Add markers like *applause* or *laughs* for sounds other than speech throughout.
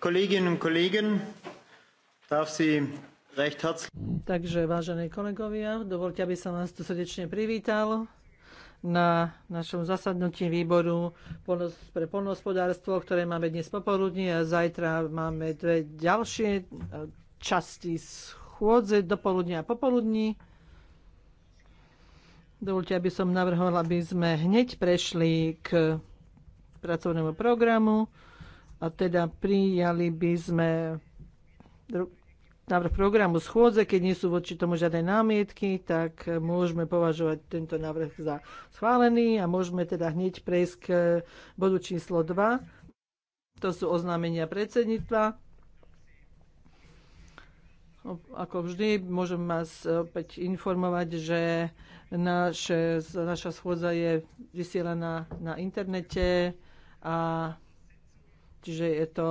Kolleginnen und Kollegen, darf Sie recht herzlich... Takže, vážení kolegovia, dovolte, aby som vás tu srdečne privítal na našom zasadnutí výboru pre polnohospodárstvo, ktoré máme dnes popoludní a zajtra máme dve ďalšie e, časti schôdze dopoludnia a popoludní. Dovolte, aby som navrhol, aby sme hneď prešli k pracovnému programu. A teda prijali by sme návrh programu schôdze, keď nie sú voči tomu žiadne námietky, tak môžeme považovať tento návrh za schválený a môžeme teda hneď prejsť k bodu číslo 2. To sú oznámenia predsedníctva. Ako vždy, môžem vás opäť informovať, že naše, naša schôdza je vysielaná na internete a Čiže je to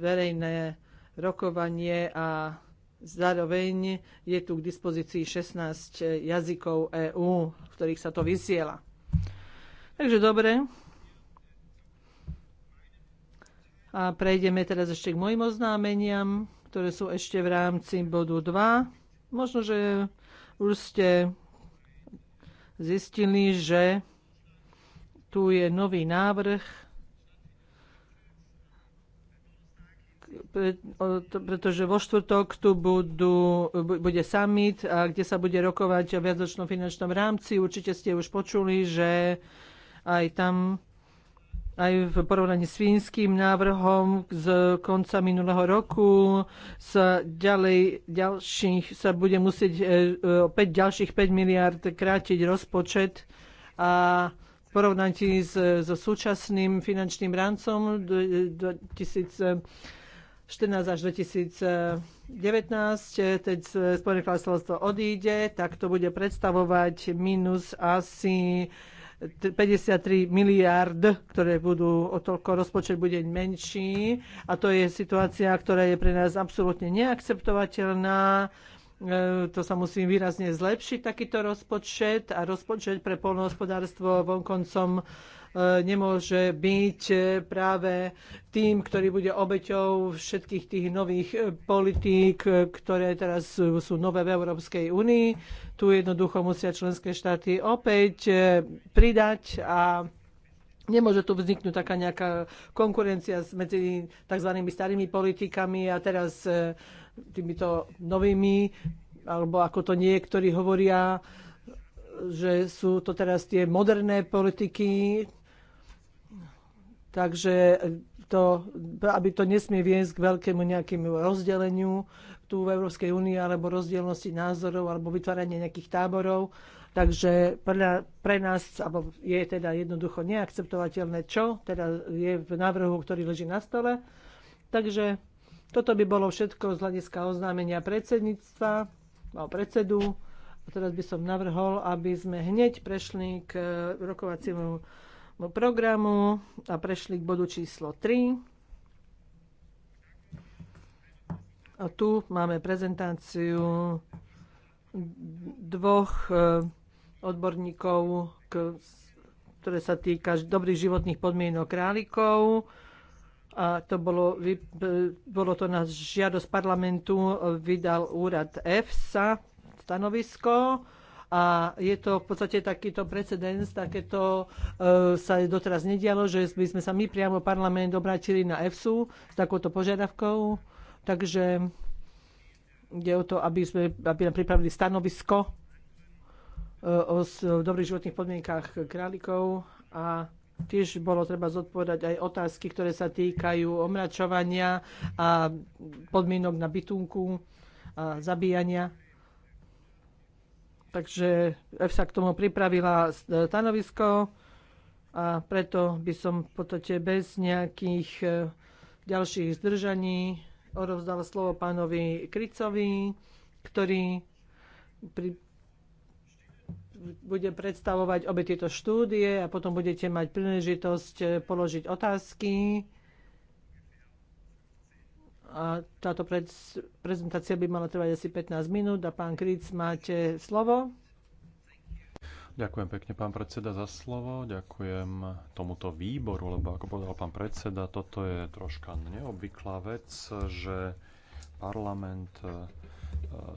verejné rokovanie a zároveň je tu k dispozícii 16 jazykov EÚ, v ktorých sa to vysiela. Takže dobre. A prejdeme teraz ešte k mojim oznámeniam, ktoré sú ešte v rámci bodu 2. Možno, že už ste zistili, že tu je nový návrh pretože vo štvrtok tu budú, bude summit, kde sa bude rokovať o viacročnom finančnom rámci. Určite ste už počuli, že aj tam aj v porovnaní s fínským návrhom z konca minulého roku sa ďalej ďalších, sa bude musieť e, e, opäť ďalších 5 miliard krátiť rozpočet a v porovnaní so súčasným finančným rámcom 2000 až 2019, keď eh, Spojené kráľovstvo odíde, tak to bude predstavovať minus asi 53 miliard, ktoré budú, o toľko rozpočet bude menší. A to je situácia, ktorá je pre nás absolútne neakceptovateľná. Eh, to sa musí výrazne zlepšiť, takýto rozpočet a rozpočet pre polnohospodárstvo vonkoncom E, nemôže byť e, práve tým, ktorý bude obeťou všetkých tých nových e, politík, ktoré teraz sú nové v Európskej únii. Tu jednoducho musia členské štáty opäť pridať a Nemôže tu vzniknúť taká nejaká konkurencia medzi tzv. starými politikami a teraz týmito novými, alebo ako to niektorí hovoria, že sú to teraz tie moderné politiky, Takže to, aby to nesmie viesť k veľkému nejakému rozdeleniu tu v Európskej únii alebo rozdielnosti názorov alebo vytváranie nejakých táborov. Takže pre, pre nás alebo je teda jednoducho neakceptovateľné, čo teda je v návrhu, ktorý leží na stole. Takže toto by bolo všetko z hľadiska oznámenia predsedníctva alebo predsedu. A teraz by som navrhol, aby sme hneď prešli k rokovaciemu programu a prešli k bodu číslo 3. A tu máme prezentáciu dvoch e, odborníkov, ktoré sa týka dobrých životných podmienok králikov. A to bolo, e, bolo to na žiadosť parlamentu, e, vydal úrad EFSA stanovisko a je to v podstate takýto precedens, takéto e, sa doteraz nedialo, že by sme sa my priamo parlament obrátili na EFSU s takouto požiadavkou, takže ide o to, aby sme aby nám pripravili stanovisko e, o, o e, dobrých životných podmienkách králikov a tiež bolo treba zodpovedať aj otázky, ktoré sa týkajú omračovania a podmienok na bytunku a zabíjania. Takže EFSA k tomu pripravila e, stanovisko a preto by som v podstate bez nejakých e, ďalších zdržaní odovzdal slovo pánovi Kricovi, ktorý pri, bude predstavovať obe tieto štúdie a potom budete mať príležitosť e, položiť otázky a táto prezentácia by mala trvať asi 15 minút a pán Kric, máte slovo. Ďakujem pekne, pán predseda, za slovo. Ďakujem tomuto výboru, lebo ako povedal pán predseda, toto je troška neobvyklá vec, že parlament e,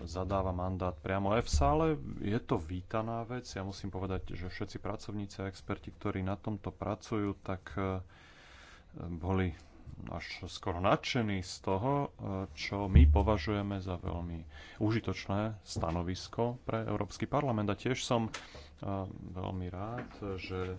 zadáva mandát priamo EFSA, ale je to vítaná vec. Ja musím povedať, že všetci pracovníci a experti, ktorí na tomto pracujú, tak e, boli až skoro nadšený z toho, e, čo my považujeme za veľmi užitočné stanovisko pre Európsky parlament. A tiež som e, veľmi rád, že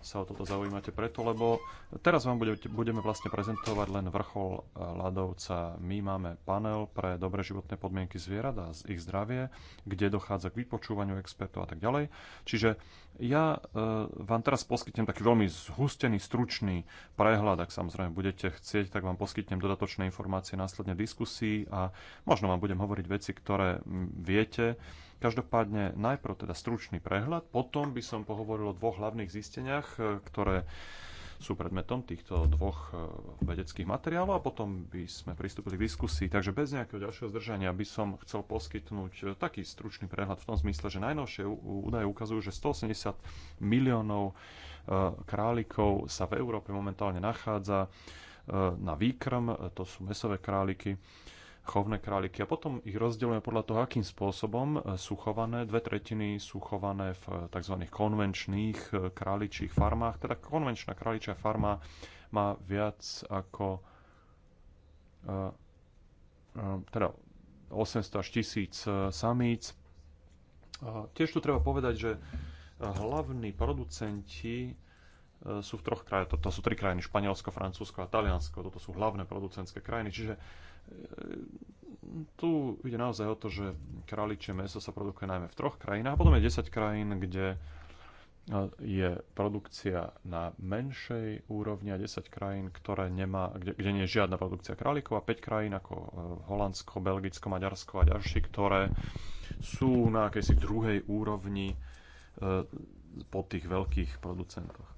sa o toto zaujímate preto, lebo teraz vám bude, budeme vlastne prezentovať len vrchol eh, ľadovca. My máme panel pre dobré životné podmienky zvierat a ich zdravie, kde dochádza k vypočúvaniu expertov a tak ďalej. Čiže ja eh, vám teraz poskytnem taký veľmi zhustený, stručný prehľad. Ak samozrejme budete chcieť, tak vám poskytnem dodatočné informácie následne diskusii a možno vám budem hovoriť veci, ktoré hm, viete, Každopádne najprv teda stručný prehľad, potom by som pohovoril o dvoch hlavných zisteniach, e, ktoré sú predmetom týchto dvoch e, vedeckých materiálov a potom by sme pristúpili k diskusii. Takže bez nejakého ďalšieho zdržania by som chcel poskytnúť e, taký stručný prehľad v tom zmysle, že najnovšie údaje ukazujú, že 180 miliónov králikov sa v Európe momentálne nachádza na výkrm, to sú mesové králiky chovné králiky. A potom ich rozdeľujeme podľa toho, akým spôsobom e, sú chované. Dve tretiny sú chované v e, tzv. konvenčných e, králičích farmách. Teda konvenčná králičia farma má viac ako teda 800 až 1000 samíc. Tiež tu treba povedať, že hlavní producenti sú v troch krajinách, to, to sú tri krajiny, Španielsko, Francúzsko a Taliansko, toto sú hlavné producentské krajiny, čiže tu ide naozaj o to, že králičie meso sa produkuje najmä v troch krajinách a potom je 10 krajín, kde je produkcia na menšej úrovni a 10 krajín, ktoré nemá, kde, kde nie je žiadna produkcia králikov a 5 krajín ako e, Holandsko, Belgicko, Maďarsko a ďalší, ktoré sú na akejsi druhej úrovni e, po tých veľkých producentoch.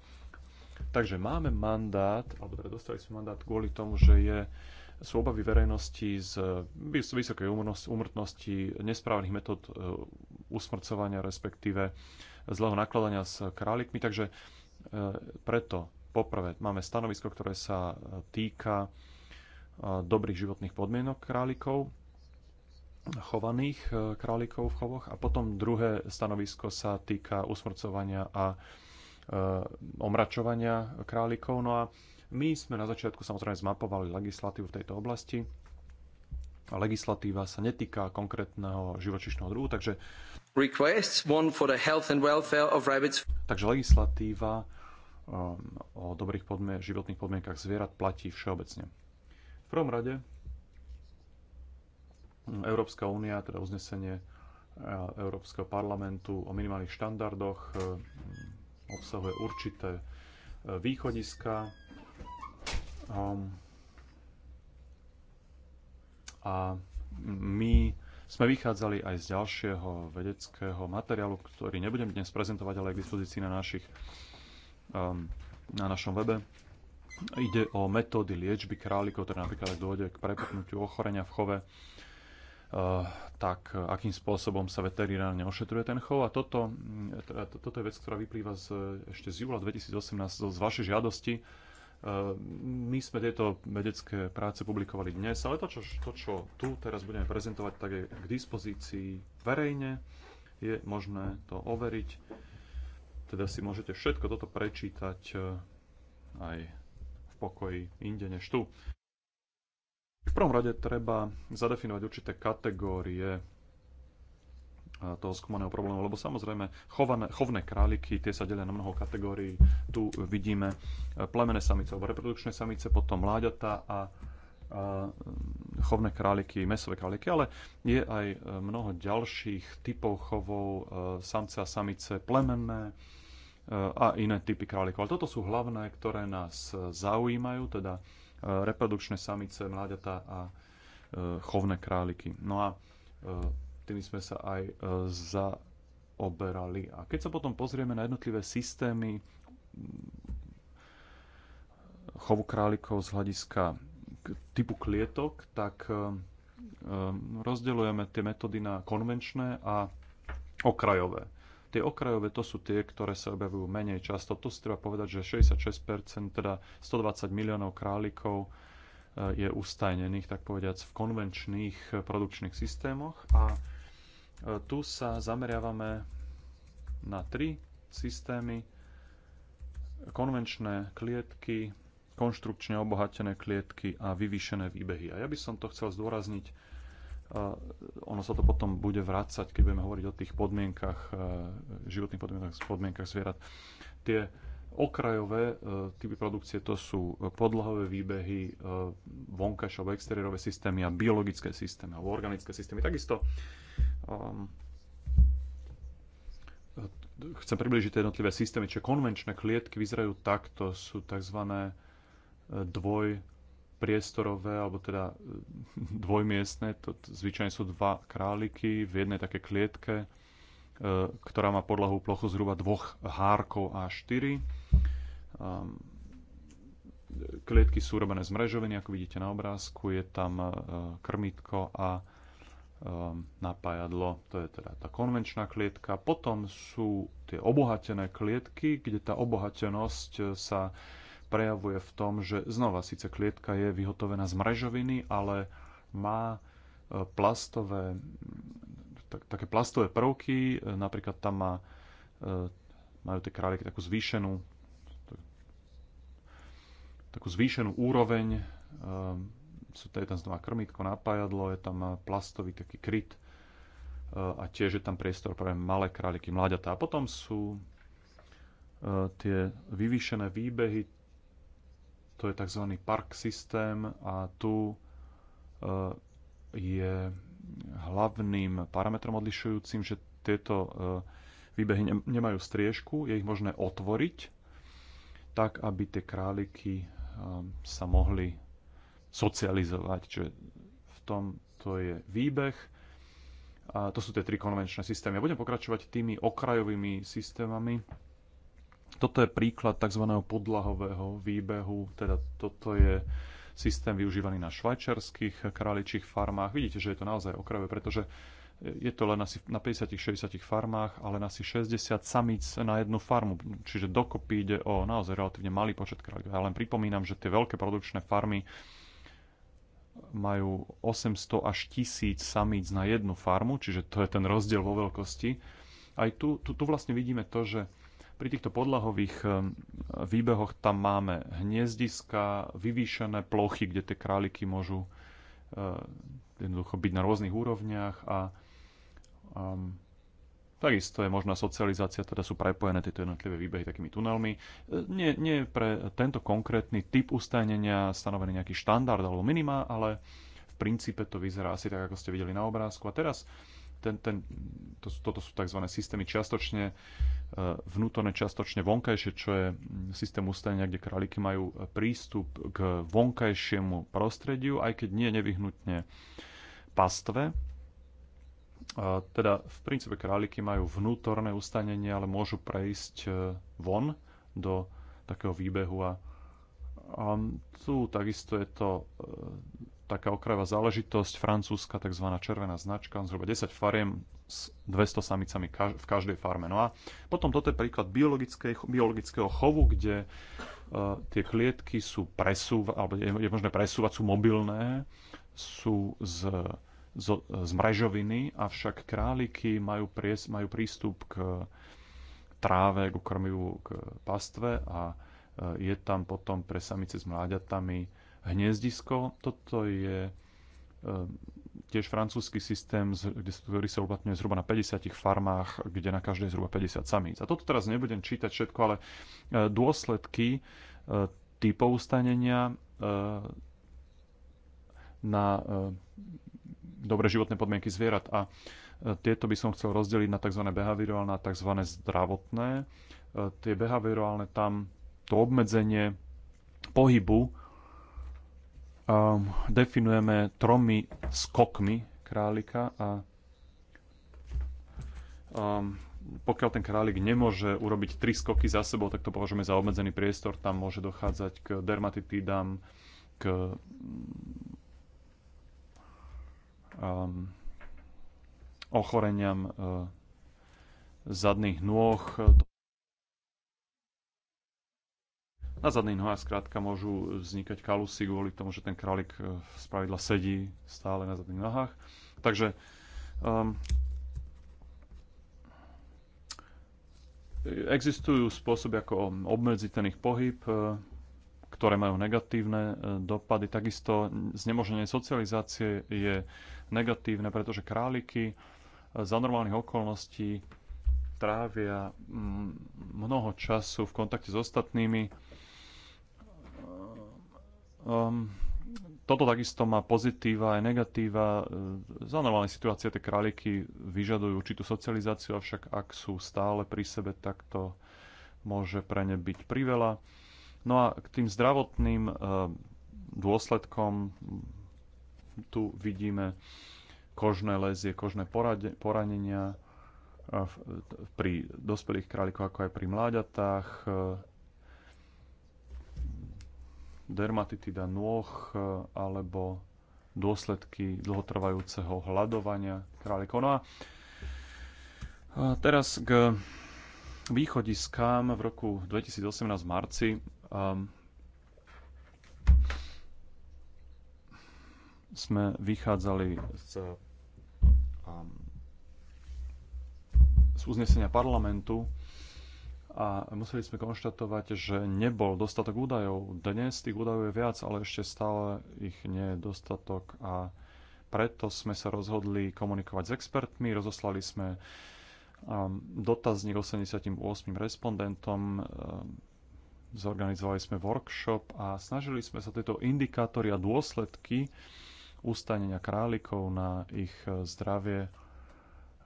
Takže máme mandát, alebo teda dostali sme mandát kvôli tomu, že je sú obavy verejnosti z vysokej úmrtnosti, nesprávnych metód e, usmrcovania, respektíve zlého nakladania s králikmi. Takže e, preto poprvé máme stanovisko, ktoré sa týka e, dobrých životných podmienok králikov, chovaných králikov v chovoch a potom druhé stanovisko sa týka usmrcovania a omračovania králikov. No a my sme na začiatku samozrejme zmapovali legislatívu v tejto oblasti. A legislatíva sa netýka konkrétneho živočišného druhu, takže Takže legislatíva um, o dobrých podmien- životných podmienkach zvierat platí všeobecne. V prvom rade hm, Európska únia, teda uznesenie Európskeho parlamentu o minimálnych štandardoch hm, obsahuje určité e, východiska Um, a my sme vychádzali aj z ďalšieho vedeckého materiálu, ktorý nebudem dnes prezentovať, ale aj k dispozícii na, našich, um, na našom webe. Ide o metódy liečby králikov, ktoré napríklad aj dôjde k prepuknutiu ochorenia v chove, uh, tak akým spôsobom sa veterinárne ošetruje ten chov. A toto, mm, teda, toto je vec, ktorá vyplýva z, ešte z júla 2018 z vašej žiadosti, my sme tieto vedecké práce publikovali dnes, ale to čo, to, čo tu teraz budeme prezentovať, tak je k dispozícii verejne. Je možné to overiť. Teda si môžete všetko toto prečítať e, aj v pokoji inde než tu. V prvom rade treba zadefinovať určité kategórie toho skúmaného problému, lebo samozrejme chované, chovné králiky, tie sa delia na mnoho kategórií. Tu vidíme e, plemené samice alebo reprodukčné samice, potom mláďata a, a e, chovné králiky, mesové králiky, ale je aj e, mnoho ďalších typov chovov, samce a samice, plemenné a iné typy králikov. Ale toto sú hlavné, ktoré nás zaujímajú, teda reprodukčné samice, mláďatá a chovné králiky. No a tými sme sa aj e, zaoberali. A keď sa potom pozrieme na jednotlivé systémy chovu králikov z hľadiska typu klietok, tak e, e, rozdeľujeme tie metódy na konvenčné a okrajové. Tie okrajové to sú tie, ktoré sa objavujú menej často. To si treba povedať, že 66%, teda 120 miliónov králikov je ustajnených, tak povediac, v konvenčných produkčných systémoch a E, tu sa zameriavame na tri systémy. Konvenčné klietky, konštrukčne obohatené klietky a vyvýšené výbehy. A ja by som to chcel zdôrazniť. E, ono sa to potom bude vrácať, keď budeme hovoriť o tých podmienkach, e, životných podmienkach, podmienkach zvierat. Tie okrajové typy produkcie to sú podlahové výbehy, vonkajšie alebo exteriérové systémy a biologické systémy alebo organické systémy. Takisto Ehm, chcem približiť jednotlivé systémy, čiže konvenčné klietky vyzerajú takto, sú tzv. E, dvojpriestorové, alebo teda e, *laughs* dvojmiestne, to zvyčajne sú dva králiky v jednej také klietke, e, ktorá má podlahu plochu zhruba dvoch hárkov A4. Ehm, klietky sú robené z mrežoviny, ako vidíte na obrázku, je tam krmitko a Um, napájadlo, to je teda tá konvenčná klietka. Potom sú tie obohatené klietky, kde tá obohatenosť e, sa prejavuje v tom, že znova síce klietka je vyhotovená z mrežoviny, ale má e, plastové, tak, také plastové prvky, e, napríklad tam má, majú tie králiky takú zvýšenú takú zvýšenú úroveň sú to, je znova krmítko, napájadlo, je tam eh, plastový taký kryt eh, a tiež je tam priestor pre malé králiky, mláďatá. A potom sú eh, tie vyvýšené výbehy, to je tzv. park systém a tu je hlavným parametrom odlišujúcim, že tieto výbehy nemajú striežku, je ich možné otvoriť tak, aby tie králiky sa mohli socializovať. Čiže v tom to je výbeh. A to sú tie tri konvenčné systémy. Ja budem pokračovať tými okrajovými systémami. Toto je príklad tzv. podlahového výbehu, teda toto je systém využívaný na švajčarských králičích farmách. Vidíte, že je to naozaj okrajové, pretože je to len asi na 50-60 farmách, ale na asi 60 samíc na jednu farmu. Čiže dokopy ide o naozaj relatívne malý počet kráľov. Ja len pripomínam, že tie veľké produkčné farmy majú 800 až 1000 samíc na jednu farmu, čiže to je ten rozdiel vo veľkosti. Aj tu, tu, tu vlastne vidíme to, že pri týchto podlahových eh, výbehoch tam máme hniezdiska, vyvýšené plochy, kde tie králiky môžu eh, jednoducho byť na rôznych úrovniach a a ehm, Takisto je možná socializácia, teda sú prepojené tieto jednotlivé výbehy takými tunelmi. E, nie, nie pre tento konkrétny typ ustajnenia stanovený nejaký štandard alebo minima, ale v princípe to vyzerá asi tak, ako ste videli na obrázku. A teraz ten, ten, to, toto sú tzv. systémy čiastočne e, vnútorné, čiastočne vonkajšie, čo je mm, systém ustajenia, kde králiky majú prístup k vonkajšiemu prostrediu, aj keď nie nevyhnutne pastve, teda v princípe králiky majú vnútorné ustanenie, ale môžu prejsť e, von do takého výbehu a, a tu takisto je to e, taká okrajová záležitosť, francúzska tzv. červená značka, zhruba 10 fariem s 200 samicami kaž v každej farme. No a potom toto je príklad biologického chovu, kde uh, tie klietky sú presúva, alebo je, je možné presúvať, sú mobilné, sú z z mrežoviny, avšak králiky majú, pries, majú prístup k tráve, k krmivu, k pastve a e, je tam potom pre samice s mláďatami hniezdisko. Toto je e, tiež francúzsky systém, ktorý sa uplatňuje zhruba na 50 farmách, kde na každej zhruba 50 samíc. A toto teraz nebudem čítať všetko, ale e, dôsledky typov ustanenia na dobré životné podmienky zvierat. A e, tieto by som chcel rozdeliť na tzv. behaviorálne a tzv. zdravotné. E, tie behaviorálne tam to obmedzenie pohybu um, definujeme tromi skokmi králika a um, pokiaľ ten králik nemôže urobiť tri skoky za sebou, tak to považujeme za obmedzený priestor. Tam môže dochádzať k dermatitídam, k um, ochoreniam uh, zadných nôh. Na zadných nohách skrátka môžu vznikať kalusy kvôli tomu, že ten králik uh, z pravidla sedí stále na zadných nohách. Takže um, existujú spôsoby, ako obmedziť ten ich pohyb. Uh, ktoré majú negatívne e, dopady. Takisto znemožnenie socializácie je negatívne, pretože králiky e, za normálnych okolností trávia mnoho času v kontakte s ostatnými. Um, toto takisto má pozitíva aj negatíva. Za normálne situácie tie králiky vyžadujú určitú socializáciu, avšak ak sú stále pri sebe, tak to môže pre ne byť priveľa. No a k tým zdravotným eh, dôsledkom tu vidíme kožné lezie, kožné poranenia eh, pri dospelých králikoch, ako aj pri mláďatách, eh, dermatitida nôh alebo dôsledky dlhotrvajúceho hľadovania králikov. No a teraz k východiskám v roku 2018 v marci um, sme vychádzali z, um, z uznesenia parlamentu a museli sme konštatovať, že nebol dostatok údajov. Dnes tých údajov je viac, ale ešte stále ich nie je dostatok a preto sme sa rozhodli komunikovať s expertmi, rozoslali sme um, dotazník 88 respondentom, um, zorganizovali sme workshop a snažili sme sa tieto indikátory a dôsledky ustanenia králikov na ich e, zdravie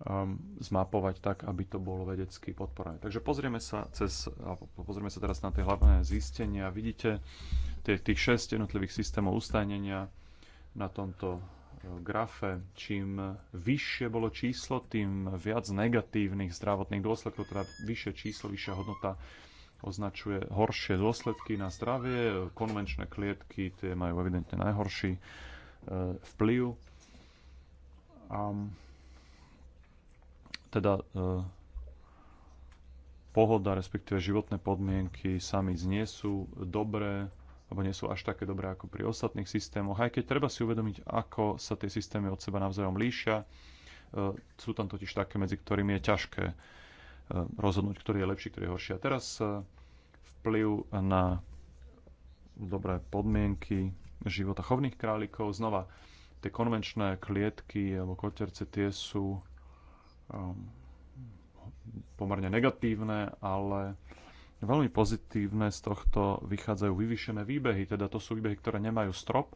um, zmapovať tak, aby to bolo vedecky podporené. Takže pozrieme sa, cez, pozrieme sa teraz na tie hlavné zistenia. Vidíte tie, tých 6 jednotlivých systémov ustanenia na tomto e, grafe. Čím vyššie bolo číslo, tým viac negatívnych zdravotných dôsledkov, teda vyššie číslo, vyššia hodnota označuje horšie dôsledky na zdravie. Konvenčné klietky tie majú evidentne najhorší e, vplyv. A teda e, pohoda, respektíve životné podmienky sami nie sú dobré, alebo nie sú až také dobré ako pri ostatných systémoch, aj keď treba si uvedomiť, ako sa tie systémy od seba navzájom líšia. E, sú tam totiž také, medzi ktorými je ťažké rozhodnúť, ktorý je lepší, ktorý je horší. A teraz vplyv na dobré podmienky života chovných králikov. Znova, tie konvenčné klietky alebo koterce tie sú um, pomerne negatívne, ale veľmi pozitívne z tohto vychádzajú vyvýšené výbehy, teda to sú výbehy, ktoré nemajú strop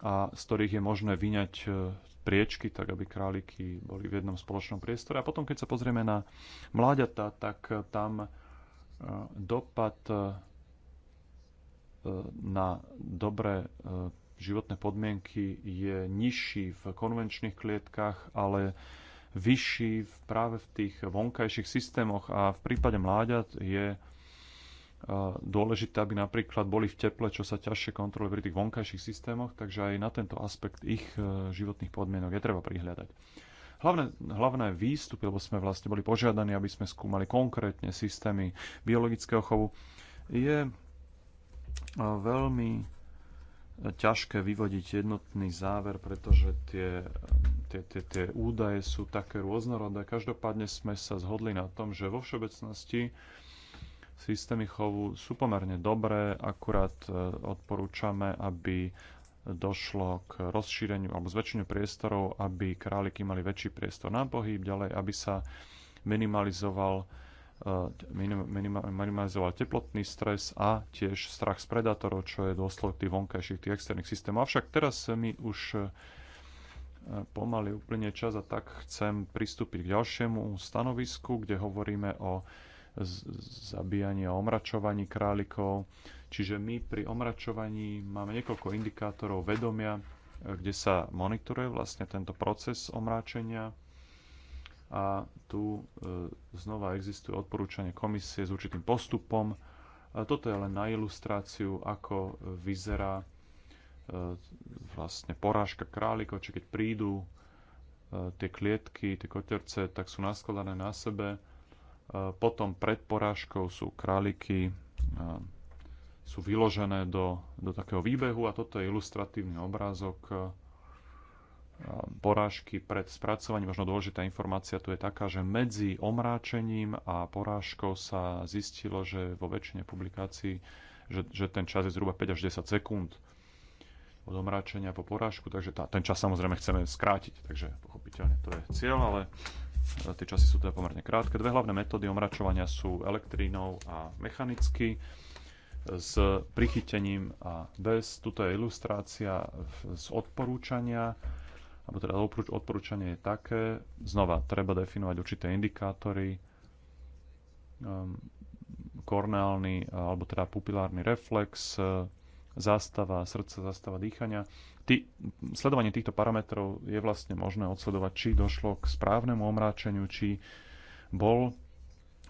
a z ktorých je možné vyňať e, priečky, tak aby králiky boli v jednom spoločnom priestore. A potom, keď sa pozrieme na mláďata, tak e, tam dopad eh, na dobré eh, životné podmienky je nižší v konvenčných klietkách, ale vyšší práve v tých vonkajších systémoch a v prípade mláďat je eh, dôležité, aby napríklad boli v teple, čo sa ťažšie kontroluje pri tých vonkajších systémoch, takže aj na tento aspekt ich životných podmienok je treba prihľadať hlavné, hlavné výstupy, lebo sme vlastne boli požiadaní, aby sme skúmali konkrétne systémy biologického chovu, je e, veľmi ťažké vyvodiť jednotný záver, pretože tie, tie, tie, tie údaje sú také rôznorodé. Každopádne sme sa zhodli na tom, že vo všeobecnosti systémy chovu sú pomerne dobré, akurát e, odporúčame, aby došlo k rozšíreniu alebo zväčšeniu priestorov, aby králiky mali väčší priestor na pohyb, ďalej, aby sa minimalizoval, eh, minimalizoval teplotný stres a tiež strach z predátorov, čo je dôsledok tých vonkajších, tých externých systémov. Avšak teraz mi už eh, pomaly uplynie čas a tak chcem pristúpiť k ďalšiemu stanovisku, kde hovoríme o zabíjaní a omračovaní králikov. Čiže my pri omračovaní máme niekoľko indikátorov vedomia, kde sa monitoruje vlastne tento proces omráčenia a tu e, znova existuje odporúčanie komisie s určitým postupom. Toto je len na ilustráciu, ako vyzerá e, vlastne porážka králikov, či keď prídu e, tie klietky, tie koterce, tak sú naskladané na sebe. Potom pred porážkou sú králiky sú vyložené do, do takého výbehu a toto je ilustratívny obrázok eh, porážky pred spracovaním. Možno dôležitá informácia tu je taká, že medzi omráčením a porážkou sa zistilo, že vo väčšine publikácií, že, že ten čas je zhruba 5 až 10 sekúnd od omráčenia po porážku, takže tá, ten čas samozrejme chceme skrátiť, takže pochopiteľne to je cieľ, ale eh, tie časy sú teda pomerne krátke. Dve hlavné metódy omračovania sú elektrínou a mechanicky s prichytením a bez. Tuto je ilustrácia z odporúčania, alebo teda odporúčanie je také, znova, treba definovať určité indikátory, um, korneálny alebo teda pupilárny reflex, zástava srdca, zástava dýchania. Tý, sledovanie týchto parametrov je vlastne možné odsledovať, či došlo k správnemu omráčeniu, či bol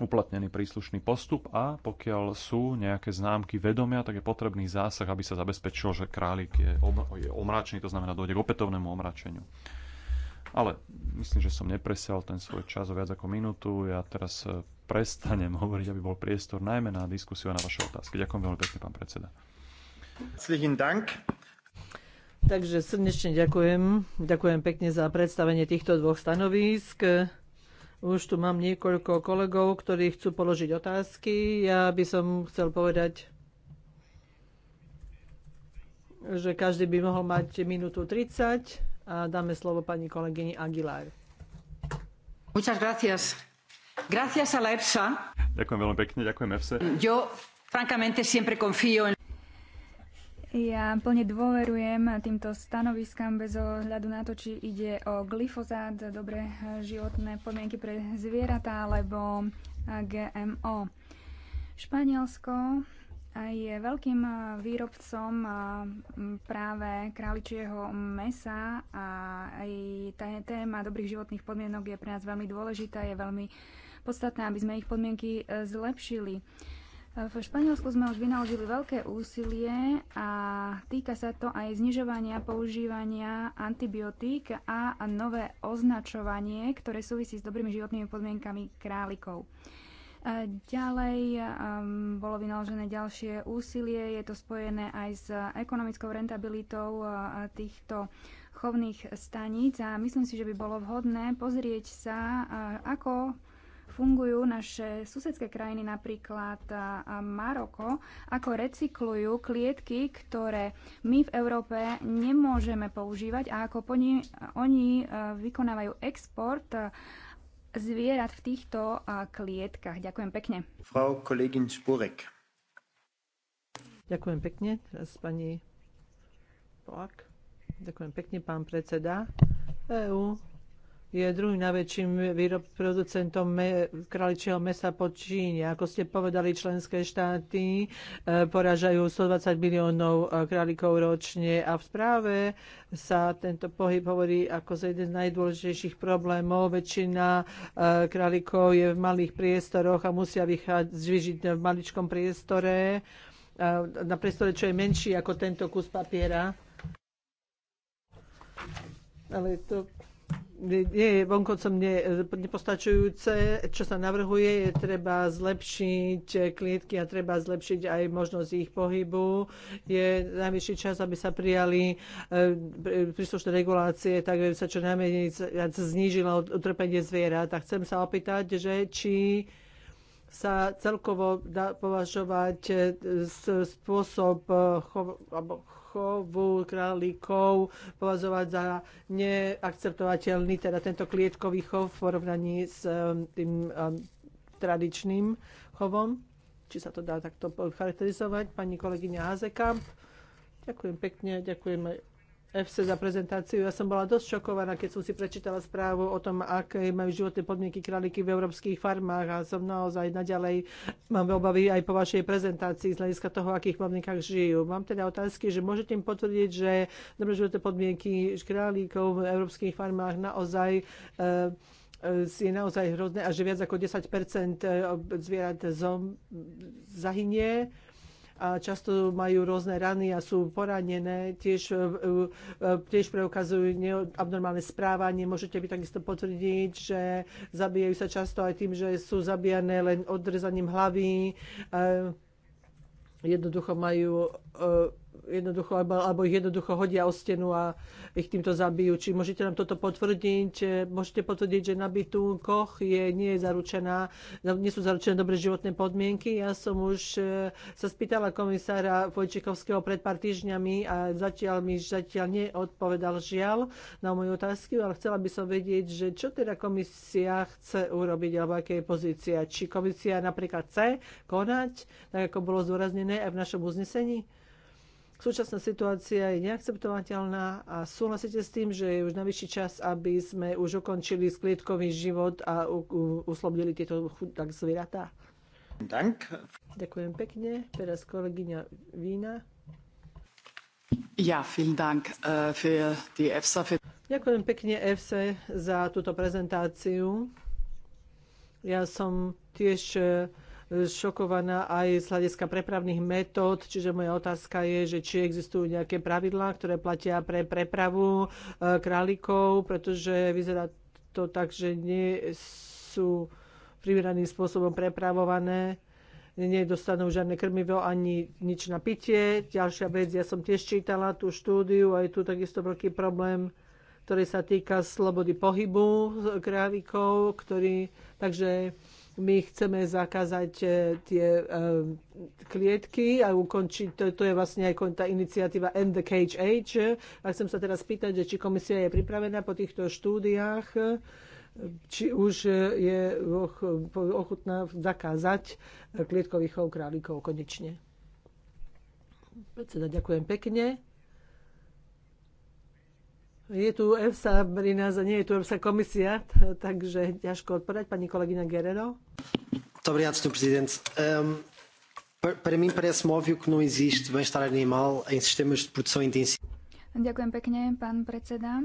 uplatnený príslušný postup a pokiaľ sú nejaké známky vedomia, tak je potrebný zásah, aby sa zabezpečilo, že králik je, om- je omračený, to znamená, dojde k opätovnému omračeniu. Ale myslím, že som nepresial ten svoj čas o viac ako minútu. Ja teraz e, prestanem *laughs* hovoriť, aby bol priestor najmä na diskusiu a na vaše otázky. Ďakujem veľmi pekne, pán predseda. Dank. Takže srdečne ďakujem. Ďakujem pekne za predstavenie týchto dvoch stanovísk. Už tu mám niekoľko kolegov, ktorí chcú položiť otázky. Ja by som chcel povedať, že každý by mohol mať minútu 30 a dáme slovo pani kolegyni Aguilar. Muchas gracias. Gracias a la EPSA. Ďakujem veľmi pekne, ďakujem EFSA. Yo, francamente, siempre confío en... Ja plne dôverujem týmto stanoviskám bez ohľadu na to, či ide o glyfozát, dobre životné podmienky pre zvieratá alebo GMO. Španielsko je veľkým výrobcom práve králičieho mesa a aj tá téma dobrých životných podmienok je pre nás veľmi dôležitá, je veľmi podstatná, aby sme ich podmienky e, zlepšili. V Španielsku sme už vynaložili veľké úsilie a týka sa to aj znižovania používania antibiotík a nové označovanie, ktoré súvisí s dobrými životnými podmienkami králikov. Ďalej um, bolo vynaložené ďalšie úsilie, je to spojené aj s ekonomickou rentabilitou uh, týchto chovných staníc a myslím si, že by bolo vhodné pozrieť sa, uh, ako fungujú naše susedské krajiny, napríklad Maroko, ako recyklujú klietky, ktoré my v Európe nemôžeme používať a ako po ni- oni e, vykonávajú export e, zvierat v týchto klietkach. Ďakujem pekne. Frau kolegin Spurek. Ďakujem pekne. Teraz pani Polak. Ďakujem pekne, pán predseda. EÚ je druhým najväčším výrob, producentom me, kraličieho mesa po Číne. Ako ste povedali, členské štáty e, poražajú 120 miliónov e, králikov ročne a v správe sa tento pohyb hovorí ako za jeden z najdôležitejších problémov. Väčšina e, králikov je v malých priestoroch a musia vyžiť v maličkom priestore na priestore, čo je menší ako tento kus papiera. Ale to nie je vonkoncom ne, nepostačujúce. Čo sa navrhuje, je treba zlepšiť klietky a treba zlepšiť aj možnosť ich pohybu. Je najvyšší čas, aby sa prijali e, príslušné regulácie, tak aby sa čo najmenej znížilo utrpenie zvierat. Tak chcem sa opýtať, že či sa celkovo dá považovať e, spôsob e, chov, alebo chovu králikov považovať za neakceptovateľný, teda tento klietkový chov v porovnaní s um, tým um, tradičným chovom. Či sa to dá takto charakterizovať, pani kolegyňa Hazekamp. Ďakujem pekne, ďakujem FC za prezentáciu. Ja som bola dosť šokovaná, keď som si prečítala správu o tom, aké majú životné podmienky králiky v európskych farmách a som naozaj naďalej, mám obavy aj po vašej prezentácii z hľadiska toho, akých podmienkach žijú. Mám teda otázky, že môžete im potvrdiť, že dobré životné podmienky králikov v európskych farmách naozaj e, je naozaj hrozné a že viac ako 10 eh, zvierat zahynie a často majú rôzne rany a sú poranené, tiež, e, e, tiež preukazujú abnormálne správanie. Môžete by takisto potvrdiť, že zabijajú sa často aj tým, že sú zabijané len odrezaním hlavy. E, jednoducho majú jednoducho, alebo, alebo ich jednoducho hodia o stenu a ich týmto zabijú. Či môžete nám toto potvrdiť? Môžete potvrdiť, že na bytunkoch je, nie, je zaručená, nie sú zaručené dobré životné podmienky? Ja som už e, sa spýtala komisára Vojčikovského pred pár týždňami a zatiaľ mi zatiaľ neodpovedal žiaľ na moju otázku, ale chcela by som vedieť, že čo teda komisia chce urobiť, alebo aké je pozícia. Či komisia napríklad chce konať, tak ako bolo zdôraznené aj v našom uznesení? Súčasná situácia je neakceptovateľná a súhlasíte s tým, že je už najvyšší čas, aby sme už ukončili sklietkový život a uslobodili tieto tak zvieratá? Dank. Ďakujem pekne. Teraz kolegyňa Vína. Ja, vielen Dank uh, für die EFSA. Für... Ďakujem pekne EFSA za túto prezentáciu. Ja som tiež uh, šokovaná aj z hľadiska prepravných metód, čiže moja otázka je, že či existujú nejaké pravidlá, ktoré platia pre prepravu e, králikov, pretože vyzerá to tak, že nie sú primeraným spôsobom prepravované nedostanú žiadne krmivo ani nič na pitie. Ďalšia vec, ja som tiež čítala tú štúdiu a je tu takisto veľký problém, ktorý sa týka slobody pohybu králikov, ktorý, takže my chceme zakázať e, tie e, klietky a ukončiť, to, to je vlastne aj tá iniciatíva End the Cage Age. A chcem sa teraz pýtať, či komisia je pripravená po týchto štúdiách, e, či už je ochutná zakázať klietkových chov králikov konečne. Predseda, ďakujem pekne. Je tu EFSA pri nás, a nie je tu EFSA komisia, takže ťažko odpovedať. Pani kolegyňa Guerrero. Dobrý deň, Presidente. Um, Pre mňa parece-me óbvio que não bem-estar animal em sistemas de produção Ďakujem pekne, pán predseda.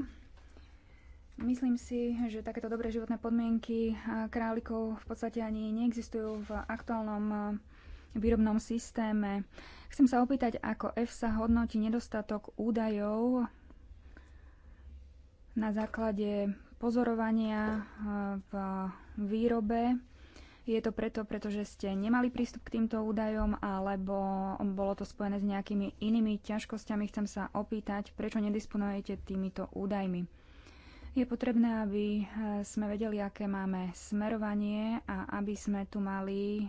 Myslím si, že takéto dobré životné podmienky králikov v podstate ani neexistujú v aktuálnom výrobnom systéme. Chcem sa opýtať, ako EFSA hodnotí nedostatok údajov na základe pozorovania eh, v výrobe. Je to preto, pretože ste nemali prístup k týmto údajom, alebo bolo to spojené s nejakými inými ťažkosťami. Chcem sa opýtať, prečo nedisponujete týmito údajmi. Je potrebné, aby eh, sme vedeli, aké máme smerovanie a aby sme tu mali eh,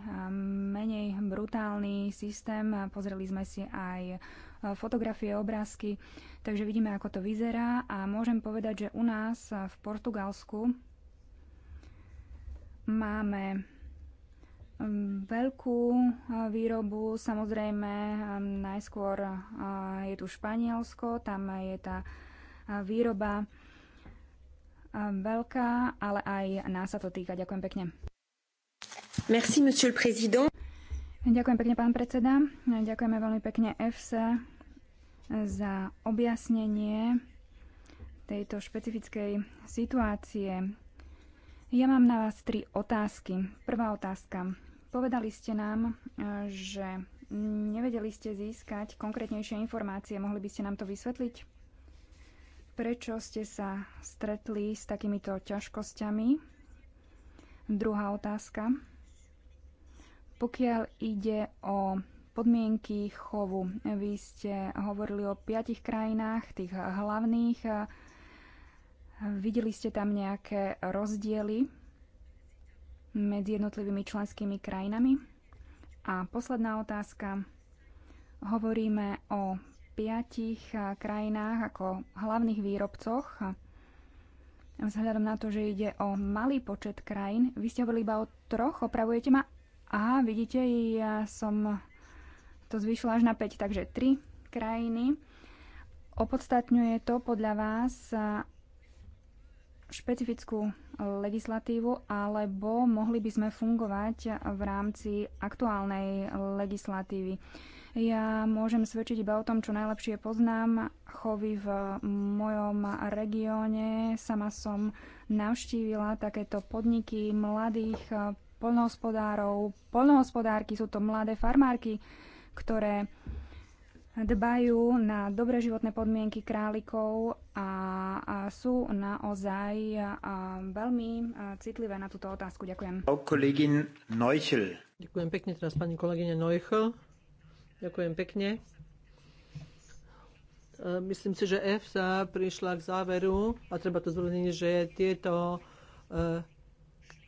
menej brutálny systém. Pozreli sme si aj fotografie, obrázky, takže vidíme, ako to vyzerá a môžem povedať, že u nás v Portugalsku máme mm, veľkú eh, výrobu, samozrejme eh, najskôr eh, je tu Španielsko, tam je tá výroba veľká, ale aj nás sa to týka. Ďakujem pekne. Merci, monsieur le président. Ďakujem pekne, pán predseda. Ďakujeme veľmi pekne EFSA za objasnenie tejto špecifickej situácie. Ja mám na vás tri otázky. Prvá otázka. Povedali ste nám, že nevedeli ste získať konkrétnejšie informácie. Mohli by ste nám to vysvetliť? Prečo ste sa stretli s takýmito ťažkosťami? Druhá otázka. Pokiaľ ide o podmienky chovu, vy ste hovorili o piatich krajinách, tých hlavných. Videli ste tam nejaké rozdiely medzi jednotlivými členskými krajinami? A posledná otázka. Hovoríme o piatich krajinách ako hlavných výrobcoch. Vzhľadom na to, že ide o malý počet krajín, vy ste hovorili iba o troch, opravujete ma? A vidíte, ja som to zvýšila až na 5, takže 3 krajiny. Opodstatňuje to podľa vás špecifickú legislatívu, alebo mohli by sme fungovať v rámci aktuálnej legislatívy. Ja môžem svedčiť iba o tom, čo najlepšie poznám. Chovy v mojom regióne. Sama som navštívila takéto podniky mladých polnohospodárov, polnohospodárky, sú to mladé farmárky, ktoré dbajú na dobré životné podmienky králikov a, a sú naozaj a, a veľmi a citlivé na túto otázku. Ďakujem. Kolegin Neuchel. Ďakujem pekne teraz pani kolegyne Neuchel. Ďakujem pekne. E, myslím si, že EFSA prišla k záveru, a treba to zúrazniť, že tieto e,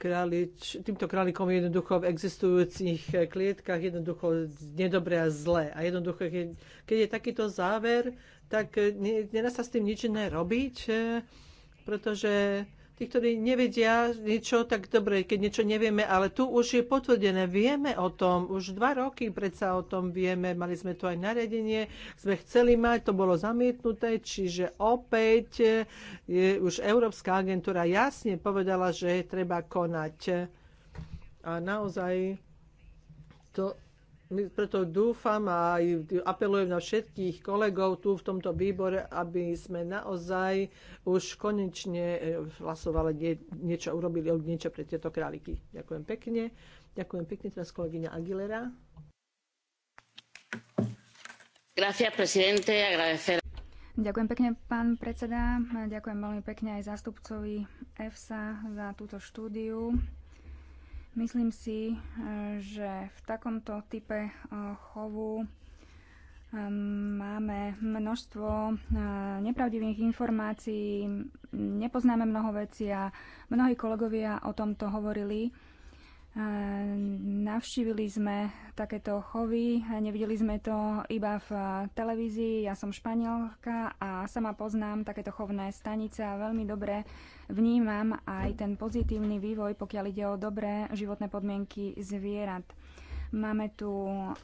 králič, týmto králikom jednoducho v existujúcich klietkach jednoducho nedobré a zlé. A jednoducho, keď, keď je takýto záver, tak nedá sa s tým nič iné robiť, eh, pretože tí, ktorí nevedia niečo, tak dobre, keď niečo nevieme, ale tu už je potvrdené, vieme o tom, už dva roky predsa o tom vieme, mali sme tu aj nariadenie, sme chceli mať, to bolo zamietnuté, čiže opäť e, je, už Európska agentúra jasne povedala, že treba konať. A naozaj to preto dúfam a apelujem na všetkých kolegov tu v tomto výbore, aby sme naozaj už konečne e, hlasovali, nie, niečo urobili niečo pre tieto králiky. Ďakujem pekne. Ďakujem pekne teraz kolegyňa Aguilera. Gracias, presidente. Agradecer. Ďakujem pekne, pán predseda. Ďakujem veľmi pekne aj zástupcovi EFSA za túto štúdiu. Myslím si, eh, že v takomto type eh, chovu eh, máme množstvo nepravdivých informácií, nepoznáme mnoho vecí a mnohí kolegovia o tomto hovorili. Navštívili sme takéto chovy, nevideli sme to iba v televízii. Ja som španielka a sama poznám takéto chovné stanice a veľmi dobre vnímam aj ten pozitívny vývoj, pokiaľ ide o dobré životné podmienky zvierat. Máme tu um,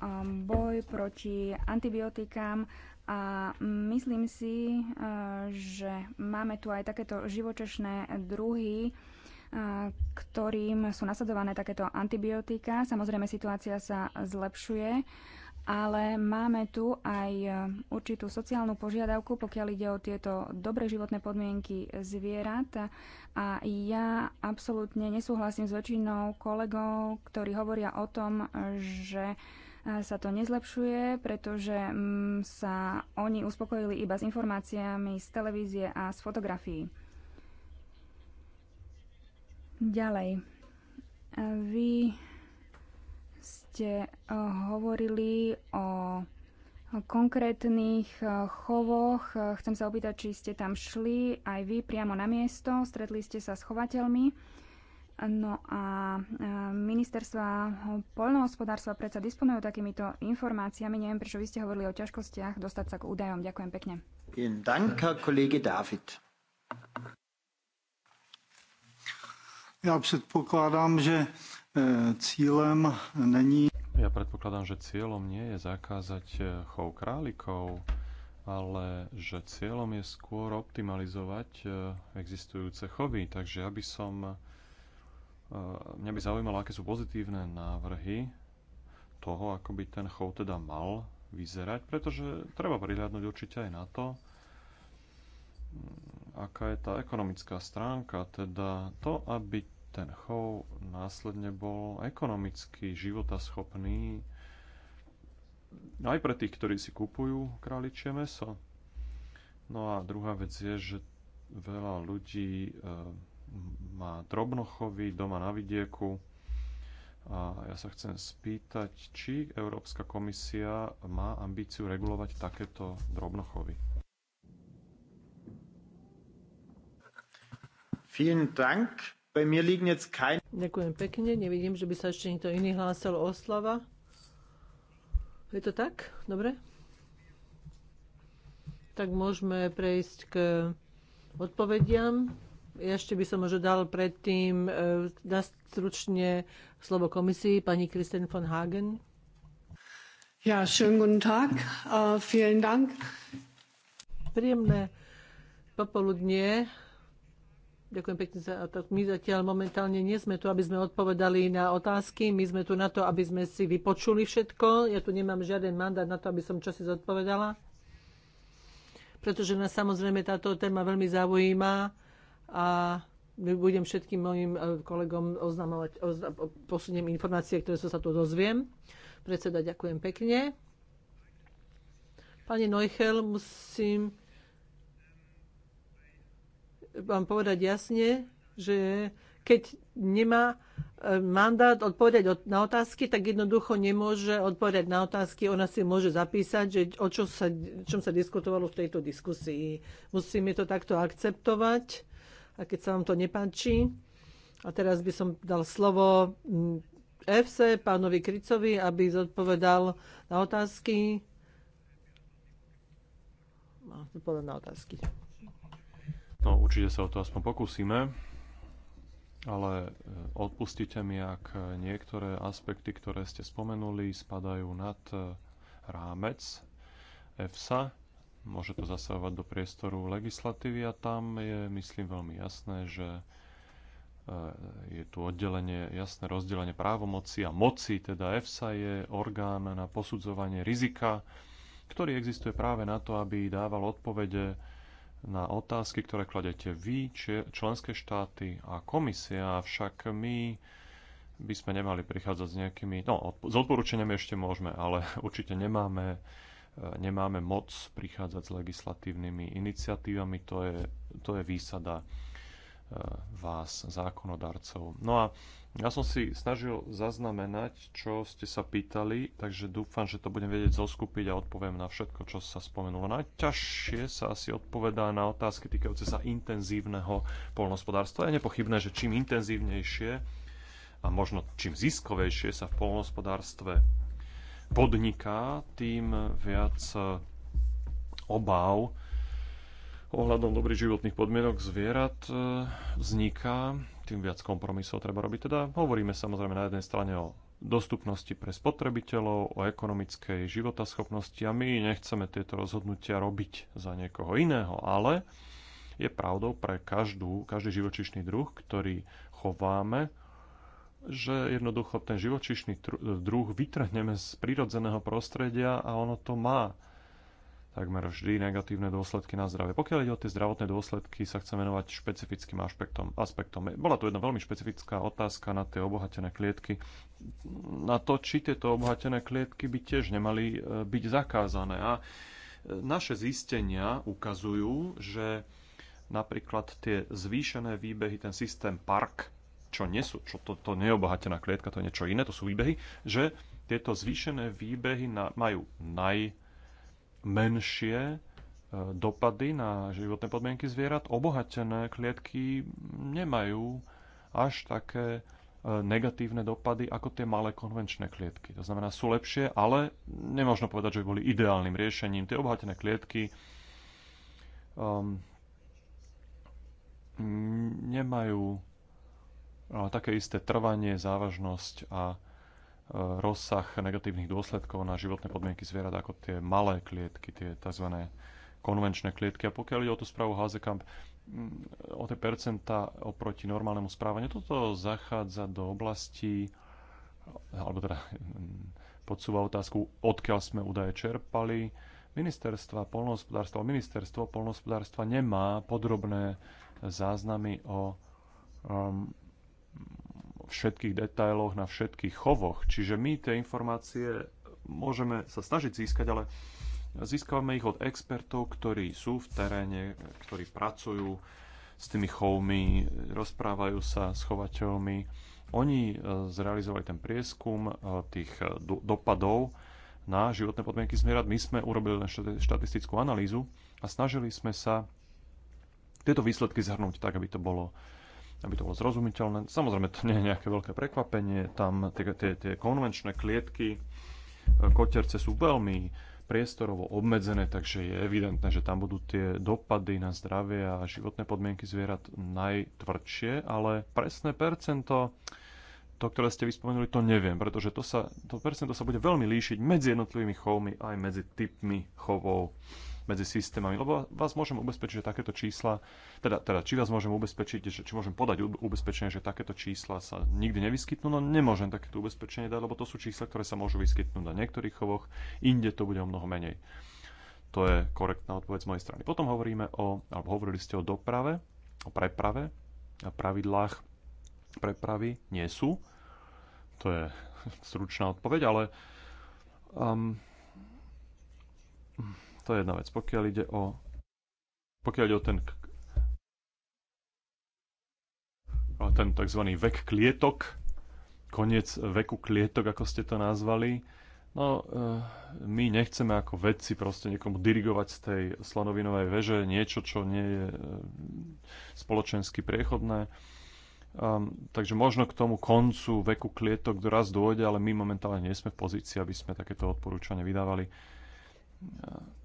boj proti antibiotikám a myslím si, uh, že máme tu aj takéto živočešné druhy, ktorým sú nasledované takéto antibiotika. Samozrejme, situácia sa zlepšuje, ale máme tu aj e, určitú sociálnu požiadavku, pokiaľ ide o tieto dobré životné podmienky zvierat. A ja absolútne nesúhlasím s väčšinou kolegov, ktorí hovoria o tom, že e, sa to nezlepšuje, pretože sa oni uspokojili iba s informáciami z televízie a z fotografií. Ďalej. Vy ste eh, hovorili o konkrétnych eh, chovoch. Eh, chcem sa opýtať, či ste tam šli aj vy priamo na miesto, stretli ste sa s chovateľmi. No a ministerstva poľnohospodárstva predsa disponujú takýmito informáciami. Neviem, prečo vy ste hovorili o ťažkostiach dostať sa k údajom. Ďakujem pekne. Ďakujem, kolega David. Ja predpokladám, eh, že cílem není... Ja predpokladám, že cieľom nie je zakázať eh, chov králikov, ale že cieľom je skôr optimalizovať eh, existujúce chovy. Takže ja by som... Mňa by zaujímalo, aké sú pozitívne návrhy toho, ako by ten chov teda mal vyzerať, pretože treba prihľadnúť určite aj na to, mm, aká je tá ekonomická stránka, teda to, aby ten chov následne bol ekonomicky životaschopný aj pre tých, ktorí si kupujú králičie meso. No a druhá vec je, že veľa ľudí e, má drobnochovy doma na vidieku a ja sa chcem spýtať, či Európska komisia má ambíciu regulovať takéto drobnochovy. Vielen Dank. Ďakujem pekne. Nevidím, že by sa ešte niekto iný hlásil o slava. Je to tak? Dobre? Tak môžeme prejsť k odpovediam. Ešte by som možno dal predtým e, stručne slovo komisii pani Kristen von Hagen. Ja, schönen guten Tag. Uh, vielen Dank. Príjemné popoludnie. Ďakujem pekne za to. My zatiaľ momentálne nie sme tu, aby sme odpovedali na otázky. My sme tu na to, aby sme si vypočuli všetko. Ja tu nemám žiaden mandát na to, aby som čosi zodpovedala. Pretože nás samozrejme táto téma veľmi zaujíma a budem všetkým mojim e, kolegom oznamovať, ozna, posuniem informácie, ktoré sa tu dozviem. Predseda, ďakujem pekne. Pani Neuchel, musím vám povedať jasne, že keď nemá e, mandát odpovedať na otázky, tak jednoducho nemôže odpovedať na otázky. Ona si môže zapísať, že o čo sa, čom sa diskutovalo v tejto diskusii. Musíme to takto akceptovať a keď sa vám to nepáči. A teraz by som dal slovo FC pánovi Kricovi, aby zodpovedal na otázky. Má zodpovedal na otázky. No, určite sa o to aspoň pokúsime, ale e, odpustite mi, ak e, niektoré aspekty, ktoré ste spomenuli, spadajú nad e, rámec EFSA. Môže to zasahovať do priestoru legislatívy a tam je, myslím, veľmi jasné, že je tu oddelenie, jasné rozdelenie právomoci a moci, teda EFSA je orgán na posudzovanie rizika, ktorý existuje práve na to, aby dával odpovede na otázky, ktoré kladete vy, členské štáty a komisia, avšak my by sme nemali prichádzať s nejakými... No, s odporúčaniami ešte môžeme, ale *laughs* určite nemáme, e, nemáme moc prichádzať s legislatívnymi iniciatívami, to je, to je výsada E, vás, zákonodarcov. No a ja som si snažil zaznamenať, čo ste sa pýtali, takže dúfam, že to budem vedieť zoskupiť a odpoviem na všetko, čo sa spomenulo. Najťažšie sa asi odpovedá na otázky týkajúce sa intenzívneho polnospodárstva. Je nepochybné, že čím intenzívnejšie a možno čím ziskovejšie sa v polnospodárstve podniká, tým viac e, obáv ohľadom dobrých životných podmienok zvierat e, vzniká, tým viac kompromisov treba robiť. Teda hovoríme samozrejme na jednej strane o dostupnosti pre spotrebiteľov, o ekonomickej životaschopnosti a my nechceme tieto rozhodnutia robiť za niekoho iného, ale je pravdou pre každú, každý živočišný druh, ktorý chováme, že jednoducho ten živočišný druh vytrhneme z prírodzeného prostredia a ono to má takmer vždy negatívne dôsledky na zdravie. Pokiaľ ide o tie zdravotné dôsledky, sa chcem venovať špecifickým aspektom. aspektom. Bola tu jedna veľmi špecifická otázka na tie obohatené klietky. Na to, či tieto obohatené klietky by tiež nemali e, byť zakázané. A e, naše zistenia ukazujú, že napríklad tie zvýšené výbehy, ten systém park, čo nie sú, čo to, to nie je obohatená klietka, to je niečo iné, to sú výbehy, že tieto zvýšené výbehy na, majú naj, menšie e, dopady na životné podmienky zvierat. Obohatené klietky nemajú až také e, negatívne dopady ako tie malé konvenčné klietky. To znamená, sú lepšie, ale nemôžno povedať, že by boli ideálnym riešením. Tie obohatené klietky um, nemajú e, také isté trvanie, závažnosť a E, rozsah negatívnych dôsledkov na životné podmienky zvierat ako tie malé klietky, tie tzv. konvenčné klietky. A pokiaľ ide o tú správu Hazekamp, mm, o tie percentá oproti normálnemu správaniu, toto zachádza do oblasti, alebo teda mm, podsúva otázku, odkiaľ sme údaje čerpali. Ministerstva polnohospodárstva, ministerstvo polnohospodárstva nemá podrobné záznamy o um, všetkých detailoch, na všetkých chovoch. Čiže my tie informácie môžeme sa snažiť získať, ale získavame ich od expertov, ktorí sú v teréne, ktorí pracujú s tými chovmi, rozprávajú sa s chovateľmi. Oni e, zrealizovali ten prieskum e, tých e, dopadov na životné podmienky zvierat. My sme urobili len štatistickú analýzu a snažili sme sa tieto výsledky zhrnúť tak, aby to bolo aby to bolo zrozumiteľné. Samozrejme, to nie je nejaké veľké prekvapenie. Tam tie, tie, tie konvenčné klietky e, koterce sú veľmi priestorovo obmedzené, takže je evidentné, že tam budú tie dopady na zdravie a životné podmienky zvierat najtvrdšie, ale presné percento, to, ktoré ste vyspomenuli, to neviem, pretože to, sa, to percento sa bude veľmi líšiť medzi jednotlivými chovmi aj medzi typmi chovov medzi systémami. Lebo vás môžem ubezpečiť, že takéto čísla, teda, teda či vás môžem ubezpečiť, že, či môžem podať ubezpečenie, že takéto čísla sa nikdy nevyskytnú, no nemôžem takéto ubezpečenie dať, lebo to sú čísla, ktoré sa môžu vyskytnúť na niektorých chovoch, inde to bude o mnoho menej. To je korektná odpoveď z mojej strany. Potom hovoríme o, alebo hovorili ste o doprave, o preprave, a pravidlách prepravy nie sú. To je *laughs* stručná odpoveď, ale um, to je jedna vec. Pokiaľ ide o, pokiaľ ide o ten, o ten tzv. vek klietok, koniec veku klietok, ako ste to nazvali, no eh, my nechceme ako vedci proste niekomu dirigovať z tej slanovinovej veže niečo, čo nie je eh, spoločensky priechodné. Um, takže možno k tomu koncu veku klietok raz dôjde, ale my momentálne nie sme v pozícii, aby sme takéto odporúčanie vydávali. Eh,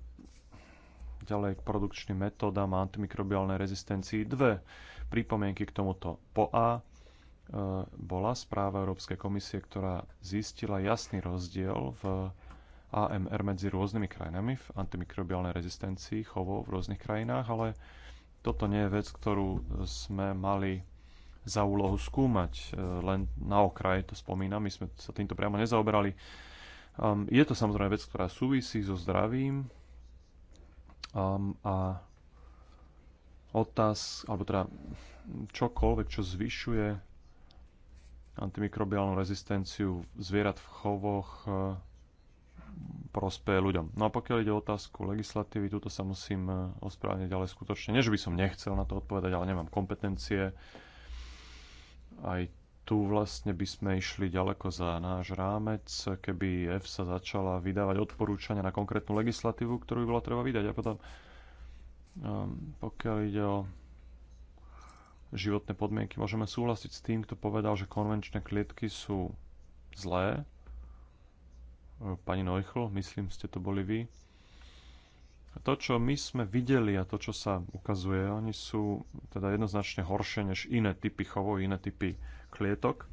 ďalej k produkčným metódam a antimikrobiálnej rezistencii. Dve pripomienky k tomuto. Po A e, bola správa Európskej komisie, ktorá zistila jasný rozdiel v AMR medzi rôznymi krajinami v antimikrobiálnej rezistencii chovov v rôznych krajinách, ale toto nie je vec, ktorú sme mali za úlohu skúmať. E, len na okraj to spomínam, my sme sa týmto priamo nezaoberali. Ehm, je to samozrejme vec, ktorá súvisí so zdravím Um, a otáz, alebo teda čokoľvek, čo zvyšuje antimikrobiálnu rezistenciu zvierat v chovoch, e, prospeje ľuďom. No a pokiaľ ide o otázku legislatívy, túto sa musím e, ospravedlniť, ale skutočne, že by som nechcel na to odpovedať, ale nemám kompetencie. Aj tu vlastne by sme išli ďaleko za náš rámec, keby EFSA začala vydávať odporúčania na konkrétnu legislatívu, ktorú by bola treba vydať. A potom, um, pokiaľ ide o životné podmienky, môžeme súhlasiť s tým, kto povedal, že konvenčné klietky sú zlé. Uh, pani Neuchl, myslím, ste to boli vy. To, čo my sme videli a to, čo sa ukazuje, oni sú teda jednoznačne horšie než iné typy chovov, iné typy klietok.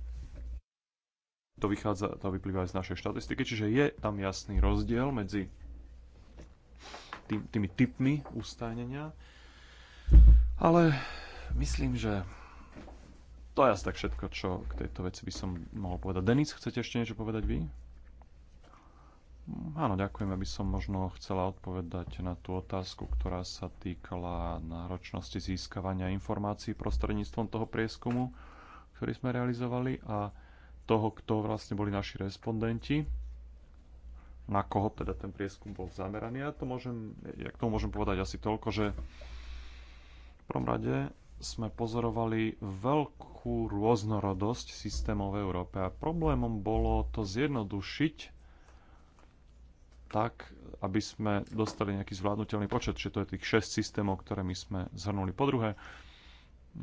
To vychádza, to vyplýva aj z našej štatistiky, čiže je tam jasný rozdiel medzi tý, tými typmi ustajnenia. Ale myslím, že to je asi tak všetko, čo k tejto veci by som mohol povedať. Denis, chcete ešte niečo povedať vy? Mm, áno, ďakujem. Aby som možno chcela odpovedať na tú otázku, ktorá sa týkala náročnosti získavania informácií prostredníctvom toho prieskumu ktorý sme realizovali a toho, kto vlastne boli naši respondenti, na koho teda ten prieskum bol zameraný. Ja to môžem, ja k tomu môžem povedať asi toľko, že v prvom rade sme pozorovali veľkú rôznorodosť systémov v Európe a problémom bolo to zjednodušiť tak, aby sme dostali nejaký zvládnutelný počet, čiže to je tých 6 systémov, ktoré my sme zhrnuli. Po druhé,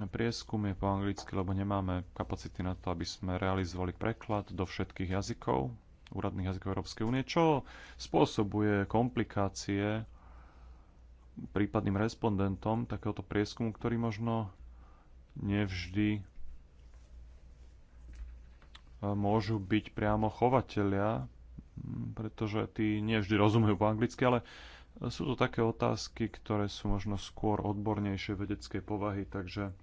prieskumy po anglicky, lebo nemáme kapacity na to, aby sme realizovali preklad do všetkých jazykov, úradných jazykov Európskej únie, čo spôsobuje komplikácie prípadným respondentom takéhoto prieskumu, ktorý možno nevždy e, môžu byť priamo chovatelia, pretože tí nevždy rozumejú po anglicky, ale sú to také otázky, ktoré sú možno skôr odbornejšie vedeckej povahy, takže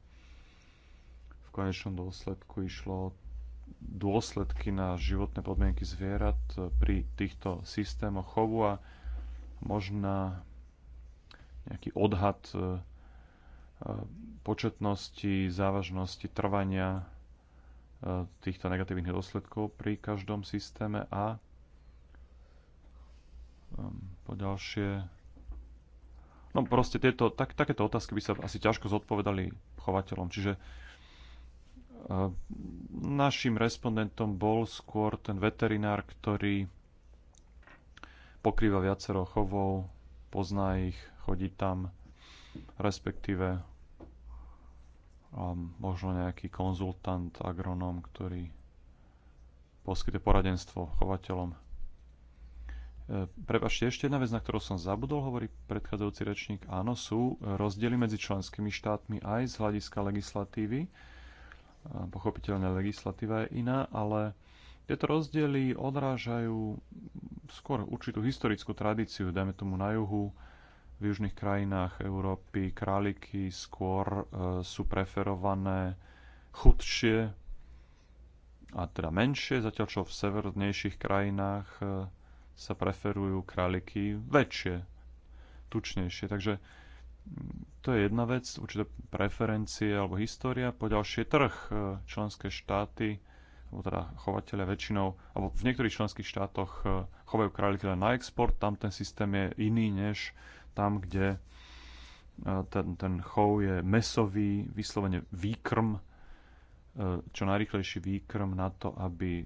konečnom dôsledku išlo dôsledky na životné podmienky zvierat pri týchto systémoch chovu a možná nejaký odhad e, e, početnosti, závažnosti, trvania e, týchto negatívnych dôsledkov pri každom systéme a po ďalšie no proste tieto, tak, takéto otázky by sa asi ťažko zodpovedali chovateľom, čiže Našim respondentom bol skôr ten veterinár, ktorý pokrýva viacero chovov, pozná ich, chodí tam, respektíve možno nejaký konzultant, agronóm, ktorý poskytuje poradenstvo chovateľom. E, Prepašte, ešte jedna vec, na ktorú som zabudol, hovorí predchádzajúci rečník. Áno, sú rozdiely medzi členskými štátmi aj z hľadiska legislatívy pochopiteľne legislatíva je iná, ale tieto rozdiely odrážajú skôr určitú historickú tradíciu, dajme tomu na juhu, v južných krajinách Európy králiky skôr e, sú preferované chudšie a teda menšie, zatiaľ čo v severnejších krajinách e, sa preferujú králiky väčšie, tučnejšie. Takže to je jedna vec, určité preferencie alebo história. Po ďalšie trh e, členské štáty, alebo teda chovateľe väčšinou, alebo v niektorých členských štátoch e, chovajú králiky len na export, tam ten systém je iný než tam, kde e, ten, ten chov je mesový, vyslovene výkrm, E, čo najrychlejší výkrm na to, aby e,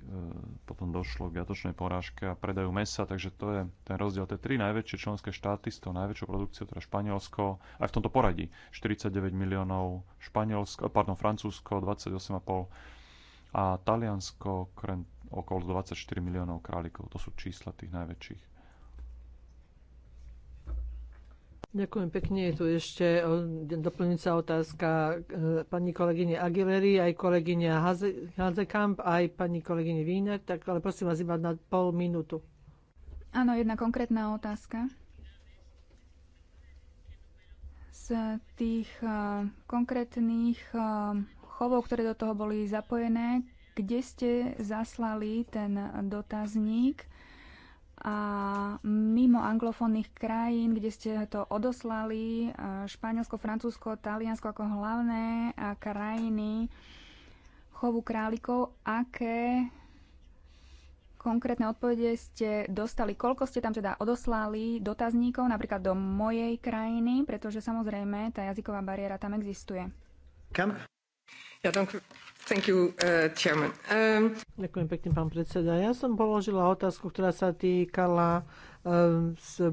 potom došlo k jatočnej porážke a predajú mesa. Takže to je ten rozdiel. Tie tri najväčšie členské štáty s tou najväčšou produkciou, teda Španielsko, aj v tomto poradí, 49 miliónov, Španielsko, e, pardon, Francúzsko 28,5 a Taliansko okolo 24 miliónov králikov. To sú čísla tých najväčších. Ďakujem pekne. Je tu ešte doplňujúca otázka eh, pani kolegyne Aguilery, aj kolegyňa Hazekamp, aj pani kolegyne Wiener, tak ale prosím vás iba na pol minútu. Áno, jedna konkrétna otázka. Z tých eh, konkrétnych eh, chovov, ktoré do toho boli zapojené, kde ste zaslali ten dotazník, a mimo anglofónnych krajín, kde ste to odoslali, e, Španielsko, Francúzsko, Taliansko ako hlavné e, krajiny chovu králikov, aké konkrétne odpovede ste dostali? Koľko ste tam teda odoslali dotazníkov, napríklad do mojej krajiny, pretože samozrejme tá jazyková bariéra tam existuje. Ja, eh, ehm, Ďakujem pekne, pán predseda. Ja som položila otázku, ktorá sa týkala eh,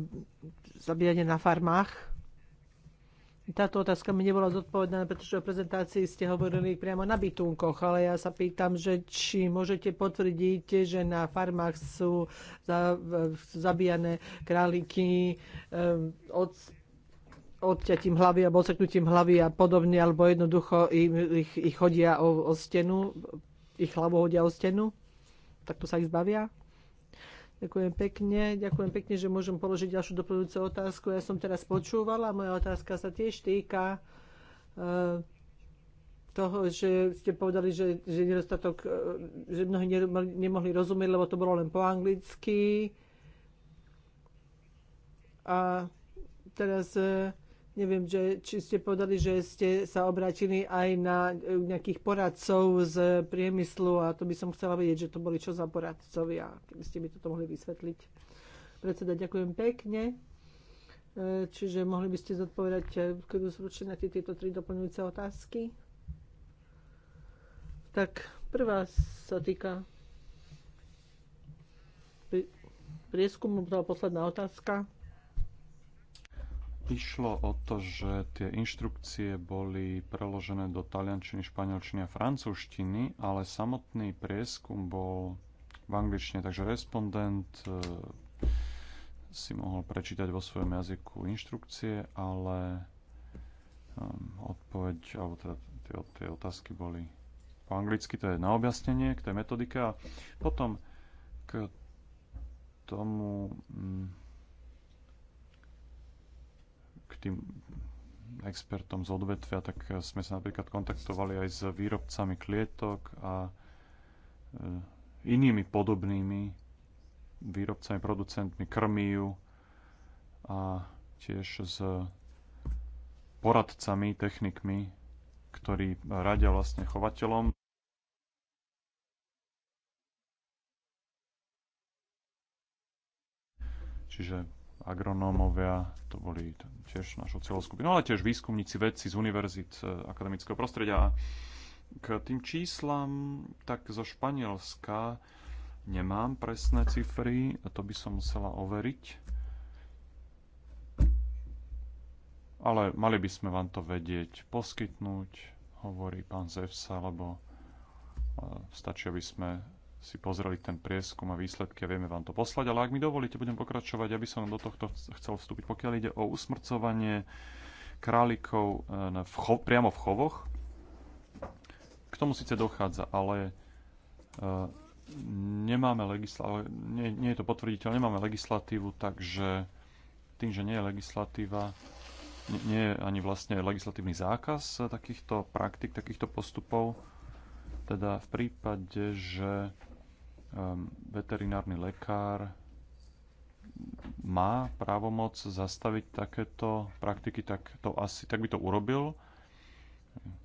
zabíjania na farmách. Táto otázka mi nebola zodpovedaná, pretože o prezentácii ste hovorili priamo na bytunkoch, ale ja sa pýtam, že či môžete potvrdiť, že na farmách sú za, zabíjane králiky, eh, od odťatím hlavy alebo odseknutím hlavy a podobne, alebo jednoducho ich, ich, ich hodia o, o stenu, ich hlavu hodia o stenu, tak to sa ich zbavia. Ďakujem pekne, ďakujem pekne, že môžem položiť ďalšiu doplňujúcu otázku. Ja som teraz počúvala, moja otázka sa tiež týka uh, toho, že ste povedali, že, že nedostatok, eh, že mnohí nemohli rozumieť, lebo to bolo len po anglicky. A teraz uh, Neviem, že, či ste povedali, že ste sa obrátili aj na e, nejakých poradcov z priemyslu a to by som chcela vedieť, že to boli čo za poradcovia, keby ste mi toto mohli vysvetliť. Predseda, ďakujem pekne. E, čiže mohli by ste zodpovedať sú e, na tieto tri doplňujúce otázky? Tak prvá sa týka prieskumu, to posledná otázka išlo o to, že tie inštrukcie boli preložené do taliančiny, španielčiny a francúzštiny, ale samotný prieskum bol v angličtine, takže respondent e, si mohol prečítať vo svojom jazyku inštrukcie, ale odpoveď, alebo teda tie, tie otázky boli po anglicky, to je na objasnenie k tej metodike a potom k tomu mm, tým expertom z odvetvia, tak eh, sme sa napríklad kontaktovali aj s výrobcami klietok a eh, inými podobnými výrobcami, producentmi krmív a tiež s poradcami, technikmi, ktorí radia vlastne chovateľom. Čiže agronómovia, to boli tiež našou celou skupinou, ale tiež výskumníci, vedci z univerzit, e, akademického prostredia. k tým číslam, tak zo Španielska nemám presné cifry, a to by som musela overiť. Ale mali by sme vám to vedieť, poskytnúť, hovorí pán Zevsa, lebo e, stačí, aby sme si pozreli ten prieskum a výsledky a vieme vám to poslať. Ale ak mi dovolíte, budem pokračovať, aby som do tohto chcel vstúpiť. Pokiaľ ide o usmrcovanie králikov e, v cho- priamo v chovoch, k tomu síce dochádza, ale e, nemáme legislatívu, nie, nie je to potvrditeľ, nemáme legislatívu, takže tým, že nie je legislatíva, nie, nie je ani vlastne legislatívny zákaz e, takýchto praktik, takýchto postupov, teda v prípade, že Ehm, veterinárny lekár má právomoc zastaviť takéto praktiky, tak, to asi, tak by to urobil,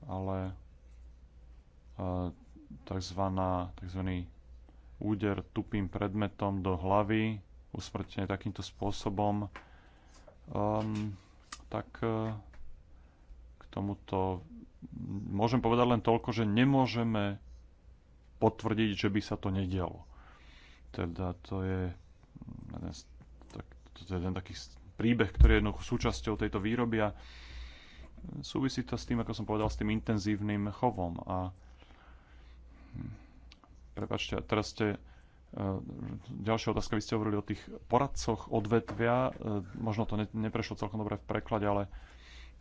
ale e, takzvaná, takzvaný úder tupým predmetom do hlavy, usmrtenie takýmto spôsobom, um, tak e, k tomuto môžem povedať len toľko, že nemôžeme potvrdiť, že by sa to nedialo. Teda to je jeden, tak, to je jeden taký príbeh, ktorý je jednoducho súčasťou tejto výroby a súvisí to s tým, ako som povedal, s tým intenzívnym chovom. A hm, prepačte, teraz ste e, Ďalšia otázka, vy ste hovorili o tých poradcoch odvetvia, e, možno to ne, neprešlo celkom dobre v preklade, ale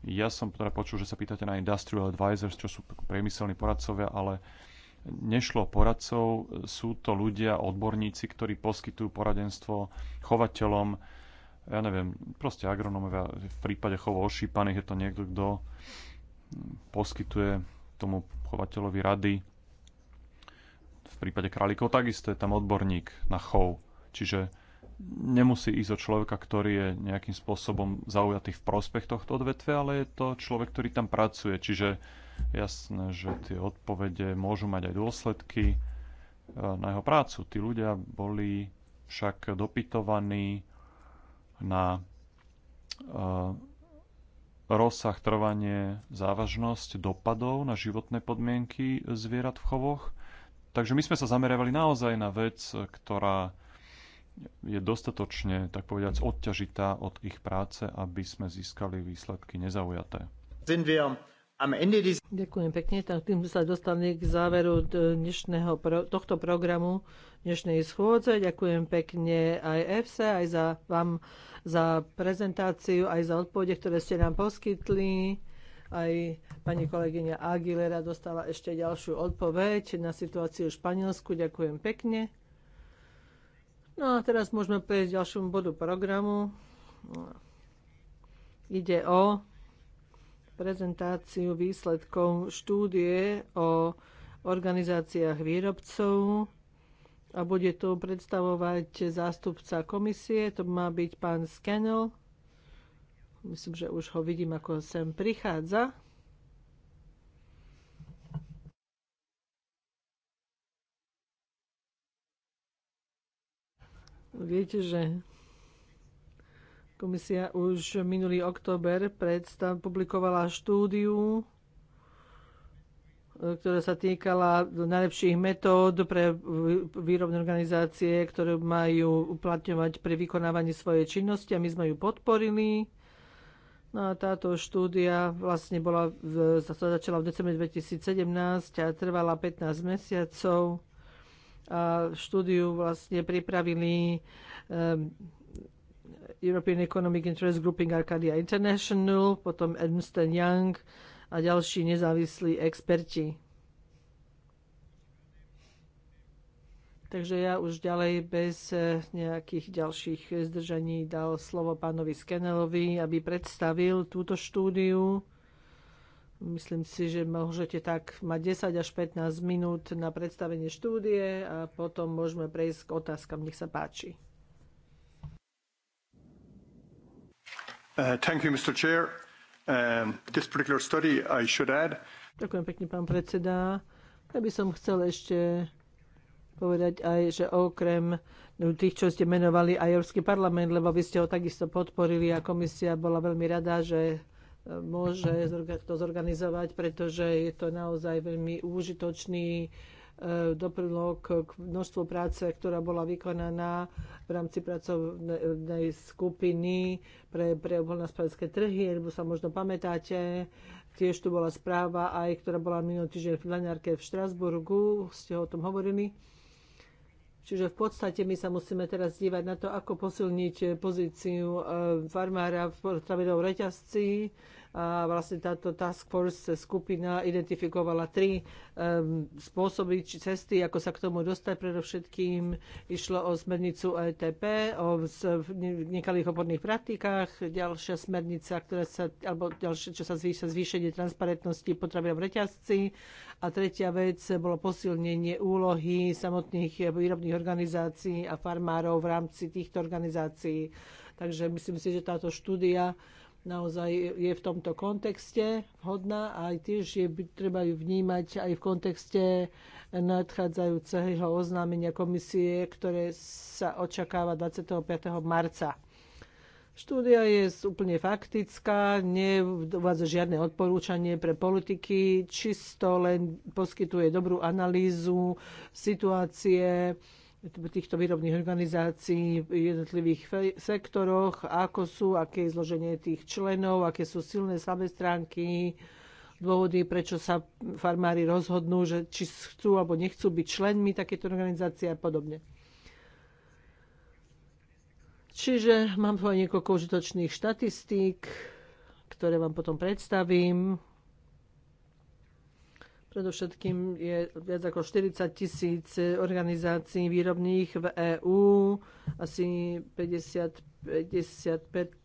ja som teda počul, že sa pýtate na industrial advisors, čo sú priemyselní poradcovia, ale nešlo poradcov, sú to ľudia, odborníci, ktorí poskytujú poradenstvo chovateľom, ja neviem, proste agronómovia, v prípade chovov ošípaných je to niekto, kto poskytuje tomu chovateľovi rady. V prípade králikov takisto je tam odborník na chov, čiže nemusí ísť o človeka, ktorý je nejakým spôsobom zaujatý v prospech tohto odvetve, ale je to človek, ktorý tam pracuje, čiže jasné, že tie odpovede môžu mať aj dôsledky eh, na jeho prácu. Tí ľudia boli však dopytovaní na eh, rozsah trvanie závažnosť dopadov na životné podmienky zvierat v chovoch. Takže my sme sa zameriavali naozaj na vec, ktorá je dostatočne, tak povedať, odťažitá od ich práce, aby sme získali výsledky nezaujaté. Sind wir Ďakujem pekne. Tým sa dostali k záveru dnešného, tohto programu dnešnej schôdze. Ďakujem pekne aj EFSE, aj za vám za prezentáciu, aj za odpovede, ktoré ste nám poskytli. Aj pani kolegyňa Aguilera dostala ešte ďalšiu odpoveď na situáciu v Španielsku. Ďakujem pekne. No a teraz môžeme prejsť k ďalšiemu bodu programu. Ide o prezentáciu výsledkov štúdie o organizáciách výrobcov a bude tu predstavovať zástupca komisie, to má byť pán Skenel. Myslím, že už ho vidím, ako sem prichádza. Viete, že Komisia už minulý október predstav, publikovala štúdiu, e, ktorá sa týkala najlepších metód pre výrobné organizácie, ktoré majú uplatňovať pri vykonávaní svojej činnosti a my sme ju podporili. No a táto štúdia vlastne bola, v, sa začala v decembri 2017 a trvala 15 mesiacov. A štúdiu vlastne pripravili um, European Economic Interest Grouping Arcadia International, potom Ernst Young a ďalší nezávislí experti. Takže ja už ďalej bez eh, nejakých ďalších zdržaní dal slovo pánovi Skenelovi, aby predstavil túto štúdiu. Myslím si, že môžete tak mať 10 až 15 minút na predstavenie štúdie a potom môžeme prejsť k otázkam. Nech sa páči. Uh, thank you, Mr. Chair. Um, this particular study, I should add. Ďakujem pekne, pán predseda. Ja by som chcel ešte povedať aj, že okrem no, tých, čo ste menovali aj Európsky parlament, lebo vy ste ho takisto podporili a komisia bola veľmi rada, že e, môže to zorganizovať, pretože je to naozaj veľmi užitočný E, doprilo k množstvu práce, ktorá bola vykonaná v rámci pracovnej skupiny pre, pre voľnospodárske trhy, lebo sa možno pamätáte, tiež tu bola správa aj, ktorá bola minulý týždeň v Laňarke v Štrasburgu, ste o tom hovorili. Čiže v podstate my sa musíme teraz dívať na to, ako posilniť pozíciu e, farmára v potravinovom reťazci, a vlastne táto task force skupina identifikovala tri um, spôsoby či cesty, ako sa k tomu dostať. Predovšetkým išlo o smernicu ETP, o nekalých obchodných praktikách, ďalšia smernica, ktorá sa, alebo ďalšie, čo sa zvýša, zvýšenie transparentnosti potravia v reťazci. A tretia vec bolo posilnenie úlohy samotných výrobných organizácií a farmárov v rámci týchto organizácií. Takže myslím si, že táto štúdia naozaj je v tomto kontexte vhodná a tiež je, treba ju vnímať aj v kontexte nadchádzajúceho oznámenia komisie, ktoré sa očakáva 25. marca. Štúdia je úplne faktická, neuvádza žiadne odporúčanie pre politiky, čisto len poskytuje dobrú analýzu situácie, týchto výrobných organizácií v jednotlivých sektoroch, ako sú, aké je zloženie tých členov, aké sú silné slabé stránky, dôvody, prečo sa farmári rozhodnú, že či chcú alebo nechcú byť členmi takéto organizácie a podobne. Čiže mám tu aj niekoľko užitočných štatistík, ktoré vám potom predstavím. Predovšetkým je viac ako 40 tisíc organizácií výrobných v EÚ, asi 50, 55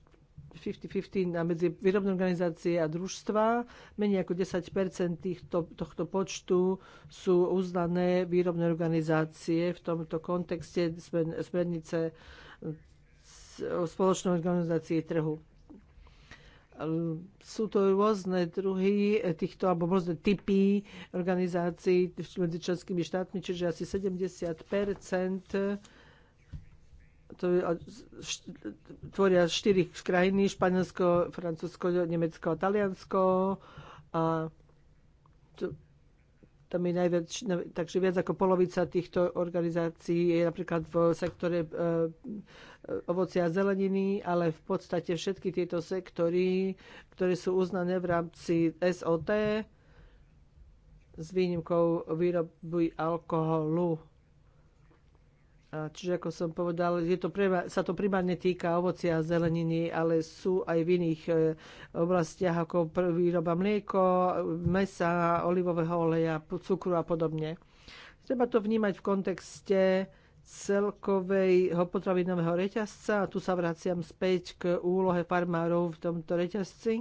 50-50 na medzi výrobné organizácie a družstva. Menej ako 10 týchto, tohto počtu sú uznané výrobné organizácie. V tomto kontexte smernice o spoločnej organizácii trhu sú to rôzne druhy týchto, alebo rôzne typy organizácií medzi členskými štátmi, čiže asi 70 to tvoria štyri krajiny, Španielsko, Francúzsko, Nemecko a Taliansko. A to, tam je najviac, takže viac ako polovica týchto organizácií je napríklad v sektore e, e, ovocia a zeleniny, ale v podstate všetky tieto sektory, ktoré sú uznané v rámci SOT, s výnimkou výroby alkoholu Čiže ako som povedal, je to prima, sa to primárne týka ovocia a zeleniny, ale sú aj v iných e, oblastiach ako výroba mlieko, mesa, olivového oleja, cukru a podobne. Treba to vnímať v kontexte celkového potravinového reťazca a tu sa vraciam späť k úlohe farmárov v tomto reťazci,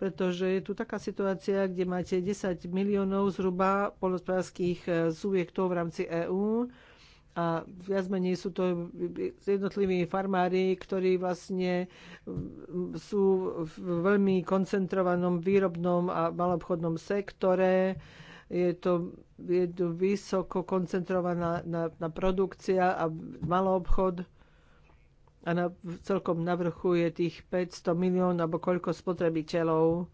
pretože je tu taká situácia, kde máte 10 miliónov zhruba polnospodárských e, subjektov v rámci EÚ, a viac menej sú to jednotliví farmári, ktorí vlastne mm, sú v veľmi koncentrovanom výrobnom a malobchodnom sektore. Je to, je to vysoko koncentrovaná na, na produkcia a maloobchod a na, celkom na vrchu je tých 500 milión alebo koľko spotrebiteľov.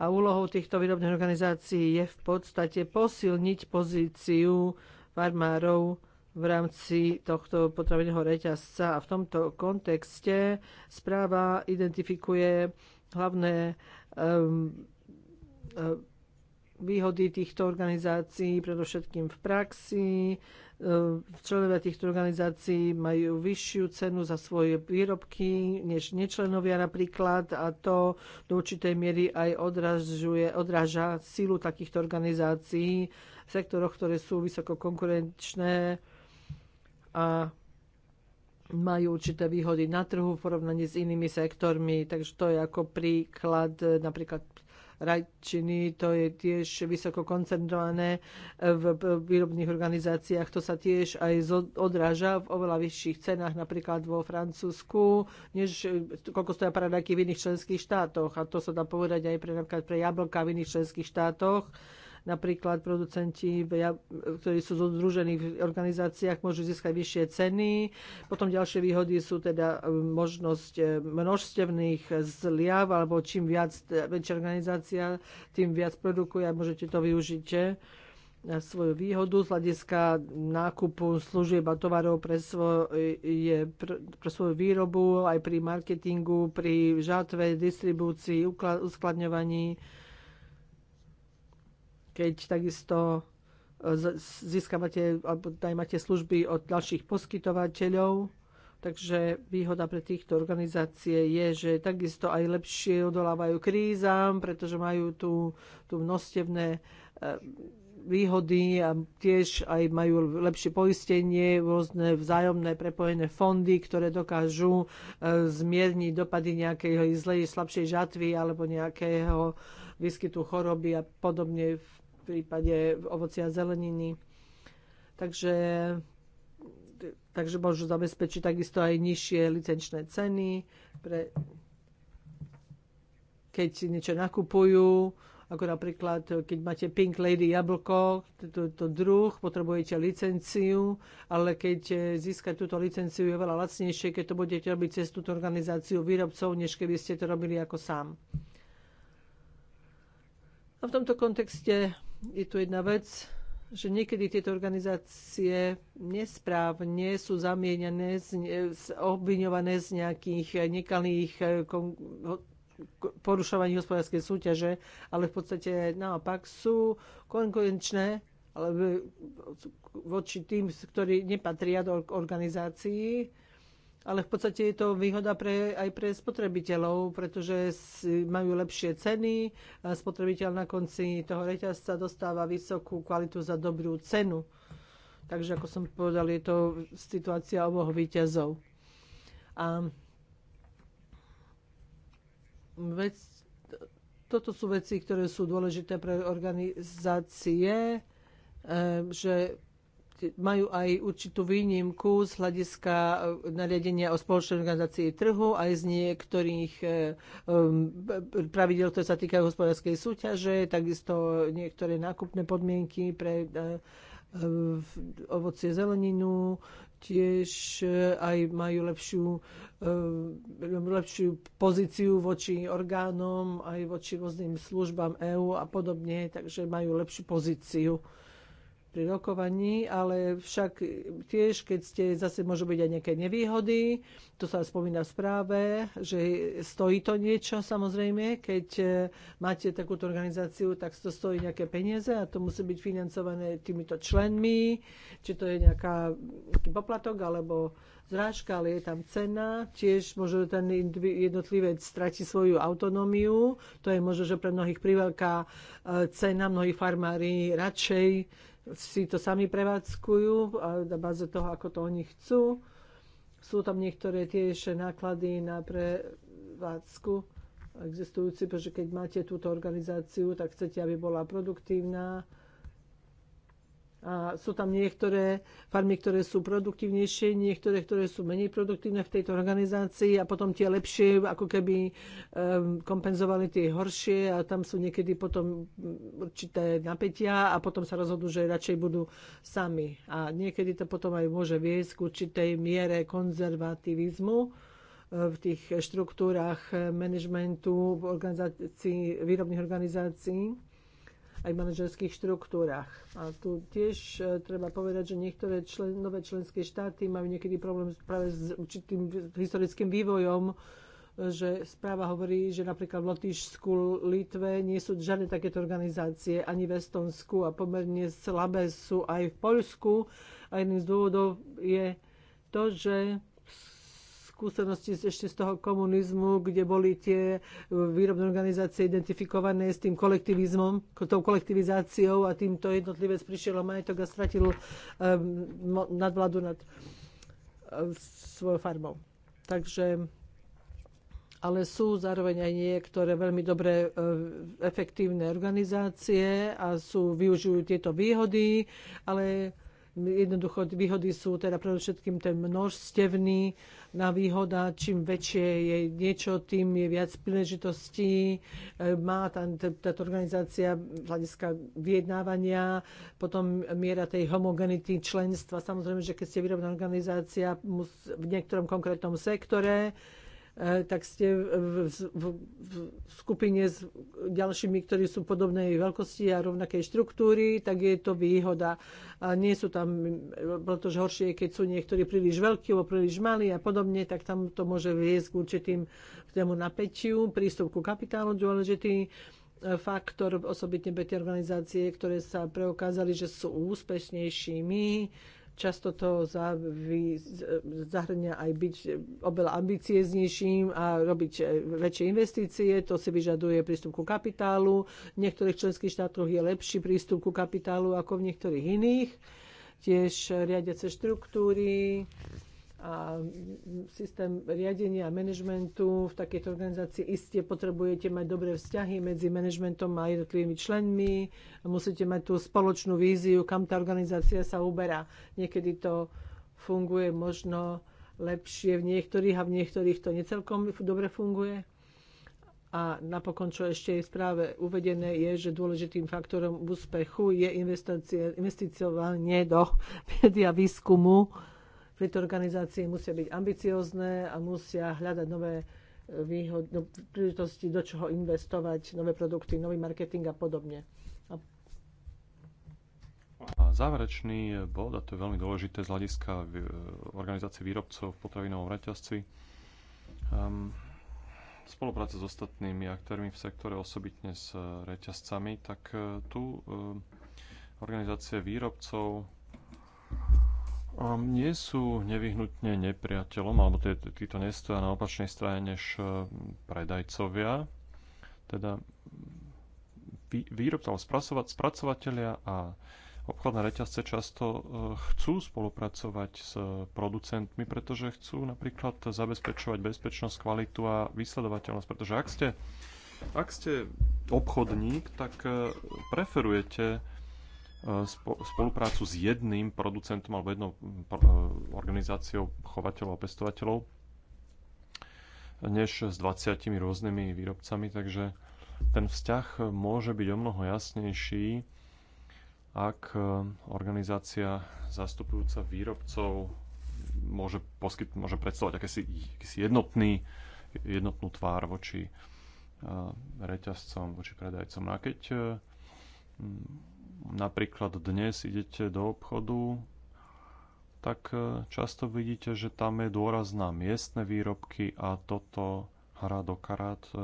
A úlohou týchto výrobných organizácií je v podstate posilniť pozíciu farmárov v rámci tohto potravinového reťazca. A v tomto kontexte správa identifikuje hlavné um, výhody týchto organizácií, predovšetkým v praxi. členovia týchto organizácií majú vyššiu cenu za svoje výrobky než nečlenovia napríklad a to do určitej miery aj odražuje, odráža silu takýchto organizácií v sektoroch, ktoré sú vysoko konkurenčné a majú určité výhody na trhu v porovnaní s inými sektormi. Takže to je ako príklad napríklad rajčiny, to je tiež vysoko koncentrované v výrobných organizáciách. To sa tiež aj odráža v oveľa vyšších cenách, napríklad vo Francúzsku, než koľko stoja paradajky v iných členských štátoch. A to sa dá povedať aj pre, napríklad pre jablka v iných členských štátoch Napríklad producenti, ktorí sú združení v organizáciách, môžu získať vyššie ceny. Potom ďalšie výhody sú teda um, možnosť eh, množstevných zliav, alebo čím viac eh, väčšia organizácia, tým viac produkuje a môžete to využiť eh, na svoju výhodu z hľadiska nákupu služieb a tovarov pre, je, pre svoju výrobu, aj pri marketingu, pri žatve, distribúcii, uskladňovaní keď takisto e, získavate alebo aj máte služby od ďalších poskytovateľov. Takže výhoda pre týchto organizácie je, že takisto aj lepšie odolávajú krízam, pretože majú tu, tu množstevné e, výhody a tiež aj majú lepšie poistenie, rôzne vzájomné prepojené fondy, ktoré dokážu e, zmierniť dopady nejakej zlej, slabšej žatvy alebo nejakého výskytu choroby a podobne v prípade ovocia a zeleniny. Takže, takže môžu zabezpečiť takisto aj nižšie licenčné ceny, pre, keď niečo nakupujú, ako napríklad, keď máte Pink Lady jablko, to, to druh, potrebujete licenciu, ale keď získať túto licenciu je veľa lacnejšie, keď to budete robiť cez túto organizáciu výrobcov, než keby ste to robili ako sám. A v tomto kontexte je tu jedna vec, že niekedy tieto organizácie nesprávne sú zamieňané, obviňované z nejakých nekalých eh, porušovaní hospodárskej súťaže, ale v podstate naopak sú konkurenčné alebo voči tým, ktorí nepatria do organizácií ale v podstate je to výhoda pre, aj pre spotrebiteľov, pretože majú lepšie ceny, spotrebiteľ na konci toho reťazca dostáva vysokú kvalitu za dobrú cenu. Takže ako som povedal, je to situácia oboch výťazov. A vec, toto sú veci, ktoré sú dôležité pre organizácie, e, že majú aj určitú výnimku z hľadiska eh, nariadenia o spoločnej organizácii trhu, aj z niektorých eh, pravidel, ktoré sa týkajú hospodárskej súťaže, takisto niektoré nákupné podmienky pre eh, ovocie zeleninu, tiež aj majú lepšiu, lepšiu pozíciu voči orgánom, aj voči rôznym službám EÚ a podobne, takže majú lepšiu pozíciu pri rokovaní, ale však tiež, keď ste, zase môžu byť aj nejaké nevýhody, to sa spomína v správe, že stojí to niečo samozrejme, keď e, máte takúto organizáciu, tak to stojí nejaké peniaze a to musí byť financované týmito členmi, či to je nejaká poplatok alebo zrážka, ale je tam cena, tiež môže ten jednotlivec stratiť svoju autonómiu, to je možno, že pre mnohých priveľká e, cena, mnohí farmári radšej si to sami prevádzkujú na báze toho, ako to oni chcú. Sú tam niektoré tiež náklady na prevádzku existujúci, pretože keď máte túto organizáciu, tak chcete, aby bola produktívna, a sú tam niektoré farmy, ktoré sú produktívnejšie, niektoré, ktoré sú menej produktívne v tejto organizácii a potom tie lepšie ako keby ehm, kompenzovali tie horšie a tam sú niekedy potom určité napätia a potom sa rozhodnú, že radšej budú sami. A niekedy to potom aj môže viesť k určitej miere konzervativizmu e, v tých štruktúrach e, manažmentu, organizácií, výrobných organizácií aj v manažerských štruktúrach. A tu tiež e, treba povedať, že niektoré člen, nové členské štáty majú niekedy problém práve s určitým historickým vývojom, e, že správa hovorí, že napríklad v Lotyšsku, Litve nie sú žiadne takéto organizácie, ani v Estonsku a pomerne slabé sú aj v Poľsku. A jedným z dôvodov je to, že skúsenosti ešte z toho komunizmu, kde boli tie e, výrobné organizácie identifikované s tým kolektivizmom, tou kolektivizáciou a týmto jednotlivec prišiel o majetok a stratil um, nadvládu nad um, svojou farmou. Takže ale sú zároveň aj niektoré veľmi dobré efektívne organizácie a sú, využijú tieto výhody, ale Jednoducho výhody sú teda predovšetkým ten množstevný na výhoda. Čím väčšie je niečo, tým je viac príležitostí. E, má tam táto organizácia hľadiska vyjednávania, potom miera tej homogenity členstva. Samozrejme, že keď ste výrobná organizácia v niektorom konkrétnom sektore, E, tak ste v, v, v skupine s ďalšími, ktorí sú podobnej veľkosti a rovnakej štruktúry, tak je to výhoda. A nie sú tam, pretože horšie je, keď sú niektorí príliš veľkí alebo príliš malí a podobne, tak tam to môže viesť k určitým k tomu napätiu, prístup ku kapitálu dôležitý e, faktor, osobitne pre tie organizácie, ktoré sa preukázali, že sú úspešnejšími Často to zahrňa aj byť oveľa ambicieznejším a robiť väčšie investície. To si vyžaduje prístup ku kapitálu. V niektorých členských štátoch je lepší prístup ku kapitálu ako v niektorých iných. Tiež riadiace štruktúry, a systém riadenia a manažmentu v takejto organizácii iste potrebujete mať dobré vzťahy medzi manažmentom a jednotlivými členmi. Musíte mať tú spoločnú víziu, kam tá organizácia sa uberá. Niekedy to funguje možno lepšie v niektorých a v niektorých to necelkom dobre funguje. A napokon, čo ešte je správe uvedené, je, že dôležitým faktorom úspechu je investiciovanie do *laughs* media výskumu tieto organizácie musia byť ambiciozne a musia hľadať nové e, výhod, no, príležitosti, do čoho investovať, nové produkty, nový marketing a podobne. A... a záverečný bod, a to je veľmi dôležité z hľadiska e, organizácie výrobcov v potravinovom reťazci, um, spolupráca s ostatnými aktérmi v sektore, osobitne s e, reťazcami, tak tu organizácie výrobcov nie sú nevyhnutne nepriateľom, alebo títo nestoja na opačnej strane než e, predajcovia, teda výrobca alebo spracovateľia a obchodné reťazce často e, chcú spolupracovať s producentmi, pretože chcú napríklad zabezpečovať bezpečnosť, kvalitu a vysledovateľnosť. Pretože ak ste, ak ste obchodník, tak e, preferujete spoluprácu s jedným producentom alebo jednou mm, e, organizáciou chovateľov a pestovateľov než s 20 rôznymi výrobcami, takže ten vzťah môže byť o mnoho jasnejší, ak e, organizácia zastupujúca výrobcov môže, poskyt, môže predstavovať akýsi, akýsi jednotný, jednotnú tvár voči e, reťazcom, voči predajcom. No a keď napríklad dnes idete do obchodu, tak e, často vidíte, že tam je dôraz na miestne výrobky a toto hrá do karát e,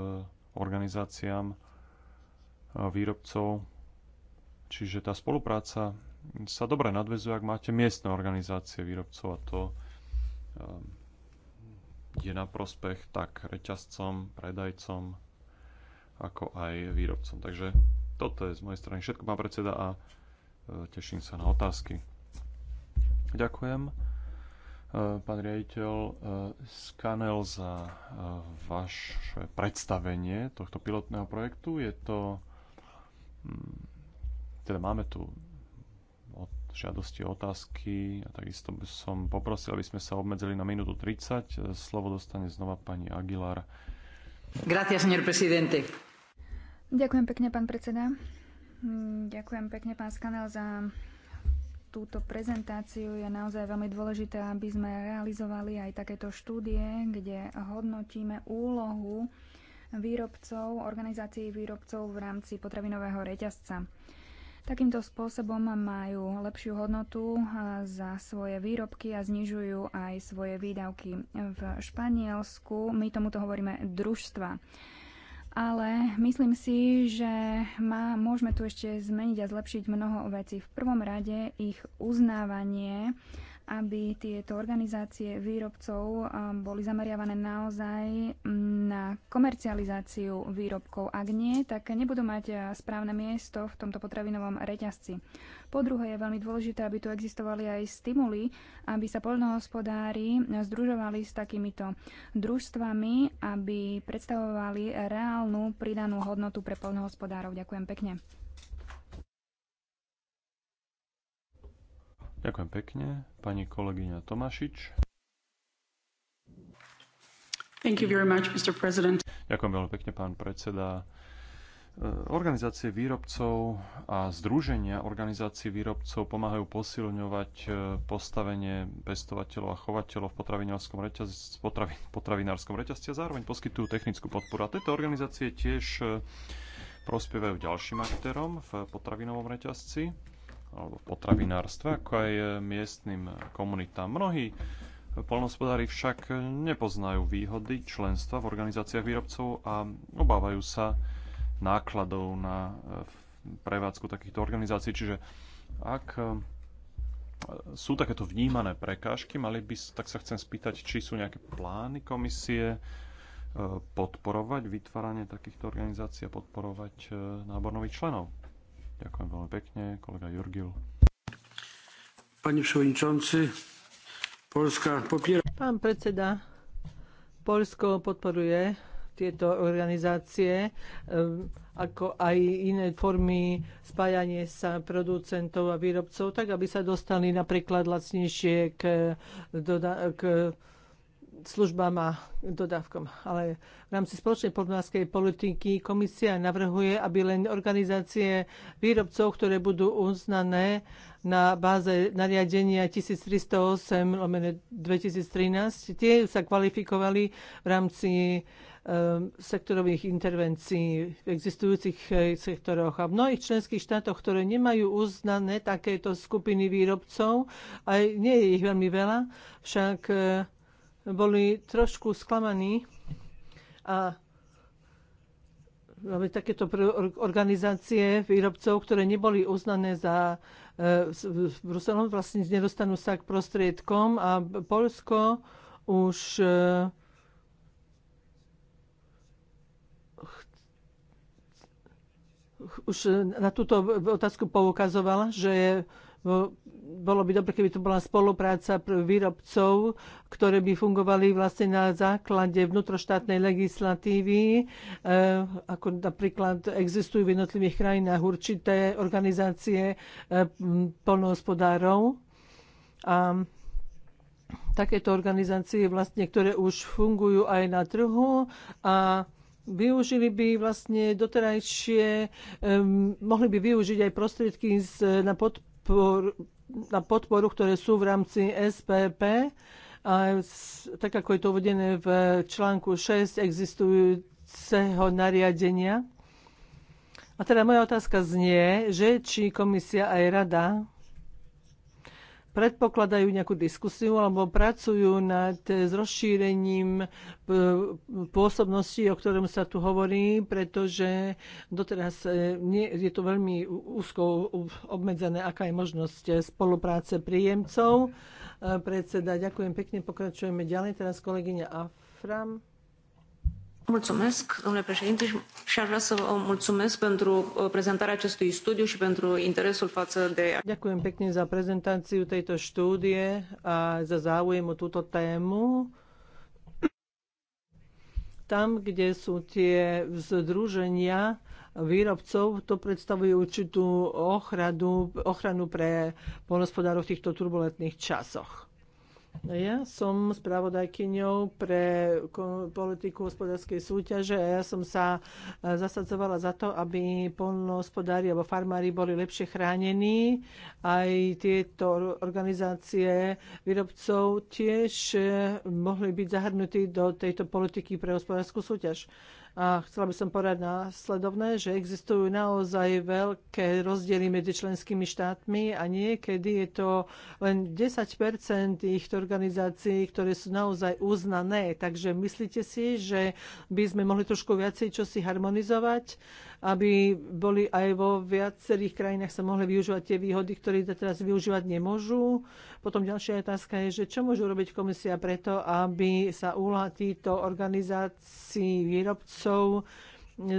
organizáciám e, výrobcov. Čiže tá spolupráca sa dobre nadvezuje, ak máte miestne organizácie výrobcov a to je na prospech tak reťazcom, predajcom, ako aj výrobcom. Takže toto je z mojej strany všetko, pán predseda, a e, teším sa na otázky. Ďakujem, e, pán riaditeľ e, Skanel, za vaše predstavenie tohto pilotného projektu. Je to... Mm, teda máme tu od žiadosti otázky a takisto by som poprosil, aby sme sa obmedzili na minútu 30. Slovo dostane znova pani Aguilar. Gracias, señor presidente. Ďakujem pekne, pán predseda. Mm, ďakujem pekne, pán Skanel, za túto prezentáciu. Je naozaj veľmi dôležité, aby sme realizovali aj takéto štúdie, kde hodnotíme úlohu výrobcov, organizácií výrobcov v rámci potravinového reťazca. Takýmto spôsobom majú lepšiu hodnotu za svoje výrobky a znižujú aj svoje výdavky. V Španielsku my tomuto hovoríme družstva ale myslím si, že má, môžeme tu ešte zmeniť a zlepšiť mnoho vecí. V prvom rade ich uznávanie aby tieto organizácie výrobcov um, boli zameriavané naozaj na komercializáciu výrobkov. Ak nie, tak nebudú mať uh, správne miesto v tomto potravinovom reťazci. Po druhé, je veľmi dôležité, aby tu existovali aj stimuly, aby sa poľnohospodári združovali s takýmito družstvami, aby predstavovali reálnu pridanú hodnotu pre poľnohospodárov. Ďakujem pekne. Ďakujem pekne. Pani kolegyňa Tomašič. Thank you very much, Mr. President. Ďakujem veľmi pekne, pán predseda. E, organizácie výrobcov a združenia organizácií výrobcov pomáhajú posilňovať e, postavenie pestovateľov a chovateľov v potravinárskom reťazci, potravinárskom reťazci a zároveň poskytujú technickú podporu. A tieto organizácie tiež e, prospievajú ďalším aktérom v potravinovom reťazci alebo potravinárstva, potravinárstve, ako aj e, miestnym komunitám. Mnohí polnospodári však nepoznajú výhody členstva v organizáciách výrobcov a obávajú sa nákladov na e, prevádzku takýchto organizácií. Čiže ak e, sú takéto vnímané prekážky, mali by, tak sa chcem spýtať, či sú nejaké plány komisie podporovať vytváranie takýchto organizácií a podporovať nábor nových členov. Ďakujem veľmi pekne, kolega Jurgil. Pani przewodniczący, Polska popiera... Pán predseda, Polsko podporuje tieto organizácie, ehm, ako aj iné formy spájanie sa producentov a výrobcov, tak aby sa dostali napríklad lacnejšie k, k službám a dodávkom. Ale v rámci spoločnej podmorskej politiky komisia navrhuje, aby len organizácie výrobcov, ktoré budú uznané na báze nariadenia 1308 2013, tie sa kvalifikovali v rámci ehm, sektorových intervencií v existujúcich eh, sektoroch. A v mnohých členských štátoch, ktoré nemajú uznané takéto skupiny výrobcov, aj nie je ich veľmi veľa, však eh, boli trošku sklamaní a máme takéto organizácie výrobcov, ktoré neboli uznané za e, v Bruselom, vlastne nedostanú sa k prostriedkom a Polsko už e, už na túto otázku poukazovala, že bolo by dobre, keby to bola spolupráca výrobcov, ktoré by fungovali vlastne na základe vnútroštátnej legislatívy, e, ako napríklad existujú v jednotlivých krajinách určité organizácie e, polnohospodárov. A takéto organizácie, vlastne, ktoré už fungujú aj na trhu a využili by vlastne doterajšie, um, mohli by využiť aj prostriedky z, na podporu podpor, na podporu, ktoré sú v rámci SPP. A tak ako je to uvedené v článku 6 existujúceho nariadenia. A teda moja otázka znie, že či komisia aj rada predpokladajú nejakú diskusiu alebo pracujú nad eh, rozšírením eh, pôsobnosti, o ktorom sa tu hovorí, pretože doteraz eh, nie, je to veľmi úzko obmedzené, aká je možnosť spolupráce príjemcov. Predseda, ďakujem pekne, pokračujeme ďalej. Teraz kolegyňa Afram. Mulțumesc, domnule președinte, și aș vrea să vă mulțumesc pentru uh, prezentarea acestui studiu și pentru interesul față de... Ďakujem pekne za prezentáciu tejto štúdie a za záujem o túto tému tam, kde sú tie združenia výrobcov, to predstavuje určitú ochranu, ochranu pre polnospodárov v týchto turbulentných časoch. No ja som spravodajkyňou pre politiku hospodárskej súťaže a ja som sa e, zasadzovala za to, aby polnohospodári alebo farmári boli lepšie chránení. Aj tieto organizácie výrobcov tiež e, mohli byť zahrnutí do tejto politiky pre hospodárskú súťaž. A chcela by som povedať následovné, že existujú naozaj veľké rozdiely medzi členskými štátmi a niekedy je to len 10 ich organizácií, ktoré sú naozaj uznané. Takže myslíte si, že by sme mohli trošku viacej čosi harmonizovať, aby boli aj vo viacerých krajinách sa mohli využívať tie výhody, ktoré teraz využívať nemôžu? Potom ďalšia otázka je, že čo môžu robiť komisia preto, aby sa úla týchto organizácií výrobcov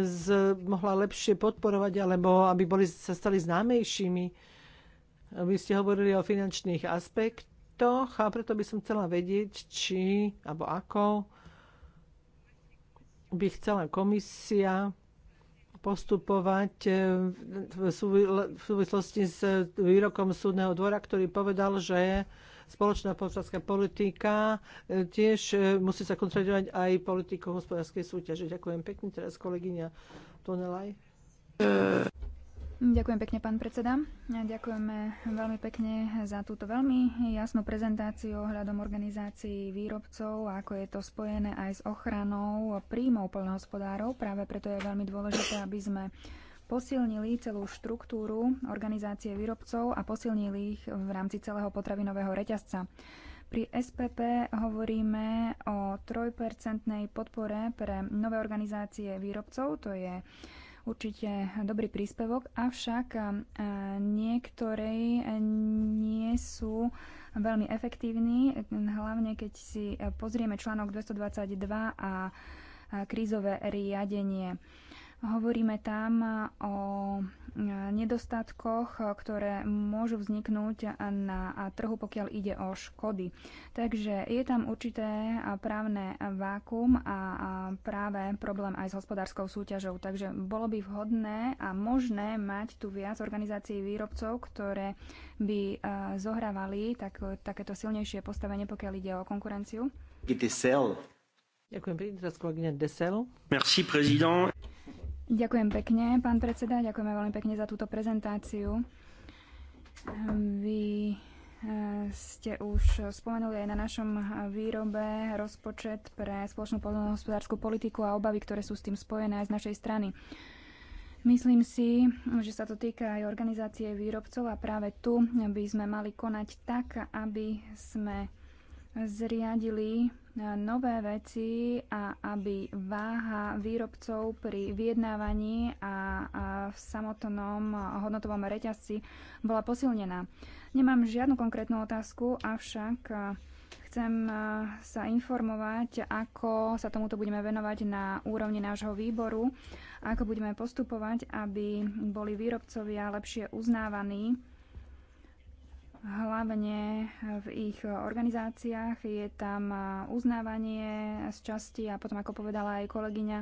z, mohla lepšie podporovať, alebo aby boli, sa stali známejšími. Vy ste hovorili o finančných aspektoch a preto by som chcela vedieť, či alebo ako by chcela komisia postupovať e, v súvislosti s výrokom súdneho dvora, ktorý povedal, že spoločná hospodárska politika e, tiež e, musí sa koncentrovať aj politikou hospodárskej súťaže. Ďakujem pekne. Teraz kolegyňa Tonelaj. Ďakujem pekne, pán predseda. Ďakujeme veľmi pekne za túto veľmi jasnú prezentáciu ohľadom organizácií výrobcov, ako je to spojené aj s ochranou príjmov poľnohospodárov. Práve preto je veľmi dôležité, aby sme posilnili celú štruktúru organizácie výrobcov a posilnili ich v rámci celého potravinového reťazca. Pri SPP hovoríme o trojpercentnej podpore pre nové organizácie výrobcov, to je určite dobrý príspevok, avšak eh, niektoré eh, nie sú veľmi efektívni, hlavne keď si eh, pozrieme článok 222 a krízové riadenie. Hovoríme tam e, o e, nedostatkoch, e, ktoré môžu vzniknúť na trhu, pokiaľ ide o škody. Takže je tam určité právne vákum a práve problém aj s hospodárskou súťažou. Takže bolo by vhodné a možné mať tu viac organizácií výrobcov, ktoré by zohrávali tak, takéto silnejšie postavenie, pokiaľ ide o konkurenciu. Ďakujem pekne, teraz kolegyňa Desel. Merci, prezident. Ďakujem pekne, pán predseda, ďakujeme veľmi pekne za túto prezentáciu. Ehm, vy e, ste už spomenuli aj na našom výrobe rozpočet pre spoločnú poľnohospodárskú politiku a obavy, ktoré sú s tým spojené aj z našej strany. Myslím si, že sa to týka aj organizácie výrobcov a práve tu by sme mali konať tak, aby sme zriadili nové veci a aby váha výrobcov pri vyjednávaní a, v samotnom hodnotovom reťazci bola posilnená. Nemám žiadnu konkrétnu otázku, avšak e, chcem e, sa informovať, ako sa tomuto budeme venovať na úrovni nášho výboru, ako budeme postupovať, aby boli výrobcovia lepšie uznávaní hlavne v ich organizáciách. Je tam uznávanie z časti a potom, ako povedala aj kolegyňa,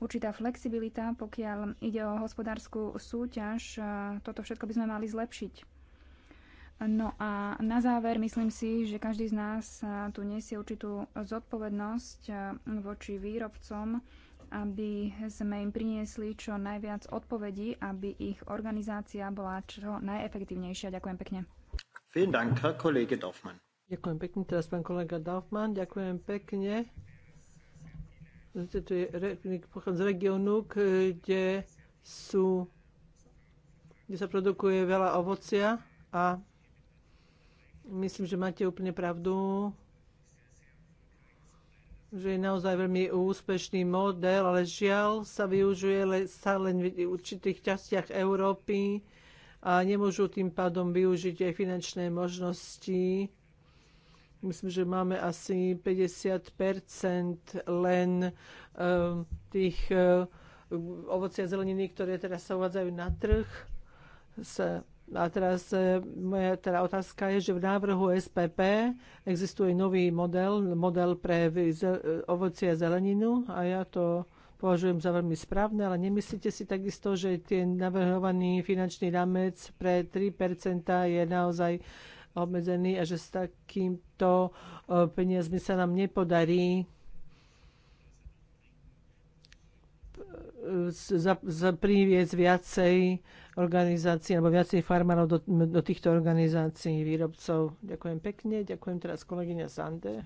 určitá flexibilita, pokiaľ ide o hospodárskú súťaž. Toto všetko by sme mali zlepšiť. No a na záver myslím si, že každý z nás tu nesie určitú zodpovednosť e, voči výrobcom, aby sme im priniesli čo najviac odpovedí, aby ich organizácia bola čo najefektívnejšia. Ďakujem pekne. Vielen Dank, Herr Kollege Dorfmann. Ďakujem pekne, teraz pán kolega Dorfman. Ďakujem pekne. tu je pochod z regionu, kde sú kde sa produkuje veľa ovocia a myslím, že máte úplne pravdu, že je naozaj veľmi úspešný model, ale žiaľ sa využuje le, sa len v určitých častiach Európy a nemôžu tým pádom využiť aj finančné možnosti. Myslím, že máme asi 50 len eh, tých eh, ovocia a zeleniny, ktoré teraz sa uvádzajú na trh. A teraz eh, moja teda otázka je, že v návrhu SPP existuje nový model, model pre ovocie a zeleninu a ja to považujem za veľmi správne, ale nemyslíte si takisto, že ten navrhovaný finančný rámec pre 3% je naozaj obmedzený a že s takýmto e, peniazmi sa nám nepodarí e, priviesť viacej organizácií alebo viacej farmárov do, do týchto organizácií výrobcov. Ďakujem pekne. Ďakujem teraz kolegyňa Sande.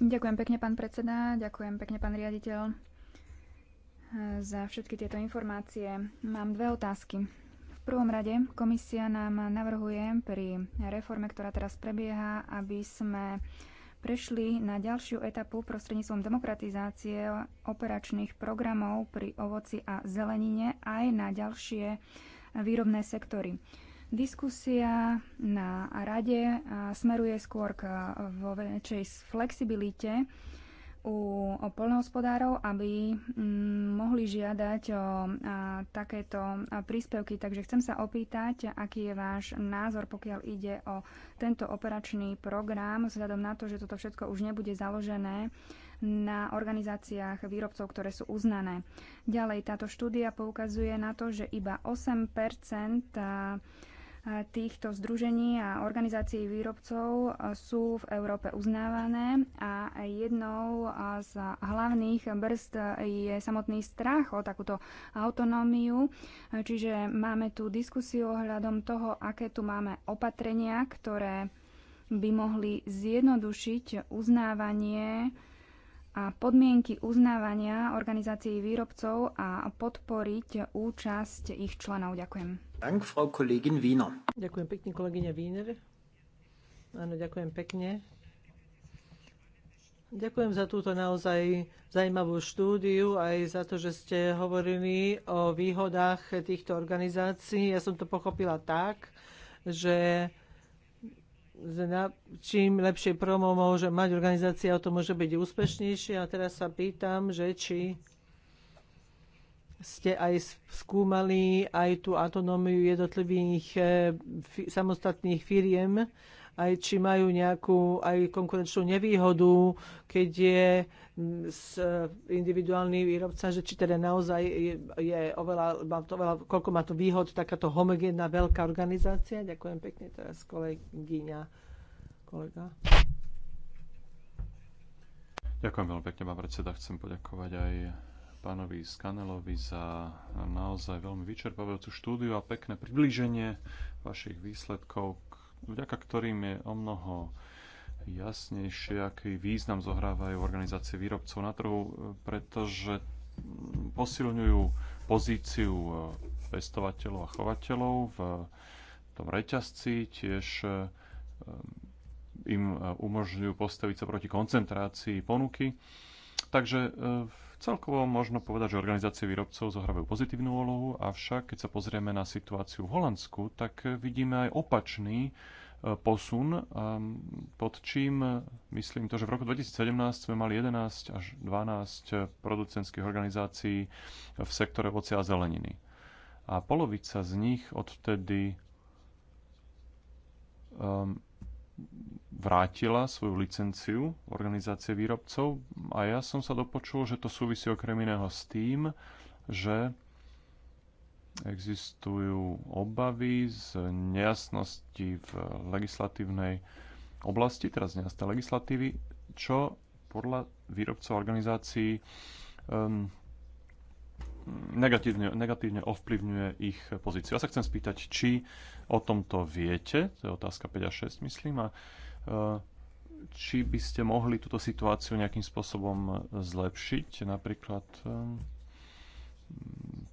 Ďakujem pekne, pán predseda, ďakujem pekne, pán riaditeľ, eh, za všetky tieto informácie. Mám dve otázky. V prvom rade komisia nám navrhuje pri reforme, ktorá teraz prebieha, aby sme prešli na ďalšiu etapu prostredníctvom demokratizácie operačných programov pri ovoci a zelenine aj na ďalšie výrobné sektory. Diskusia na rade smeruje skôr k vo väčšej flexibilite u poľnohospodárov, aby mm, mohli žiadať o takéto príspevky. Takže chcem sa opýtať, aký je váš názor, pokiaľ ide o tento operačný program, vzhľadom na to, že toto všetko už nebude založené na organizáciách výrobcov, ktoré sú uznané. Ďalej, táto štúdia poukazuje na to, že iba 8 týchto združení a organizácií výrobcov sú v Európe uznávané a jednou z hlavných brzd je samotný strach o takúto autonómiu. Čiže máme tu diskusiu ohľadom toho, aké tu máme opatrenia, ktoré by mohli zjednodušiť uznávanie a podmienky uznávania organizácií výrobcov a podporiť účasť ich členov. Ďakujem. Dank, Frau Kollegin Wiener. Ďakujem pekne, kolegyňa Wiener. Áno, ďakujem pekne. Ďakujem za túto naozaj zaujímavú štúdiu, aj za to, že ste hovorili o výhodách týchto organizácií. Ja som to pochopila tak, že čím lepšie promo môže mať organizácia, o to môže byť úspešnejšie. A teraz sa pýtam, že či ste aj skúmali aj tú autonómiu jednotlivých eh, samostatných firiem aj či majú nejakú aj konkurenčnú nevýhodu, keď je e, individuálny výrobca, že či teda naozaj je, je oveľa, má to oveľa, koľko má to výhod takáto homogénna veľká organizácia. Ďakujem pekne teraz kolegyňa, kolega. Ďakujem veľmi pekne, pán predseda. Chcem poďakovať aj pánovi Skanelovi za naozaj veľmi vyčerpávajúcu štúdiu a pekné priblíženie vašich výsledkov vďaka ktorým je o mnoho jasnejšie, aký význam zohrávajú organizácie výrobcov na trhu, e, pretože posilňujú pozíciu e, pestovateľov a chovateľov v tom reťazci, tiež e, im umožňujú postaviť sa proti koncentrácii ponuky. Takže Celkovo možno povedať, že organizácie výrobcov zohrávajú pozitívnu úlohu, avšak keď sa pozrieme na situáciu v Holandsku, tak vidíme aj opačný e, posun, e, pod čím myslím to, že v roku 2017 sme mali 11 až 12 e, producentských organizácií v sektore ovocia a zeleniny. A polovica z nich odtedy vrátila svoju licenciu organizácie výrobcov a ja som sa dopočul, že to súvisí okrem iného s tým, že existujú obavy z nejasnosti v legislatívnej oblasti, teraz nejasnej legislatívy, čo podľa výrobcov organizácií um, negatívne, negatívne ovplyvňuje ich pozíciu. Ja sa chcem spýtať, či o tomto viete, to je otázka 5 a 6, myslím, a Eh, či by ste mohli túto situáciu nejakým spôsobom eh, zlepšiť, napríklad eh,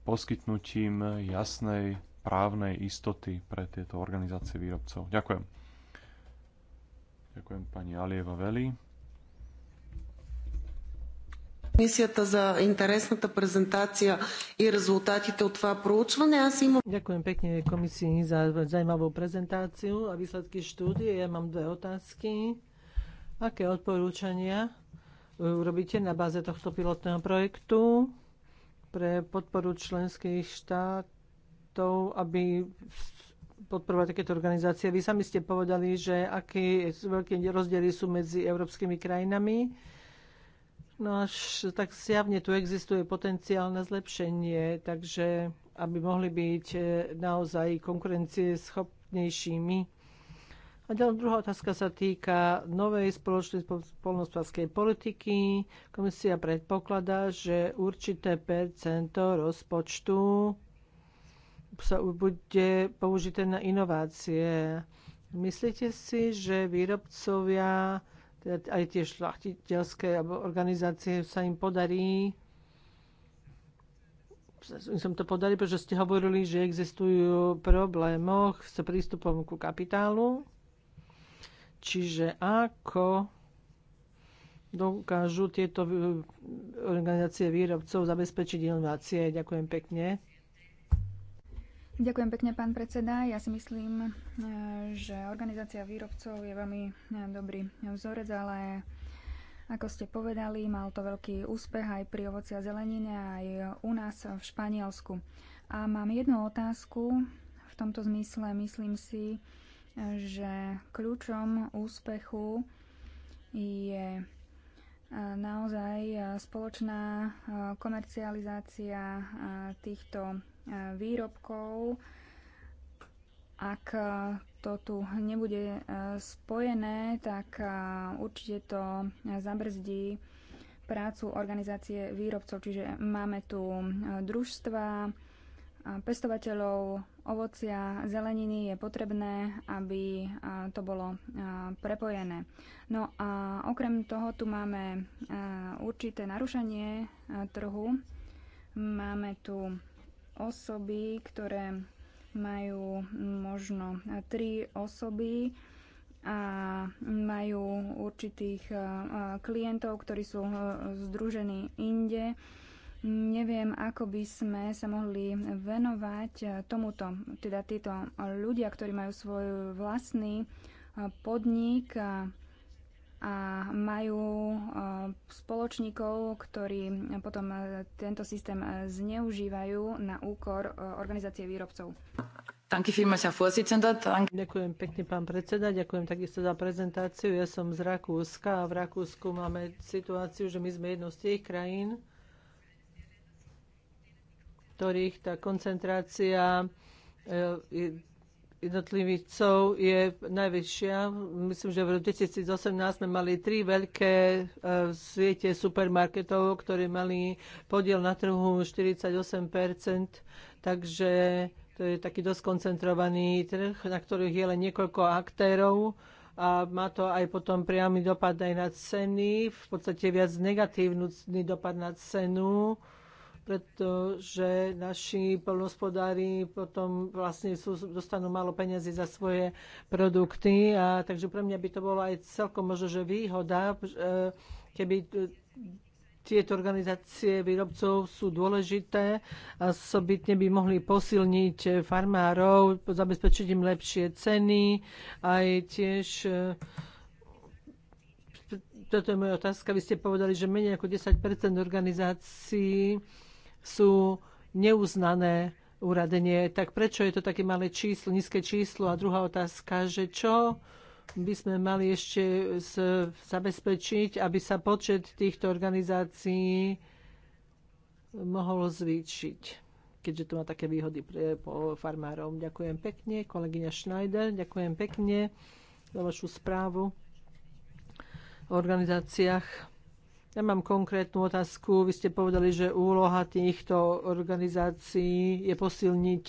poskytnutím jasnej právnej istoty pre tieto organizácie výrobcov. Ďakujem. Ďakujem pani Alieva Veli. Комисията за интересната презентация и резултатите от това проучване. Аз имам... Ďakujem pekne komisii za zaujímavú prezentáciu a výsledky štúdie. Ja mám dve otázky. Aké odporúčania робите на базе тохто pilotného проекту пре подпору členských штатов, аби podporovať takéto organizácie. Vy sami ste povedali, že aké veľké rozdiely sú medzi európskymi krajinami No až tak zjavne tu existuje potenciál na zlepšenie, takže aby mohli byť e, naozaj konkurencieschopnejšími. A druhá otázka sa týka novej spoločnej polnospodárskej politiky. Komisia predpokladá, že určité percento rozpočtu sa bude použité na inovácie. Myslíte si, že výrobcovia teda aj tie šlachtiteľské alebo organizácie sa im podarí som to podali, pretože ste hovorili, že existujú problémoch s prístupom ku kapitálu. Čiže ako dokážu tieto organizácie výrobcov zabezpečiť inovácie? Ďakujem pekne. Ďakujem pekne, pán predseda. Ja si myslím, e, že organizácia výrobcov je veľmi e, dobrý vzorec, ale ako ste povedali, mal to veľký úspech aj pri ovoci a zelenine, aj u nás v Španielsku. A mám jednu otázku v tomto zmysle. Myslím si, e, že kľúčom úspechu je naozaj spoločná komercializácia týchto E, výrobkov, ak to tu nebude e, spojené, tak e, určite to zabrzdí prácu organizácie výrobcov. Čiže máme tu družstva, pestovateľov ovocia, zeleniny je potrebné, aby to bolo prepojené. No a okrem toho tu máme určité narušenie trhu. Máme tu osoby, ktoré majú možno tri osoby a majú určitých klientov, ktorí sú združení inde. Neviem, ako by sme sa mohli venovať tomuto, teda títo ľudia, ktorí majú svoj vlastný podnik, a majú e, spoločníkov, ktorí potom e, tento systém e, zneužívajú na úkor organizácie výrobcov. Ďakujem pekne, pán predseda. Ďakujem takisto za prezentáciu. Ja som z Rakúska a v Rakúsku máme situáciu, že my sme jednou z tých krajín, ktorých tá koncentrácia jednotlivcov je najväčšia. Myslím, že v roku 2018 sme mali tri veľké v e, svete supermarketov, ktoré mali podiel na trhu 48 takže to je taký dosť koncentrovaný trh, na ktorých je len niekoľko aktérov a má to aj potom priamy dopad aj na ceny, v podstate viac negatívny dopad na cenu pretože naši polnospodári potom vlastne sú, dostanú málo peniazy za svoje produkty. A, takže pre mňa by to bola aj celkom možno, že výhoda, eh, keby eh, tieto organizácie výrobcov sú dôležité a osobitne by mohli posilniť farmárov, zabezpečiť im lepšie ceny, aj tiež eh, toto je moja otázka. Vy ste povedali, že menej ako 10 organizácií sú neuznané uradenie. Tak prečo je to také malé číslo, nízke číslo? A druhá otázka, že čo by sme mali ešte zabezpečiť, aby sa počet týchto organizácií mohol zvýšiť, keďže to má také výhody pre farmárov. Ďakujem pekne, kolegyňa Schneider, ďakujem pekne za vašu správu o organizáciách ja mám konkrétnu otázku. Vy ste povedali, že úloha týchto organizácií je posilniť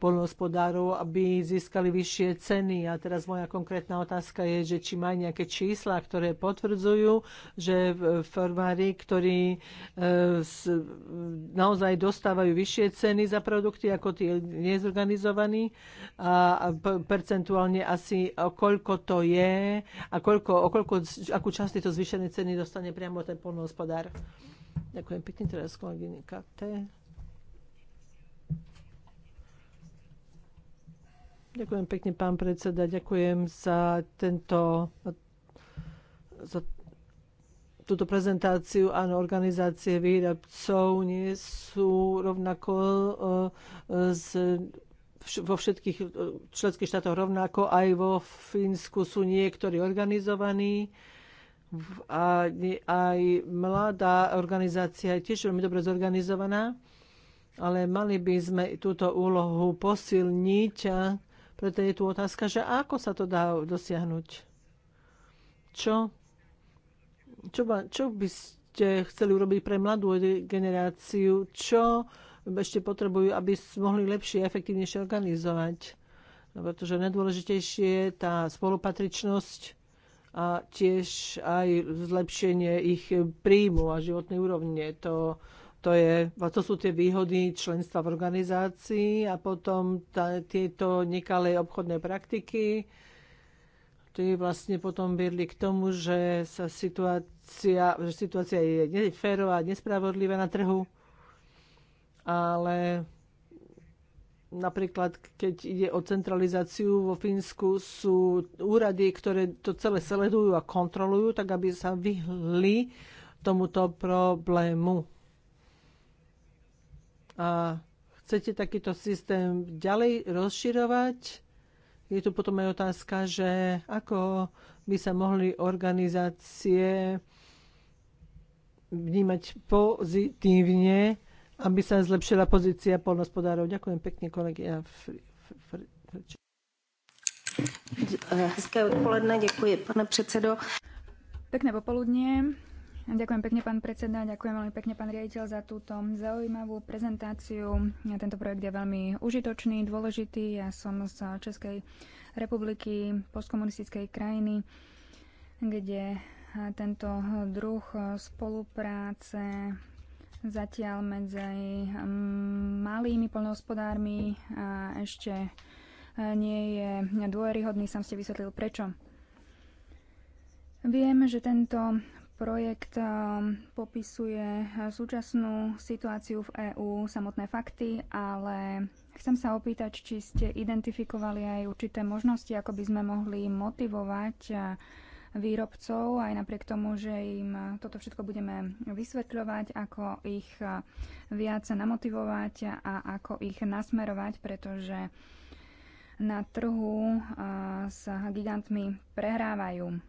poľnohospodárov, aby získali vyššie ceny. A teraz moja konkrétna otázka je, že či majú nejaké čísla, ktoré potvrdzujú, že farmári, ktorí e, naozaj dostávajú vyššie ceny za produkty ako tí nezorganizovaní a percentuálne asi koľko to je a koľko, koľko, akú časť tieto zvýšené ceny dostane priamo ten polnohospodár. Ďakujem pekne teraz kolegyne Kate. Ďakujem pekne, pán predseda. Ďakujem za tento za túto prezentáciu. Áno, organizácie výrobcov nie sú rovnako e, e, z vo všetkých e, členských štátoch rovnako, aj vo Fínsku sú niektorí organizovaní a aj mladá organizácia je tiež veľmi dobre zorganizovaná, ale mali by sme túto úlohu posilniť a preto je tu otázka, že ako sa to dá dosiahnuť? Čo, čo, čo by ste chceli urobiť pre mladú generáciu? Čo ešte potrebujú, aby mohli lepšie a efektívnejšie organizovať? No, pretože najdôležitejšie je tá spolupatričnosť, a tiež aj zlepšenie ich príjmu a životnej úrovne. To, to, je, to sú tie výhody členstva v organizácii a potom tá, tieto nekalé obchodné praktiky ktoré vlastne potom viedli k tomu, že sa situácia, že situácia je neférová, nespravodlivá na trhu, ale Napríklad, keď ide o centralizáciu vo Fínsku, sú úrady, ktoré to celé sledujú a kontrolujú, tak aby sa vyhli tomuto problému. A chcete takýto systém ďalej rozširovať? Je tu potom aj otázka, že ako by sa mohli organizácie vnímať pozitívne aby sa zlepšila pozícia polnospodárov. Ďakujem pekne, kolegia. Eh, hezké odpoledne, ďakujem, pane predsedo. Pekné popoludnie. Ďakujem pekne, pán predseda, ďakujem veľmi pekne, pán riaditeľ, za túto zaujímavú prezentáciu. Tento projekt je veľmi užitočný, dôležitý. Ja som z Českej republiky, postkomunistickej krajiny, kde tento druh spolupráce Zatiaľ medzi mm, malými poľnohospodármi a ešte e, nie je dôveryhodný. som ste vysvetlil prečo. Viem, že tento projekt e, popisuje e, súčasnú situáciu v EÚ, samotné fakty, ale chcem sa opýtať, či ste identifikovali aj určité možnosti, ako by sme mohli motivovať výrobcov, aj napriek tomu, že im toto všetko budeme vysvetľovať, ako ich viac namotivovať a ako ich nasmerovať, pretože na trhu s gigantmi prehrávajú.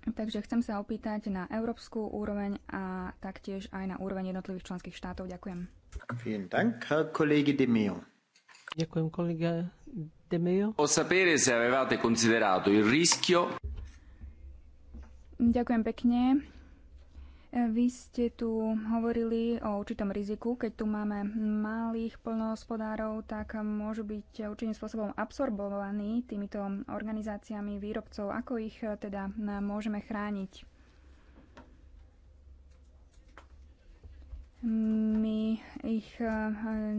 Takže chcem sa opýtať na európsku úroveň a taktiež aj na úroveň jednotlivých členských štátov. Ďakujem. Vielen Dank, De Ďakujem, kolega De O sapere se avevate considerato il rischio Ďakujem pekne. Vy ste tu hovorili o určitom riziku, keď tu máme malých plnohospodárov, tak môžu byť určitým spôsobom absorbovaní týmito organizáciami výrobcov. Ako ich teda môžeme chrániť? My ich eh,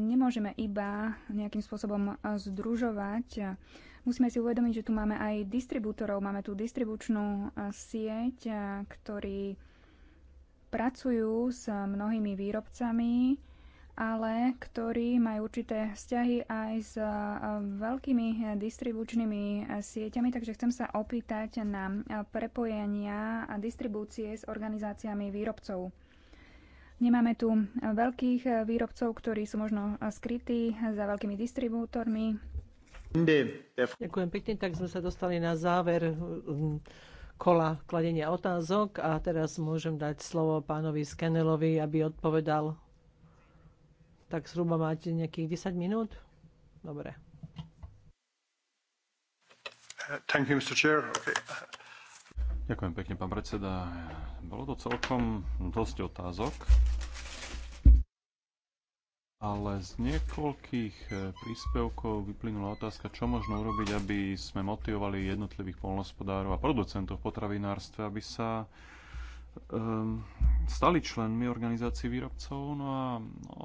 nemôžeme iba nejakým spôsobom eh, združovať Musíme si uvedomiť, že tu máme aj distribútorov, máme tu distribučnú eh, sieť, eh, ktorí pracujú s mnohými výrobcami, ale ktorí majú určité vzťahy aj s eh, veľkými distribučnými sieťami, takže chcem sa opýtať na prepojenia a distribúcie s organizáciami výrobcov. Nemáme tu veľkých výrobcov, ktorí sú možno skrytí za veľkými distribútormi, Ďakujem pekne, tak sme sa dostali na záver um, kola kladenia otázok a teraz môžem dať slovo pánovi Skenelovi, aby odpovedal. Tak zhruba máte nejakých 10 minút? Dobre. Thank you, Mr. Chair. Okay. Ďakujem pekne, pán predseda. Bolo to celkom dosť otázok ale z niekoľkých e, príspevkov vyplynula otázka, čo možno urobiť, aby sme motivovali jednotlivých polnospodárov a producentov v potravinárstve, aby sa um, stali členmi organizácií výrobcov. No a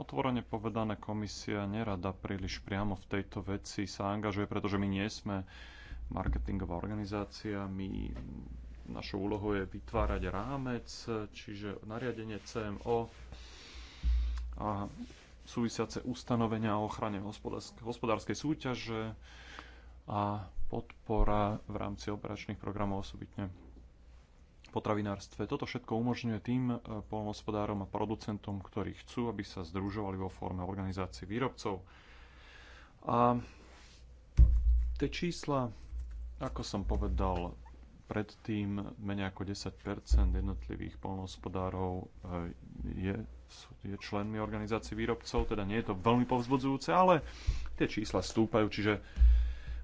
otvorene povedané, komisia nerada príliš priamo v tejto veci sa angažuje, pretože my nie sme marketingová organizácia, my našou úlohou je vytvárať rámec, čiže nariadenie CMO a súvisiace ustanovenia o ochrane hospodárskej súťaže a podpora v rámci operačných programov osobitne potravinárstve. Toto všetko umožňuje tým e, polnohospodárom a producentom, ktorí chcú, aby sa združovali vo forme organizácií výrobcov. A tie čísla, ako som povedal, predtým menej ako 10 jednotlivých polnohospodárov e, je je členmi organizácií výrobcov, teda nie je to veľmi povzbudzujúce, ale tie čísla stúpajú, čiže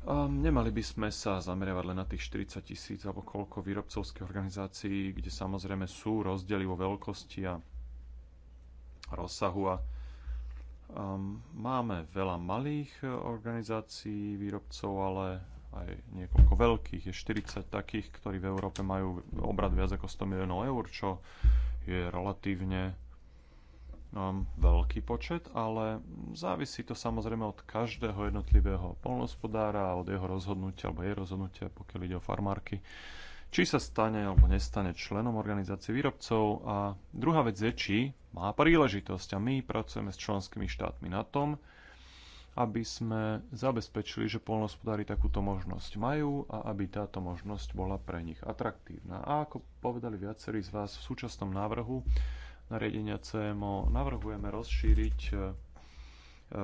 um, nemali by sme sa zameriavať len na tých 40 tisíc alebo koľko výrobcovských organizácií, kde samozrejme sú rozdiely vo veľkosti a rozsahu a um, máme veľa malých organizácií výrobcov, ale aj niekoľko veľkých. Je 40 takých, ktorí v Európe majú obrad viac ako 100 miliónov eur, čo je relatívne um, veľký počet, ale závisí to samozrejme od každého jednotlivého polnospodára a od jeho rozhodnutia alebo jej rozhodnutia, pokiaľ ide o farmárky, či sa stane alebo nestane členom organizácie výrobcov. A druhá vec je, či má príležitosť. A my pracujeme s členskými štátmi na tom, aby sme zabezpečili, že polnospodári takúto možnosť majú a aby táto možnosť bola pre nich atraktívna. A ako povedali viacerí z vás v súčasnom návrhu, nariadenia CMO navrhujeme rozšíriť e,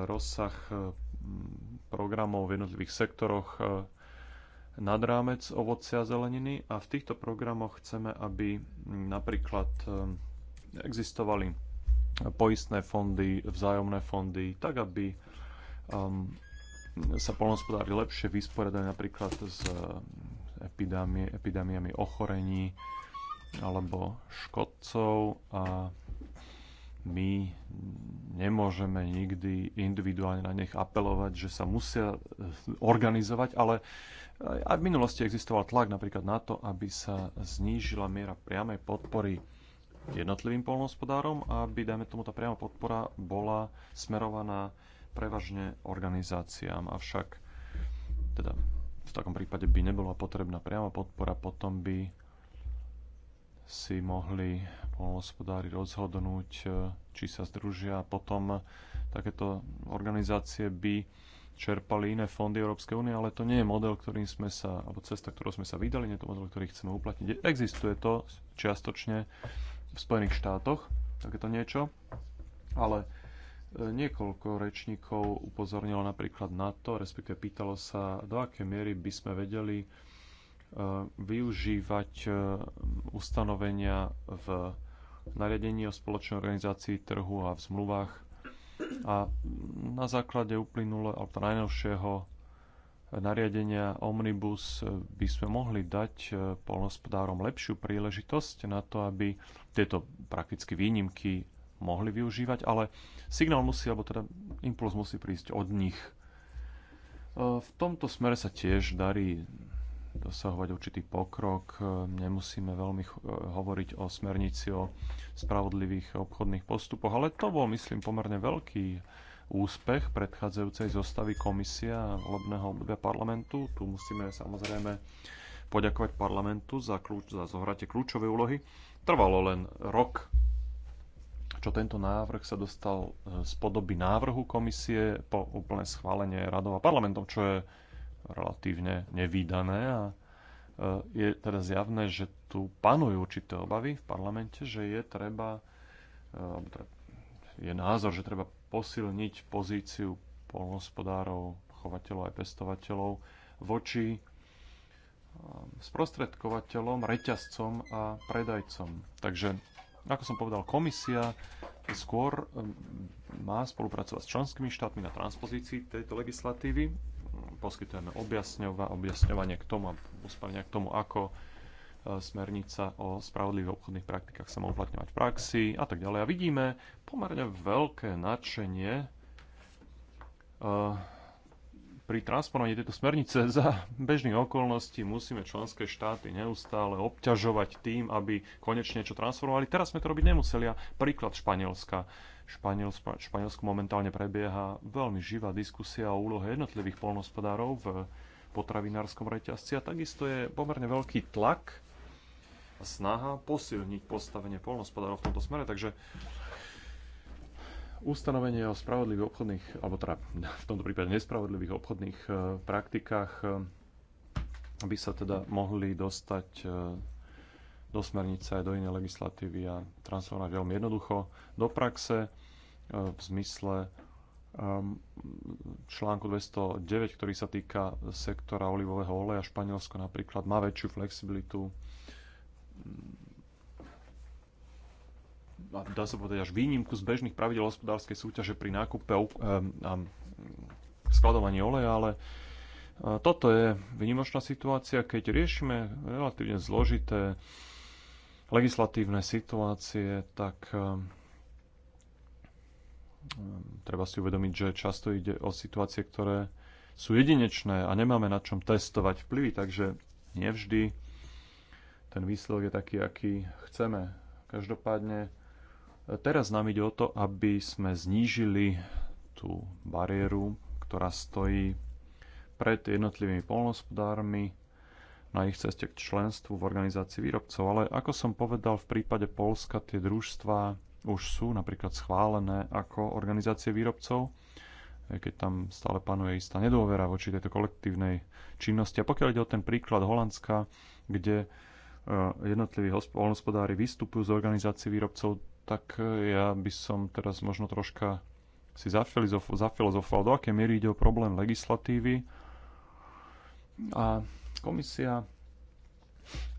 rozsah e, programov v jednotlivých sektoroch e, nad rámec ovocia a zeleniny a v týchto programoch chceme, aby napríklad existovali poistné fondy, vzájomné fondy, tak aby um, sa polnospodári lepšie vysporiadali napríklad s epidémiami ochorení alebo škodcov a my nemôžeme nikdy individuálne na nich apelovať, že sa musia eh, organizovať, ale aj v minulosti existoval tlak napríklad na to, aby sa znížila miera priamej podpory jednotlivým polnohospodárom, aby, dajme tomu, tá priama podpora bola smerovaná prevažne organizáciám. Avšak teda v takom prípade by nebola potrebná priama podpora, potom by si mohli polnohospodári rozhodnúť, eh, či sa združia. Potom eh, takéto organizácie by čerpali iné fondy Európskej únie, ale to nie je model, ktorým sme sa, alebo cesta, ktorou sme sa vydali, nie je to model, ktorý chceme uplatniť. Existuje to čiastočne v Spojených štátoch, takéto niečo, ale eh, niekoľko rečníkov upozornilo napríklad na to, respektíve pýtalo sa, do akej miery by sme vedeli E, využívať e, ustanovenia v nariadení o spoločnej organizácii trhu a v zmluvách a na základe uplynulého alebo teda najnovšieho nariadenia Omnibus by sme mohli dať e, polnospodárom lepšiu príležitosť na to, aby tieto prakticky výnimky mohli využívať, ale signál musí, alebo teda impuls musí prísť od nich. V tomto smere sa tiež darí dosahovať určitý pokrok. Nemusíme veľmi hovoriť o smernici o spravodlivých obchodných postupoch, ale to bol, myslím, pomerne veľký úspech predchádzajúcej zostavy komisia volebného obdobia parlamentu. Tu musíme samozrejme poďakovať parlamentu za, kľúč, za zohratie kľúčovej úlohy. Trvalo len rok, čo tento návrh sa dostal eh, z podoby návrhu komisie po úplné schválenie radov a parlamentom, čo je relatívne nevýdané a e, je teda zjavné, že tu panujú určité obavy v parlamente, že je treba, e, teda je názor, že treba posilniť pozíciu polnospodárov, chovateľov aj pestovateľov voči e, sprostredkovateľom, reťazcom a predajcom. Takže, ako som povedal, komisia skôr má spolupracovať s členskými štátmi na transpozícii tejto legislatívy poskytujeme objasňova, objasňovanie k tomu a uspavňa k tomu, ako e, smernica o spravodlivých obchodných praktikách sa má uplatňovať v praxi a tak ďalej. A vidíme pomerne veľké nadšenie e, pri transponovaní tejto smernice za bežných okolností musíme členské štáty neustále obťažovať tým, aby konečne čo transformovali. Teraz sme to robiť nemuseli. A príklad Španielska. Španielsko, Španielsku momentálne prebieha veľmi živá diskusia o úlohe jednotlivých polnospodárov v potravinárskom reťazci a takisto je pomerne veľký tlak a snaha posilniť postavenie polnospodárov v tomto smere. Takže ustanovenie o spravodlivých obchodných, alebo teda v tomto prípade nespravodlivých obchodných e, praktikách e, by sa teda mohli dostať e, do smernice aj do inej legislatívy a transformovať veľmi jednoducho do praxe v zmysle článku 209, ktorý sa týka sektora olivového oleja. Španielsko napríklad má väčšiu flexibilitu a dá sa povedať až výnimku z bežných pravidel hospodárskej súťaže pri nákupe a skladovaní oleja, ale e, toto je výnimočná situácia, keď riešime relatívne zložité legislatívne situácie, tak e, e, treba si uvedomiť, že často ide o situácie, ktoré sú jedinečné a nemáme na čom testovať vplyvy, takže nevždy ten výsledok je taký, aký chceme. Každopádne Teraz nám ide o to, aby sme znížili tú bariéru, ktorá stojí pred jednotlivými polnospodármi na ich ceste k členstvu v organizácii výrobcov. Ale ako som povedal, v prípade Polska tie družstva už sú napríklad schválené ako organizácie výrobcov, keď tam stále panuje istá nedôvera voči tejto kolektívnej činnosti. A pokiaľ ide o ten príklad Holandska, kde eh, jednotliví polnospodári vystupujú z organizácií výrobcov, tak e, ja by som teraz možno troška si zafilozofoval, do aké miery ide o problém legislatívy. A komisia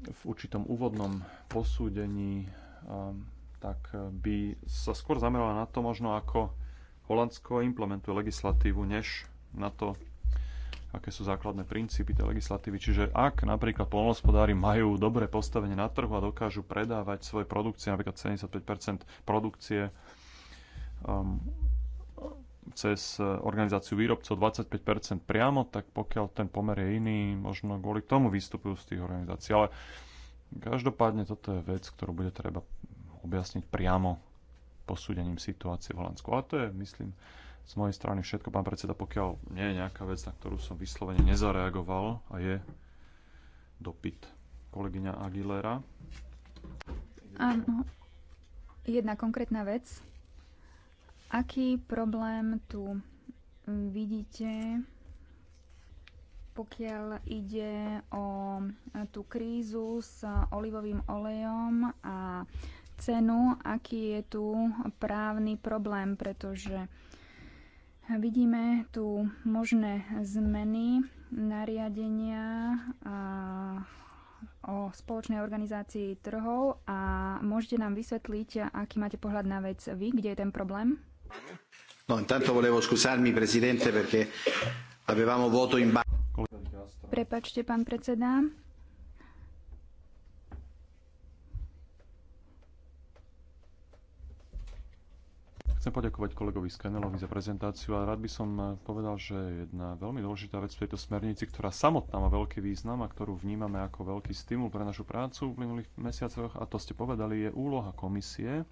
v určitom úvodnom posúdení e, tak e, by sa skôr zamerala na to možno, ako Holandsko implementuje legislatívu, než na to, aké sú základné princípy tej legislatívy. Čiže ak napríklad polnohospodári majú dobré postavenie na trhu a dokážu predávať svoje produkcie, napríklad 75 produkcie um, cez eh, organizáciu výrobcov 25 priamo, tak pokiaľ ten pomer je iný, možno kvôli tomu vystupujú z tých organizácií. Ale každopádne toto je vec, ktorú bude treba objasniť priamo posúdením situácie v Holandsku. A to je, myslím, z mojej strany všetko, pán predseda, pokiaľ nie je nejaká vec, na ktorú som vyslovene nezareagoval a je dopyt kolegyňa Aguilera. Áno, jedna konkrétna vec. Aký problém tu vidíte, pokiaľ ide o tú krízu s olivovým olejom a cenu, aký je tu právny problém, pretože Vidíme tu možné zmeny nariadenia a o spoločnej organizácii trhov a môžete nám vysvetliť, aký máte pohľad na vec vy, kde je ten problém? No, intanto volevo scusarmi, presidente, perché avevamo voto in... Prepačte, pán predseda. Chcem poďakovať kolegovi Skanelovi za prezentáciu a rád by som eh, povedal, že jedna veľmi dôležitá vec v tejto smernici, ktorá samotná má veľký význam a ktorú vnímame ako veľký stimul pre našu prácu v minulých mesiacoch, a to ste povedali, je úloha komisie,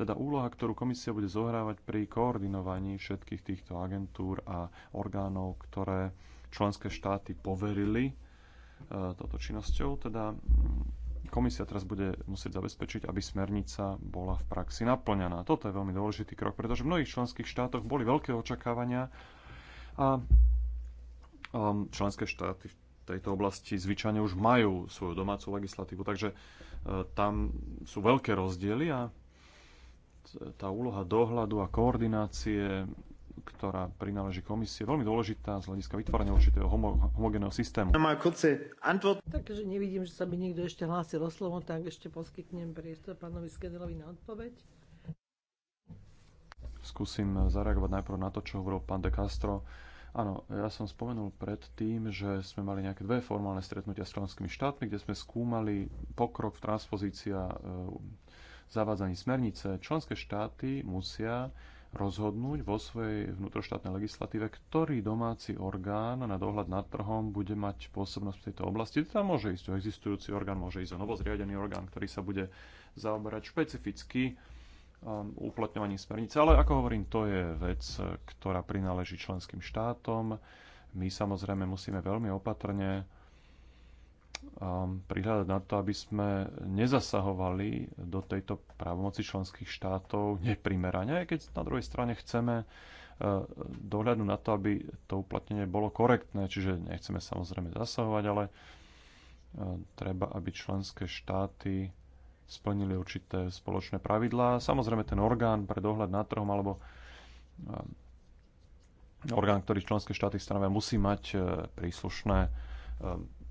teda úloha, ktorú komisia bude zohrávať pri koordinovaní všetkých týchto agentúr a orgánov, ktoré členské štáty poverili eh, toto činnosťou. Teda mm, komisia teraz bude musieť zabezpečiť, aby smernica bola v praxi naplňaná. Toto je veľmi dôležitý krok, pretože v mnohých členských štátoch boli veľké očakávania a um, členské štáty v tejto oblasti zvyčajne už majú svoju domácu legislatívu, takže e, tam sú veľké rozdiely a tá úloha dohľadu a koordinácie ktorá prináleží komisie, veľmi dôležitá z hľadiska vytvárania určitého homo- homogénneho systému. Takže nevidím, že sa by niekto ešte hlásil o slovo, tak ešte poskytnem priestor pánovi Skedelovi na odpoveď. Skúsim zareagovať najprv na to, čo hovoril pán De Castro. Áno, ja som spomenul predtým, že sme mali nejaké dve formálne stretnutia s členskými štátmi, kde sme skúmali pokrok v transpozícii a e, zavádzaní smernice. Členské štáty musia rozhodnúť vo svojej vnútroštátnej legislatíve, ktorý domáci orgán na dohľad nad trhom bude mať pôsobnosť v tejto oblasti. Tam môže ísť o existujúci orgán, môže ísť o novozriadený orgán, ktorý sa bude zaoberať špecificky um, uplatňovaním smernice. Ale ako hovorím, to je vec, ktorá prináleží členským štátom. My samozrejme musíme veľmi opatrne prihľadať na to, aby sme nezasahovali do tejto právomoci členských štátov neprimerane, aj keď na druhej strane chceme e, dohľadnúť na to, aby to uplatnenie bolo korektné, čiže nechceme samozrejme zasahovať, ale e, treba, aby členské štáty splnili určité spoločné pravidlá. Samozrejme ten orgán pre dohľad nad trhom alebo e, orgán, ktorý členské štáty stanovia, musí mať príslušné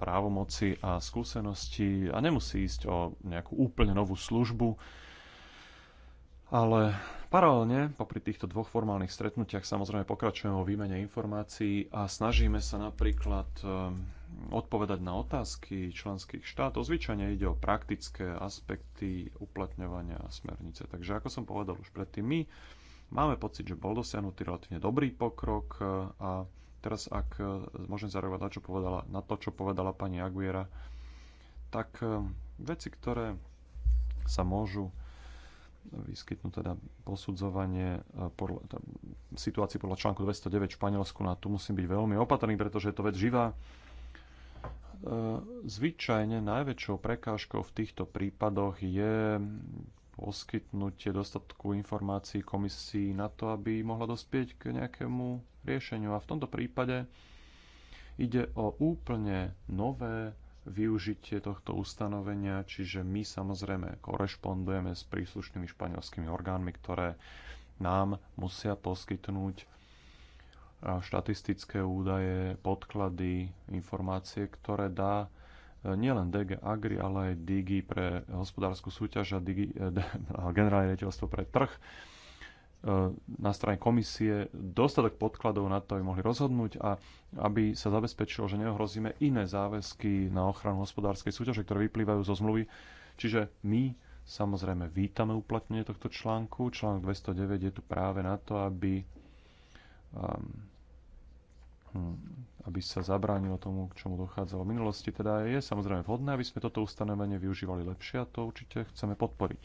právomoci a skúsenosti a nemusí ísť o nejakú úplne novú službu, ale paralelne, popri týchto dvoch formálnych stretnutiach, samozrejme pokračujeme o výmene informácií a snažíme sa napríklad ehm, odpovedať na otázky členských štátov. Zvyčajne ide o praktické aspekty uplatňovania smernice. Takže ako som povedal už predtým, my máme pocit, že bol dosiahnutý relatívne dobrý pokrok a Teraz, ak e, môžem zareagovať na, čo povedala, na to, čo povedala pani Aguiera, tak e, veci, ktoré sa môžu vyskytnú teda posudzovanie e, podľa, tá, podľa článku 209 v Španielsku. Na tu musím byť veľmi opatrný, pretože je to vec živá. Zvyčajne najväčšou prekážkou v týchto prípadoch je poskytnutie dostatku informácií komisii na to, aby mohla dospieť k nejakému riešeniu. A v tomto prípade ide o úplne nové využitie tohto ustanovenia, čiže my samozrejme korešpondujeme s príslušnými španielskými orgánmi, ktoré nám musia poskytnúť štatistické údaje, podklady, informácie, ktoré dá nielen DG Agri, ale aj Digi pre hospodárskú súťaž a Digi, eh, *laughs* generálne riaditeľstvo pre trh eh, na strane komisie dostatok podkladov na to, aby mohli rozhodnúť a aby sa zabezpečilo, že neohrozíme iné záväzky na ochranu hospodárskej súťaže, ktoré vyplývajú zo zmluvy. Čiže my samozrejme vítame uplatnenie tohto článku. Článok 209 je tu práve na to, aby ehm, hm, aby sa zabránilo tomu, k čomu dochádzalo v minulosti. Teda je samozrejme vhodné, aby sme toto ustanovenie využívali lepšie a to určite chceme podporiť.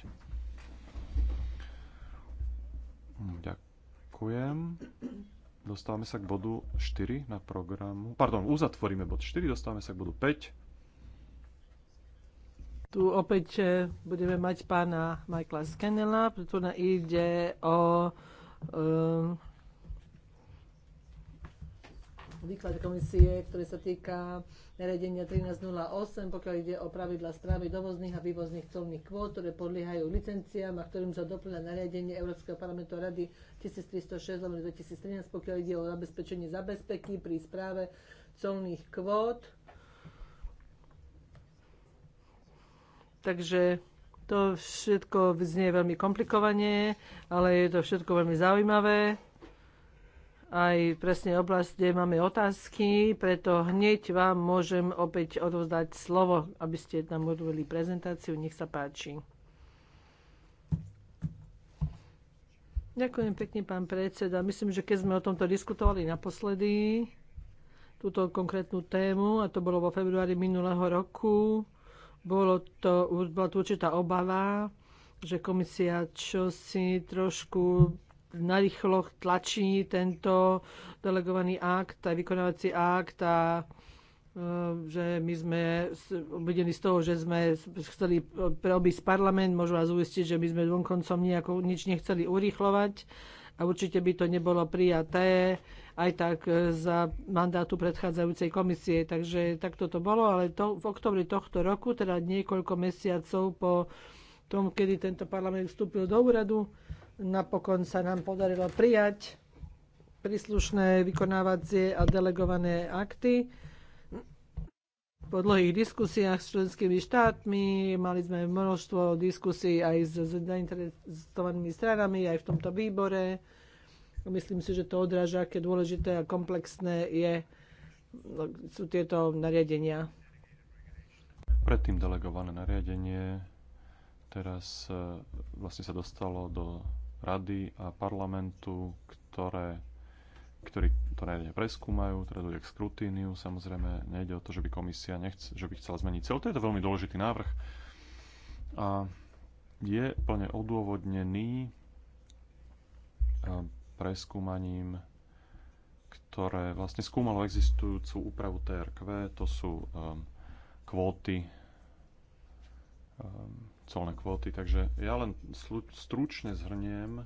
Ďakujem. Dostávame sa k bodu 4 na programu. Pardon, uzatvoríme bod 4, dostávame sa k bodu 5. Tu opäť eh, budeme mať pána Michaela Skenela, pretože ide o eh, výklad komisie, ktorý sa týka nariadenia 1308, pokiaľ ide o pravidla správy dovozných a vývozných colných kvót, ktoré podliehajú licenciám a ktorým sa doplňa nariadenie Európskeho parlamentu a rady 1306 2013, pokiaľ ide o zabezpečenie zabezpeky pri správe colných kvót. Takže to všetko znie veľmi komplikovane, ale je to všetko veľmi zaujímavé aj presne oblasti kde máme otázky, preto hneď vám môžem opäť odovzdať slovo, aby ste nám urobili prezentáciu. Nech sa páči. Ďakujem pekne, pán predseda. Myslím, že keď sme o tomto diskutovali naposledy, túto konkrétnu tému, a to bolo vo februári minulého roku, bolo to, bola tu určitá obava, že komisia čo si trošku narýchlo tlačí tento delegovaný akt, aj vykonávací akt a e, že my sme obvedení z toho, že sme chceli e, preobísť parlament. Môžu vás uistiť, že my sme dvonkoncom nejako nič nechceli urýchlovať a určite by to nebolo prijaté aj tak e, za mandátu predchádzajúcej komisie. Takže takto to bolo, ale to, v oktobri tohto roku, teda niekoľko mesiacov po tom, kedy tento parlament vstúpil do úradu, Napokon sa nám podarilo prijať príslušné vykonávacie a delegované akty. Po dlhých diskusiách s členskými štátmi mali sme množstvo diskusí aj s zainteresovanými stranami, aj v tomto výbore. Myslím si, že to odráža, aké dôležité a komplexné je, no, sú tieto nariadenia. Predtým delegované nariadenie teraz e, vlastne sa dostalo do rady a parlamentu, ktoré, ktorý, ktoré preskúmajú, teda dojde k skrutíniu. Samozrejme, nejde o to, že by komisia nechce, že by chcela zmeniť cel. To je to veľmi dôležitý návrh. A je plne odôvodnený preskúmaním, ktoré vlastne skúmalo existujúcu úpravu TRQ. To sú um, kvóty um, colné kvóty. Takže ja len stručne zhrniem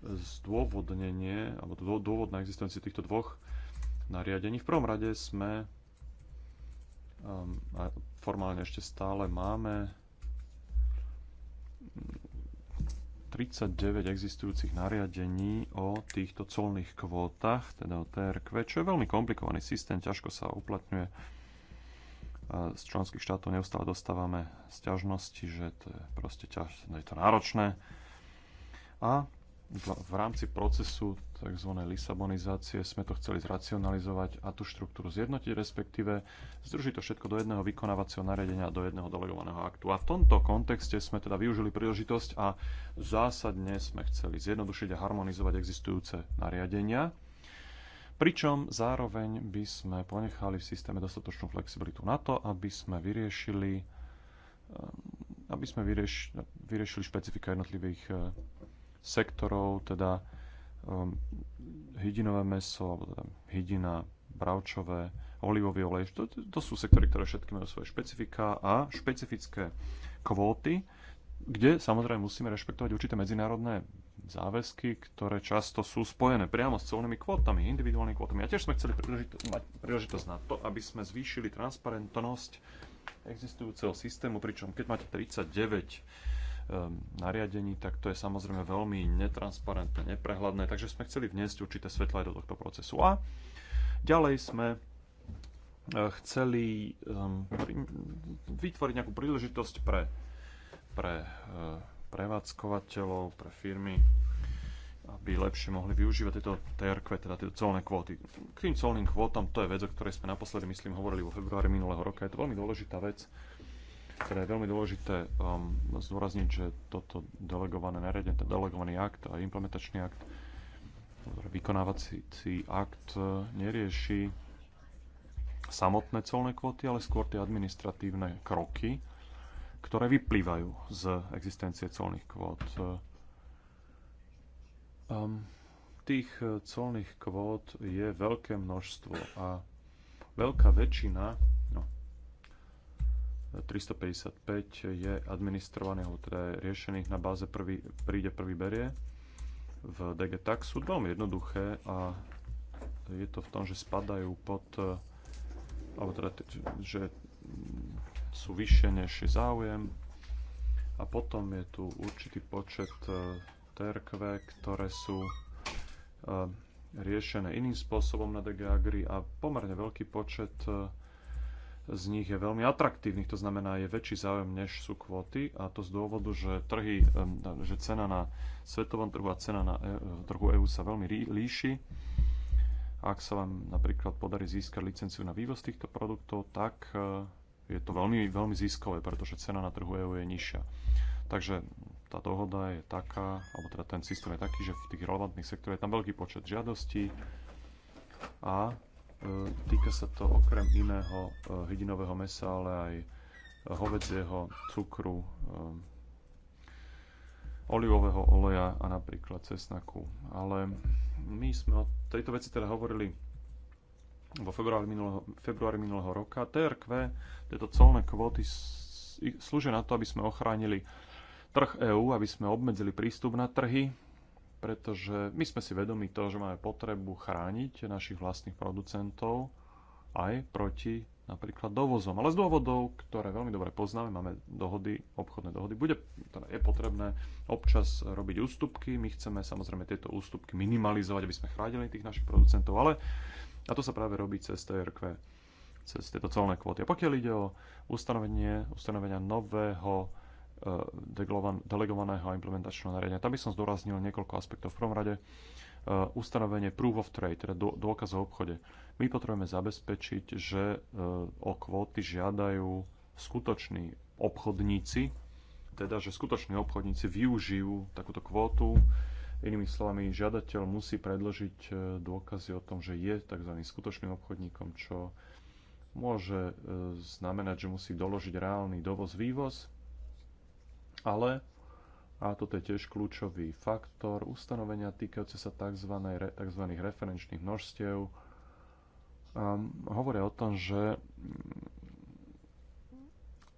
zdôvodnenie alebo dôvod na existenciu týchto dvoch nariadení. V prvom rade sme um, a formálne ešte stále máme 39 existujúcich nariadení o týchto colných kvótach, teda o TRQ, čo je veľmi komplikovaný systém, ťažko sa uplatňuje z členských štátov neustále dostávame sťažnosti, že to je proste ťaž, je to náročné. A v, v rámci procesu tzv. lisabonizácie sme to chceli zracionalizovať a tú štruktúru zjednotiť, respektíve združiť to všetko do jedného vykonávacieho nariadenia a do jedného delegovaného aktu. A v tomto kontexte sme teda využili príležitosť a zásadne sme chceli zjednodušiť a harmonizovať existujúce nariadenia pričom zároveň by sme ponechali v systéme dostatočnú flexibilitu na to, aby sme vyriešili ehm, aby sme vyrieš, vyriešili špecifika jednotlivých e, sektorov, teda um, hydinové meso, alebo teda hydina, bravčové, olivový olej. To, to sú sektory, ktoré všetky majú svoje špecifika a špecifické kvóty, kde samozrejme musíme rešpektovať určité medzinárodné záväzky, ktoré často sú spojené priamo s celnými kvótami, individuálnymi kvótami. A tiež sme chceli mať príležitosť na to, aby sme zvýšili transparentnosť existujúceho systému, pričom keď máte 39 um, ehm, nariadení, tak to je samozrejme veľmi netransparentné, neprehľadné, takže sme chceli vniesť určité svetlo aj do tohto procesu. A ďalej sme e, chceli um, vytvoriť nejakú príležitosť pre, pre uh, prevádzkovateľov, pre firmy, aby lepšie mohli využívať tieto TRQ, teda tieto colné kvóty. K tým colným kvótam to je vec, o ktorej sme naposledy, myslím, hovorili vo februári minulého roka. Je to veľmi dôležitá vec, teda je veľmi dôležité um, zdôrazniť, že toto delegované nariadenie, ten delegovaný akt a implementačný akt, vykonávací akt e, nerieši samotné colné kvóty, ale skôr tie administratívne kroky, ktoré vyplývajú z existencie colných kvót. E, um, tých e, colných kvót je veľké množstvo a veľká väčšina, no, 355 je administrovaných, alebo teda je riešených na báze prvý, príde prvý berie v DG Tax sú veľmi jednoduché a je to v tom, že spadajú pod e, alebo teda, že sú vyššie než je záujem. A potom je tu určitý počet terkve, e, ktoré sú e, riešené iným spôsobom na DG Agri a pomerne veľký počet e, z nich je veľmi atraktívnych, to znamená, je väčší záujem než sú kvóty a to z dôvodu, že, trhy, že cena na svetovom trhu a cena na trhu EÚ sa veľmi líši. Ak sa vám napríklad podarí získať licenciu na vývoz týchto produktov, tak je to veľmi, veľmi ziskové, pretože cena na trhu EU je nižšia. Takže tá dohoda je taká, alebo teda ten systém je taký, že v tých relevantných sektoroch je tam veľký počet žiadostí a e, týka sa to okrem iného e, hydinového mesa, ale aj hovedzieho cukru, e, olivového oleja a napríklad cesnaku. Ale my sme o tejto veci teda hovorili vo februári minulého, februári minulého roka. TRQ, tieto colné kvóty, slúžia na to, aby sme ochránili trh EÚ, aby sme obmedzili prístup na trhy, pretože my sme si vedomi toho, že máme potrebu chrániť našich vlastných producentov aj proti napríklad dovozom. Ale z dôvodov, ktoré veľmi dobre poznáme, máme dohody, obchodné dohody, bude, teda je potrebné občas robiť ústupky. My chceme samozrejme tieto ústupky minimalizovať, aby sme chránili tých našich producentov, ale a to sa práve robí cez TRQ, cez tieto celné kvóty. A pokiaľ ide o ustanovenie, ustanovenia nového e, delegovaného a implementačného nariadenia. Tam by som zdôraznil niekoľko aspektov. V prvom rade e, ustanovenie proof of trade, teda dôkaz o obchode. My potrebujeme zabezpečiť, že e, o kvóty žiadajú skutoční obchodníci, teda že skutoční obchodníci využijú takúto kvótu Inými slovami, žiadateľ musí predložiť e, dôkazy o tom, že je tzv. skutočným obchodníkom, čo môže e, znamenať, že musí doložiť reálny dovoz-vývoz, ale, a toto je tiež kľúčový faktor, ustanovenia týkajúce sa tzv. tzv. referenčných množstiev um, hovoria o tom, že mm,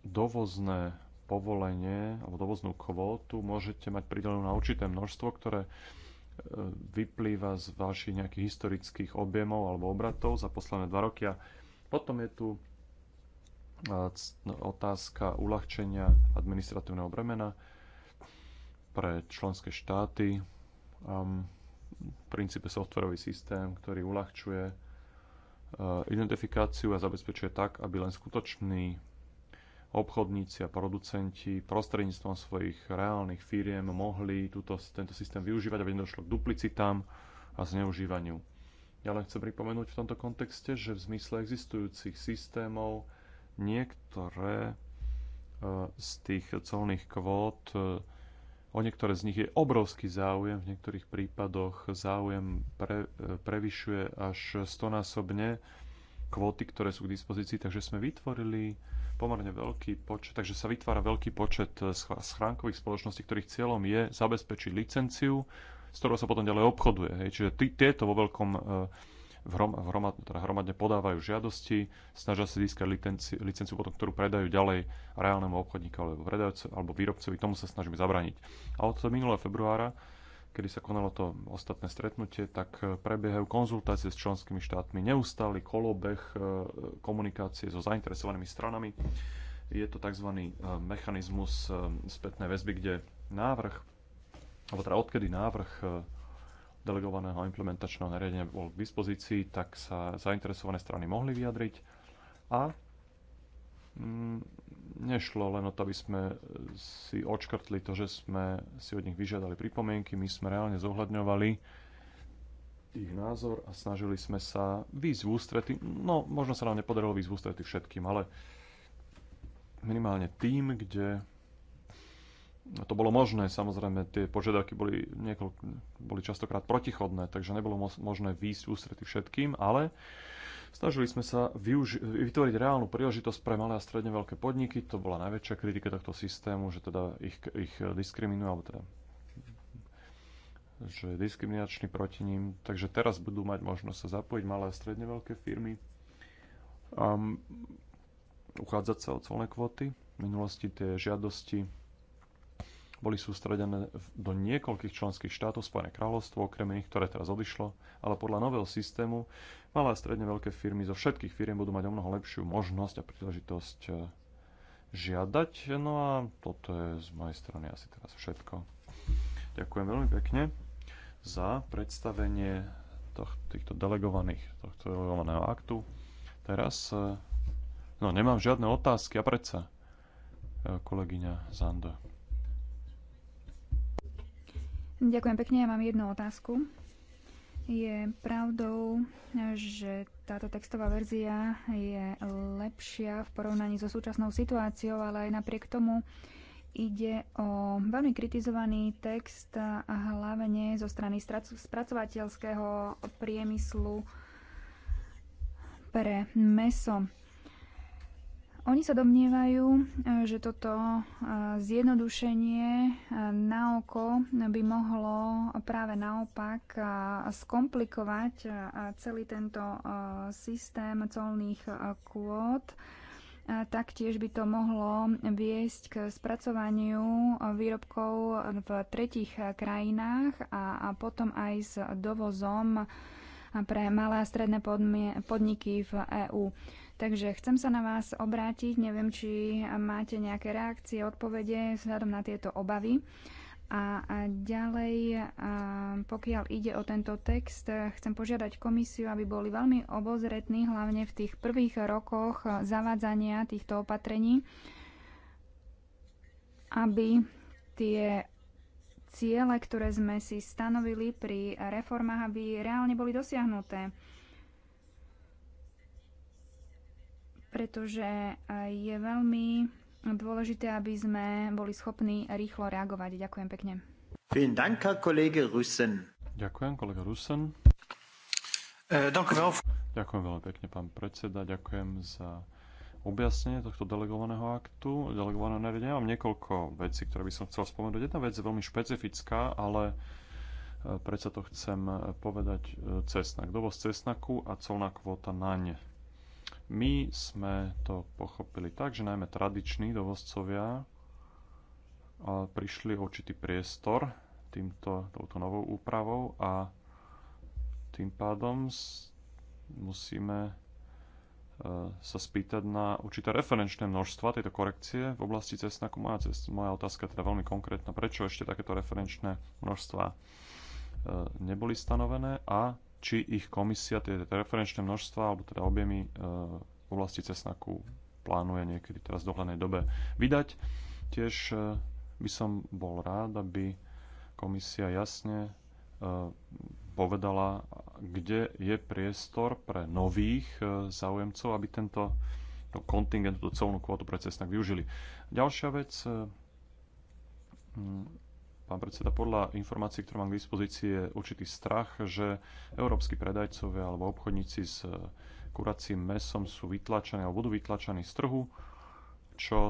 dovozné povolenie alebo dovoznú kvótu môžete mať pridelenú na určité množstvo, ktoré e, vyplýva z vašich nejakých historických objemov alebo obratov za posledné dva roky. A potom je tu e, no, otázka uľahčenia administratívneho bremena pre členské štáty. v princípe softverový systém, ktorý uľahčuje e, identifikáciu a zabezpečuje tak, aby len skutoční obchodníci a producenti prostredníctvom svojich reálnych firiem mohli túto, tento systém využívať, aby nedošlo k duplicitám a zneužívaniu. Ja len chcem pripomenúť v tomto kontexte, že v zmysle existujúcich systémov niektoré e, z tých colných kvót, e, o niektoré z nich je obrovský záujem, v niektorých prípadoch záujem pre, e, prevyšuje až stonásobne kvóty, ktoré sú k dispozícii, takže sme vytvorili pomerne veľký počet, takže sa vytvára veľký počet eh, schránkových spoločností, ktorých cieľom je zabezpečiť licenciu, s ktorou sa potom ďalej obchoduje. Hej. Čiže tí, tieto vo veľkom eh, v hrom, v hromad, teda hromadne podávajú žiadosti, snažia sa získať licenci, licenciu, potom, ktorú predajú ďalej reálnemu obchodníku alebo, alebo výrobcovi. Tomu sa snažíme zabrániť. A od minulého februára kedy sa konalo to ostatné stretnutie, tak e, prebiehajú konzultácie s členskými štátmi, neustály kolobeh e, komunikácie so zainteresovanými stranami. Je to tzv. E, mechanizmus spätnej väzby, kde návrh, alebo teda odkedy návrh delegovaného implementačného nariadenia bol k dispozícii, tak sa zainteresované strany mohli vyjadriť a Mm, nešlo len o to, aby sme si odškrtli to, že sme si od nich vyžiadali pripomienky, my sme reálne zohľadňovali ich názor a snažili sme sa výjsť v ústrety. No, možno sa nám nepodarilo výjsť v ústrety všetkým, ale minimálne tým, kde no, to bolo možné, samozrejme tie požiadavky boli, niekoľko, boli častokrát protichodné, takže nebolo možné výjsť v ústrety všetkým, ale Snažili sme sa vytvoriť reálnu príležitosť pre malé a stredne veľké podniky. To bola najväčšia kritika tohto systému, že teda ich, ich diskriminujú, alebo teda že je diskriminačný proti ním. Takže teraz budú mať možnosť sa zapojiť malé a stredne veľké firmy, um, uchádzať sa o colné kvóty. V minulosti tie žiadosti boli sústredené do niekoľkých členských štátov, Spojené kráľovstvo, okrem iných, ktoré teraz odišlo, ale podľa nového systému malé a stredne veľké firmy zo všetkých firiem budú mať o mnoho lepšiu možnosť a príležitosť e, žiadať. No a toto je z mojej strany asi teraz všetko. Ďakujem veľmi pekne za predstavenie týchto delegovaných, tohto delegovaného aktu. Teraz, e, no nemám žiadne otázky a predsa e, kolegyňa Zanda. Ďakujem pekne, ja mám jednu otázku. Je pravdou, že táto textová verzia je lepšia v porovnaní so súčasnou situáciou, ale aj napriek tomu ide o veľmi kritizovaný text a hlavne zo strany spracovateľského priemyslu pre meso. Oni sa domnievajú, e, že toto e, zjednodušenie e, na oko by mohlo práve naopak skomplikovať celý tento systém colných kvót. Taktiež by to mohlo viesť k spracovaniu výrobkov v tretich krajinách a potom aj s dovozom pre malé a stredné podniky v EÚ. Takže chcem sa na vás obrátiť, neviem, či máte nejaké reakcie, odpovede vzhľadom na tieto obavy. A, ďalej, pokiaľ ide o tento text, chcem požiadať komisiu, aby boli veľmi obozretní, hlavne v tých prvých rokoch zavádzania týchto opatrení, aby tie ciele, ktoré sme si stanovili pri reformách, aby reálne boli dosiahnuté pretože eh, je veľmi dôležité, aby sme boli schopní rýchlo reagovať. Ďakujem pekne. Ďakujem, kolega Rusen. Eh, Ďakujem veľmi pekne, pán predseda. Ďakujem za objasnenie tohto delegovaného aktu, delegovaného nariadenia. Mám niekoľko vecí, ktoré by som chcel spomenúť. Jedna vec je veľmi špecifická, ale eh, predsa to chcem povedať cesnak. Dovoz cesnaku a colná kvóta naň. My sme to pochopili tak, že najmä tradiční dovozcovia prišli určitý priestor týmto, touto novou úpravou a tým pádom musíme e, sa spýtať na určité referenčné množstva tejto korekcie v oblasti cesnaku. Moja, cest, moja otázka je teda veľmi konkrétna. Prečo ešte takéto referenčné množstva e, neboli stanovené a či ich komisia, tie teda, teda referenčné množstva, alebo teda objemy e, v oblasti cesnaku plánuje niekedy teraz v dohľadnej dobe vydať. Tiež e, by som bol rád, aby komisia jasne e, povedala, kde je priestor pre nových záujemcov, aby tento to kontingent, tú celnú kvotu pre cesnak využili. Ďalšia vec, pán predseda, podľa informácií, ktoré mám k dispozícii, je určitý strach, že európsky predajcovia alebo obchodníci s eh, kuracím mesom sú vytlačení alebo budú vytlačení z trhu, čo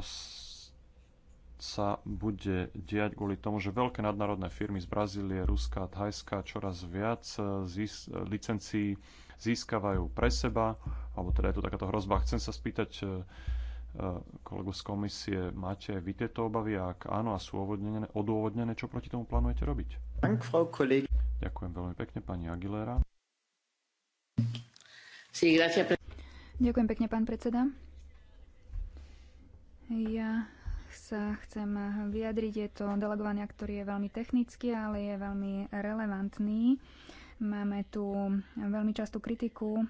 sa bude diať kvôli tomu, že veľké nadnárodné firmy z Brazílie, Ruska a Thajska čoraz viac eh, zís- licencií získavajú pre seba, alebo teda je tu takáto hrozba. Chcem sa spýtať, eh, kolegu z komisie, máte vy tieto obavy? Ak áno a sú odôvodnené, odôvodnené čo proti tomu plánujete robiť? Ďakujem veľmi pekne, pani Aguilera. Ďakujem pekne, pán predseda. Ja sa chcem vyjadriť. Je to delegovaný akt, ktorý je veľmi technický, ale je veľmi relevantný. Máme tu veľmi častú kritiku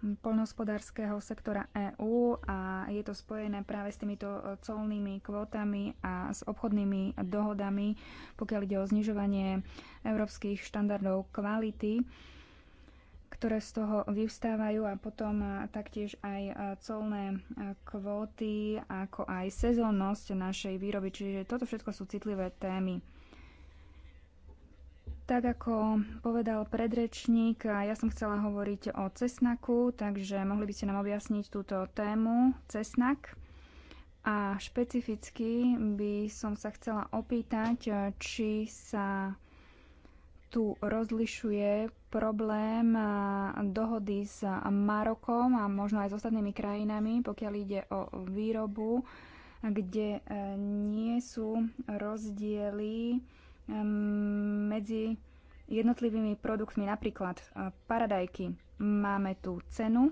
poľnohospodárskeho sektora EÚ a je to spojené práve s týmito e, colnými kvótami a s obchodnými dohodami, pokiaľ ide o znižovanie európskych štandardov kvality ktoré z toho vyvstávajú a potom e, taktiež aj e, colné kvóty, ako aj sezónnosť našej výroby. Čiže toto všetko sú citlivé témy. Tak ako povedal predrečník, ja som chcela hovoriť o cesnaku, takže mohli by ste nám objasniť túto tému cesnak. A špecificky by som sa chcela opýtať, či sa tu rozlišuje problém dohody s Marokom a možno aj s ostatnými krajinami, pokiaľ ide o výrobu, kde e, nie sú rozdiely medzi jednotlivými produktmi, napríklad e, paradajky. Máme tu cenu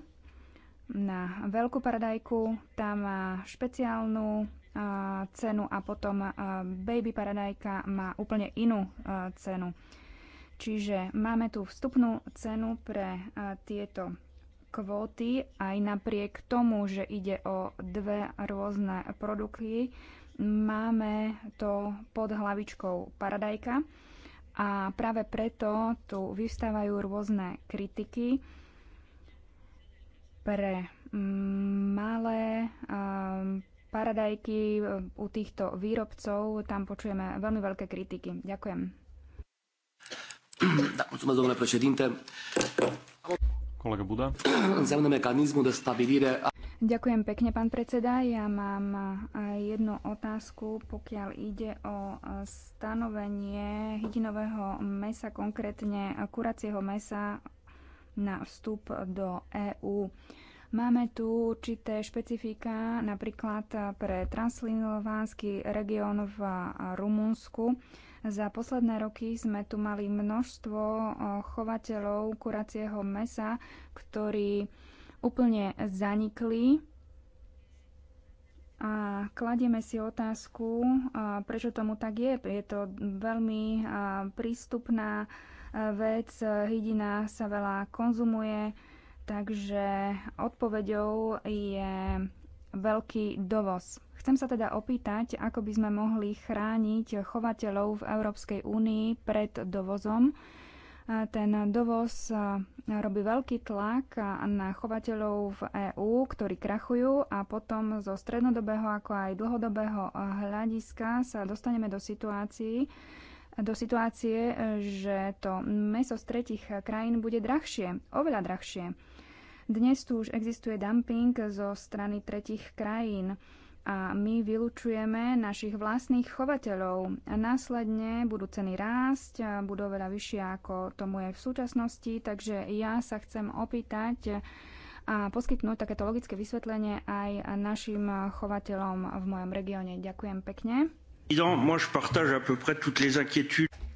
na veľkú paradajku, tá má špeciálnu e, cenu a potom e, baby paradajka má úplne inú cenu. Čiže máme tu vstupnú cenu pre tieto kvóty aj napriek tomu, že ide o dve rôzne produkty, Máme to pod hlavičkou Paradajka a práve preto tu vystávajú rôzne kritiky pre malé paradajky u týchto výrobcov. Tam počujeme veľmi veľké kritiky. Ďakujem. *clears throat* Kolega Buda. Înseamnă mecanismul de stabilire a... Ďakujem pekne, pán predseda. Ja mám e, jednu otázku, pokiaľ ide o e, stanovenie hydinového mesa, konkrétne kuracieho mesa na vstup do EÚ. Máme tu určité špecifika, napríklad pre Translinovánsky región v Rumunsku. Za posledné roky sme tu mali množstvo e, chovateľov kuracieho mesa, ktorí úplne zanikli. A kladieme si otázku, prečo tomu tak je. Je to veľmi prístupná vec, hydina sa veľa konzumuje, takže odpoveďou je veľký dovoz. Chcem sa teda opýtať, ako by sme mohli chrániť chovateľov v Európskej únii pred dovozom ten dovoz robí veľký tlak na chovateľov v EÚ, ktorí krachujú a potom zo strednodobého ako aj dlhodobého hľadiska sa dostaneme do situácií, do situácie, že to meso z tretich krajín bude drahšie, oveľa drahšie. Dnes tu už existuje dumping zo strany tretich krajín a my vylučujeme našich vlastných chovateľov. A následne budú ceny rásť, budú veľa vyššie ako tomu je v súčasnosti, takže ja sa chcem opýtať a poskytnúť takéto logické vysvetlenie aj našim chovateľom v mojom regióne. Ďakujem pekne.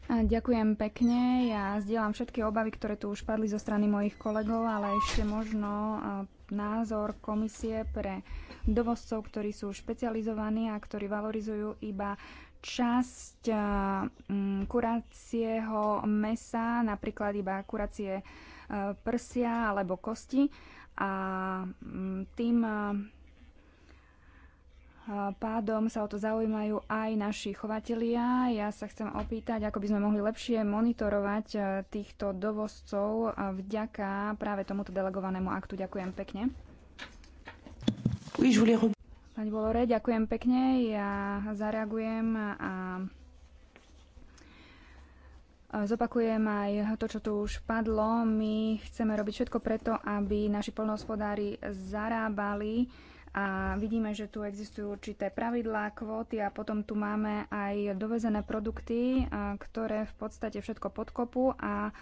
Ďakujem pekne. Ja zdieľam všetky obavy, ktoré tu už padli zo strany mojich kolegov, ale ešte možno názor komisie pre dovozcov, ktorí sú špecializovaní a ktorí valorizujú iba časť eh, mm, kuracieho mesa, napríklad iba kuracie eh, prsia alebo kosti. A mm, tým eh, pádom sa o to zaujímajú aj naši chovatelia. Ja sa chcem opýtať, ako by sme mohli lepšie monitorovať e, týchto dovozcov vďaka práve tomuto delegovanému aktu. Ďakujem pekne. Pani Bolore, ďakujem pekne. Ja zareagujem a Zopakujem aj to, čo tu už padlo. My chceme robiť všetko preto, aby naši polnohospodári zarábali a vidíme, že tu existujú určité pravidlá, kvóty a potom tu máme aj dovezené produkty, ktoré v podstate všetko podkopu a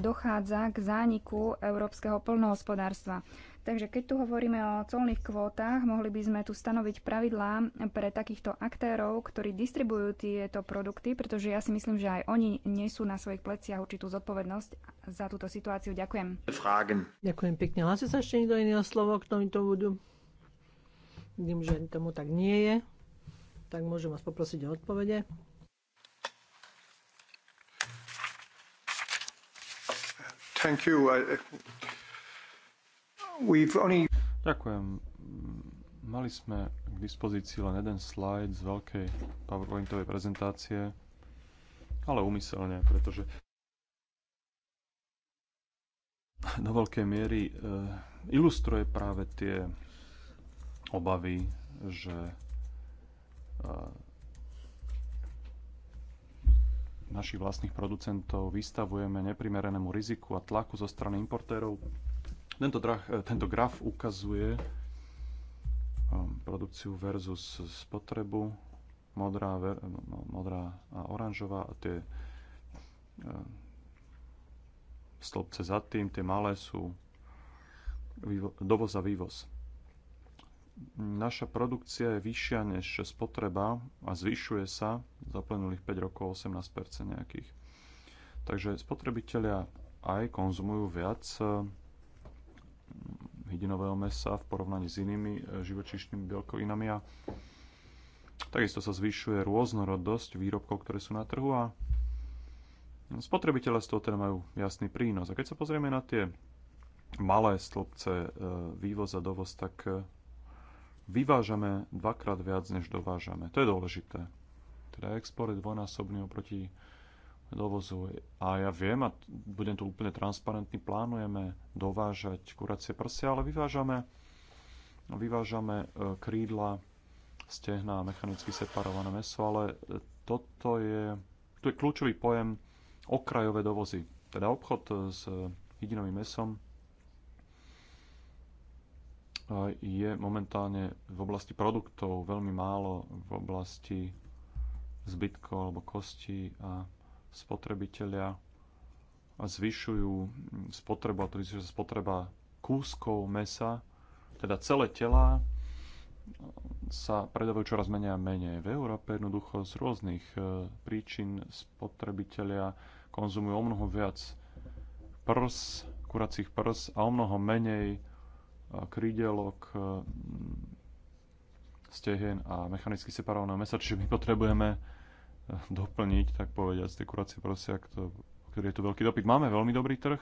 dochádza k zániku európskeho plnohospodárstva. Takže keď tu hovoríme o colných kvótach, mohli by sme tu stanoviť pravidlá pre takýchto aktérov, ktorí distribujú tieto produkty, pretože ja si myslím, že aj oni nesú na svojich pleciach určitú zodpovednosť za túto situáciu. Ďakujem. Fragen. Ďakujem pekne. Hlasí sa ešte niekto iného slovo k tomuto bodu? Vidím, že tomu tak nie je. Tak môžem vás poprosiť o odpovede. Thank you. We've only... Ďakujem. Mali sme k dispozícii len jeden slide z veľkej PowerPointovej prezentácie, ale umyselne, pretože do veľkej miery eh, ilustruje práve tie obavy, že e, našich vlastných producentov vystavujeme neprimeranému riziku a tlaku zo strany importérov. Tento, drah, e, tento graf ukazuje e, produkciu versus spotrebu, modrá, modrá a oranžová a tie stĺpce za tým, tie malé sú dovoz a vývoz naša produkcia je vyššia než spotreba a zvyšuje sa za plynulých 5 rokov 18% nejakých. Takže spotrebitelia aj konzumujú viac e, hydinového mesa v porovnaní s inými e, živočíšnymi bielkovinami a takisto sa zvyšuje rôznorodosť výrobkov, ktoré sú na trhu a spotrebitelia z toho teda majú jasný prínos. A keď sa pozrieme na tie malé stĺpce e, vývoza, dovoz, tak vyvážame dvakrát viac, než dovážame. To je dôležité. Teda export je dvojnásobný oproti dovozu. A ja viem, a budem tu úplne transparentný, plánujeme dovážať kuracie prsia, ale vyvážame, vyvážame e, krídla, stehna a mechanicky separované meso, ale e, toto je, to je kľúčový pojem okrajové dovozy. Teda obchod e, s hydinovým mesom je momentálne v oblasti produktov veľmi málo v oblasti zbytkov alebo kostí a spotrebitelia zvyšujú spotrebu, a to sa spotreba kúskov mesa, teda celé tela sa predávajú čoraz menej a menej. V Európe jednoducho z rôznych e, príčin spotrebitelia konzumujú o mnoho viac prs, kuracích prs a o mnoho menej krídelok, mm, stehen a mechanicky separovaného mesa, čiže my potrebujeme e, doplniť, tak povediať, tie kuracie prosiak, to, ktorý je tu veľký dopyt. Máme veľmi dobrý trh,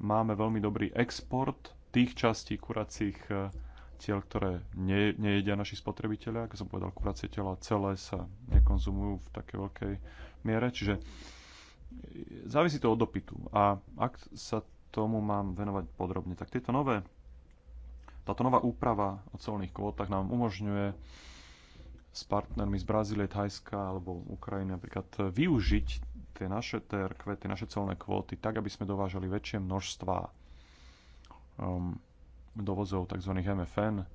máme veľmi dobrý export tých častí kuracích e, tiel, ktoré ne, nejedia naši spotrebitelia. Ako som povedal, kuracie tela celé sa nekonzumujú v takej veľkej miere, čiže e, závisí to od dopytu. A ak sa tomu mám venovať podrobne, tak tieto nové táto nová úprava o celných kvótach nám umožňuje s partnermi z Brazílie, Thajska alebo Ukrajiny napríklad využiť tie naše TRQ, tie naše celné kvóty tak, aby sme dovážali väčšie množstva um, dovozov tzv. MFN,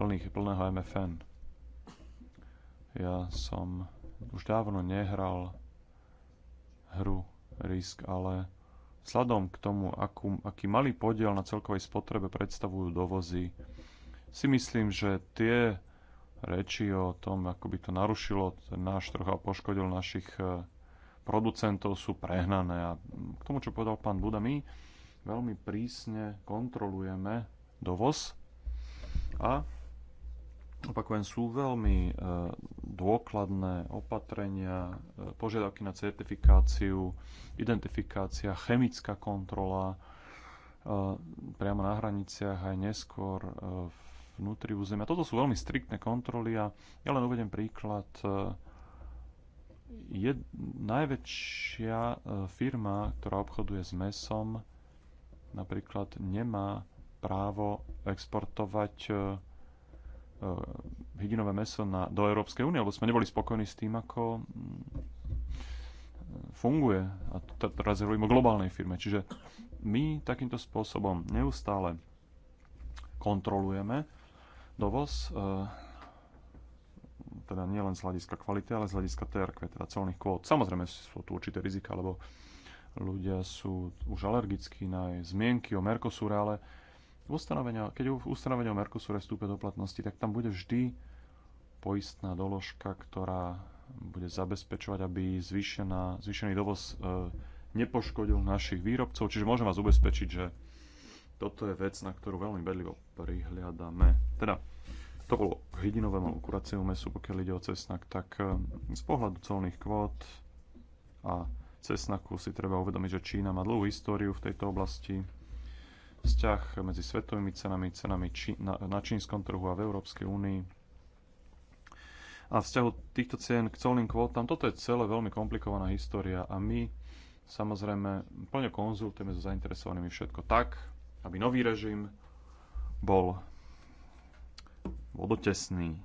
plných, plného MFN. Ja som už dávno nehral hru Risk, ale Sladom k tomu, akú, aký malý podiel na celkovej spotrebe predstavujú dovozy, si myslím, že tie reči o tom, ako by to narušilo náš trh a poškodil našich e, producentov, sú prehnané. A k tomu, čo povedal pán Buda, my veľmi prísne kontrolujeme dovoz a opakujem, sú veľmi e, dôkladné opatrenia, e, požiadavky na certifikáciu, identifikácia, chemická kontrola e, priamo na hraniciach aj neskôr vnútri územia. Toto sú veľmi striktné kontroly a ja len uvedem príklad. Je najväčšia firma, ktorá obchoduje s mesom, napríklad nemá právo exportovať Eh, hydinové meso na, do Európskej únie, lebo sme neboli spokojní s tým, ako mm, eh, funguje. A teraz hovorím o globálnej firme. Čiže my takýmto spôsobom neustále kontrolujeme dovoz, eh, teda nie len z hľadiska kvality, ale z hľadiska TRQ, teda celných kvót. Samozrejme sú tu určité rizika, lebo ľudia sú už alergickí na zmienky o Mercosure, ale ustanovenia, keď ustanovenia o Mercosure vstúpe do platnosti, tak tam bude vždy poistná doložka, ktorá bude zabezpečovať, aby zvýšená, zvýšený dovoz e, nepoškodil našich výrobcov. Čiže môžem vás ubezpečiť, že toto je vec, na ktorú veľmi bedlivo prihliadame. Teda, to bolo k hydinovému kuraciemu mesu, pokiaľ ide o cesnak, tak e, z pohľadu colných kvót a cesnaku si treba uvedomiť, že Čína má dlhú históriu v tejto oblasti vzťah medzi svetovými cenami, cenami či, na, na čínskom trhu a v Európskej únii a vzťahu týchto cien k colným kvótam. Toto je celé veľmi komplikovaná história a my samozrejme plne konzultujeme so zainteresovanými všetko tak, aby nový režim bol vodotesný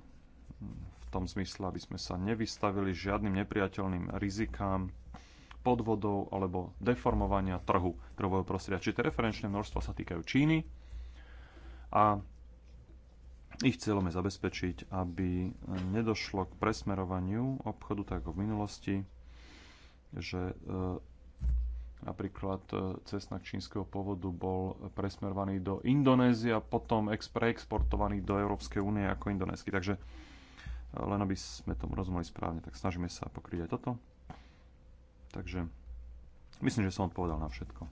v tom zmysle, aby sme sa nevystavili žiadnym nepriateľným rizikám podvodov alebo deformovania trhu trhového prostredia. Čiže tie referenčné množstva sa týkajú Číny a ich cieľom je zabezpečiť, aby nedošlo k presmerovaniu obchodu, tak ako v minulosti, že e, napríklad e, cesnak čínskeho pôvodu bol presmerovaný do Indonézia, potom preexportovaný do Európskej únie ako Indonésky. Takže e, len aby sme tomu rozumeli správne, tak snažíme sa pokryť aj toto. Takže myslím, že som odpovedal na všetko.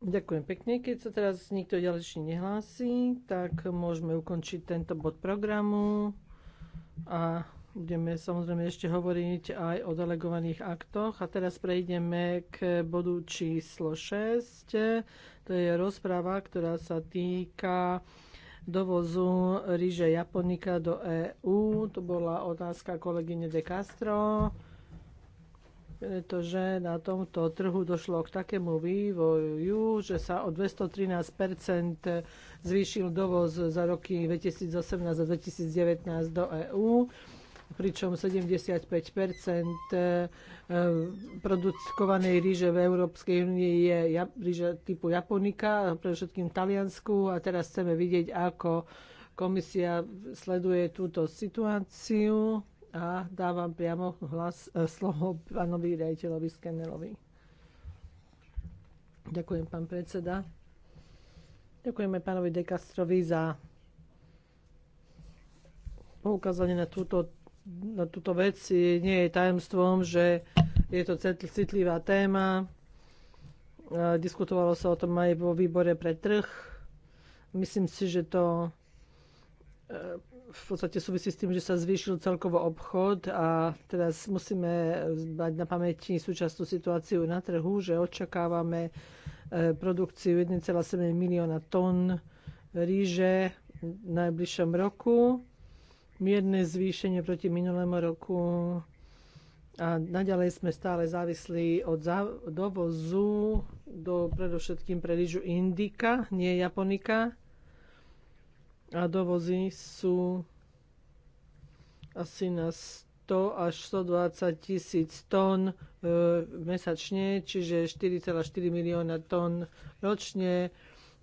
Ďakujem pekne. Keď sa teraz nikto ďalší nehlási, tak môžeme ukončiť tento bod programu a budeme samozrejme ešte hovoriť aj o delegovaných aktoch. A teraz prejdeme k bodu číslo 6. To je rozpráva, ktorá sa týka dovozu ríže Japonika do EÚ. To bola otázka kolegyne De Castro pretože na tomto trhu došlo k takému vývoju, že sa o 213 zvýšil dovoz za roky 2018 a 2019 do EÚ, pričom 75 e, produkovanej ríže v Európskej únii je ríža typu Japonika, pre všetkým Taliansku a teraz chceme vidieť, ako komisia sleduje túto situáciu a dávam priamo hlas, e, slovo pánovi riaditeľovi Skenelovi. Ďakujem, pán predseda. Ďakujeme pánovi Dekastrovi za poukázanie na túto, na túto vec. Nie je tajemstvom, že je to citlivá téma. E, diskutovalo sa o tom aj vo výbore pre trh. Myslím si, že to v podstate súvisí s tým, že sa zvýšil celkovo obchod a teraz musíme mať na pamäti súčasnú situáciu na trhu, že očakávame e, produkciu 1,7 milióna tón ríže v najbližšom roku, mierne zvýšenie proti minulému roku a naďalej sme stále závislí od dovozu do predovšetkým pre rížu Indika, nie Japonika a dovozy sú asi na 100 až 120 tisíc tón e, mesačne, čiže 4,4 milióna tón ročne.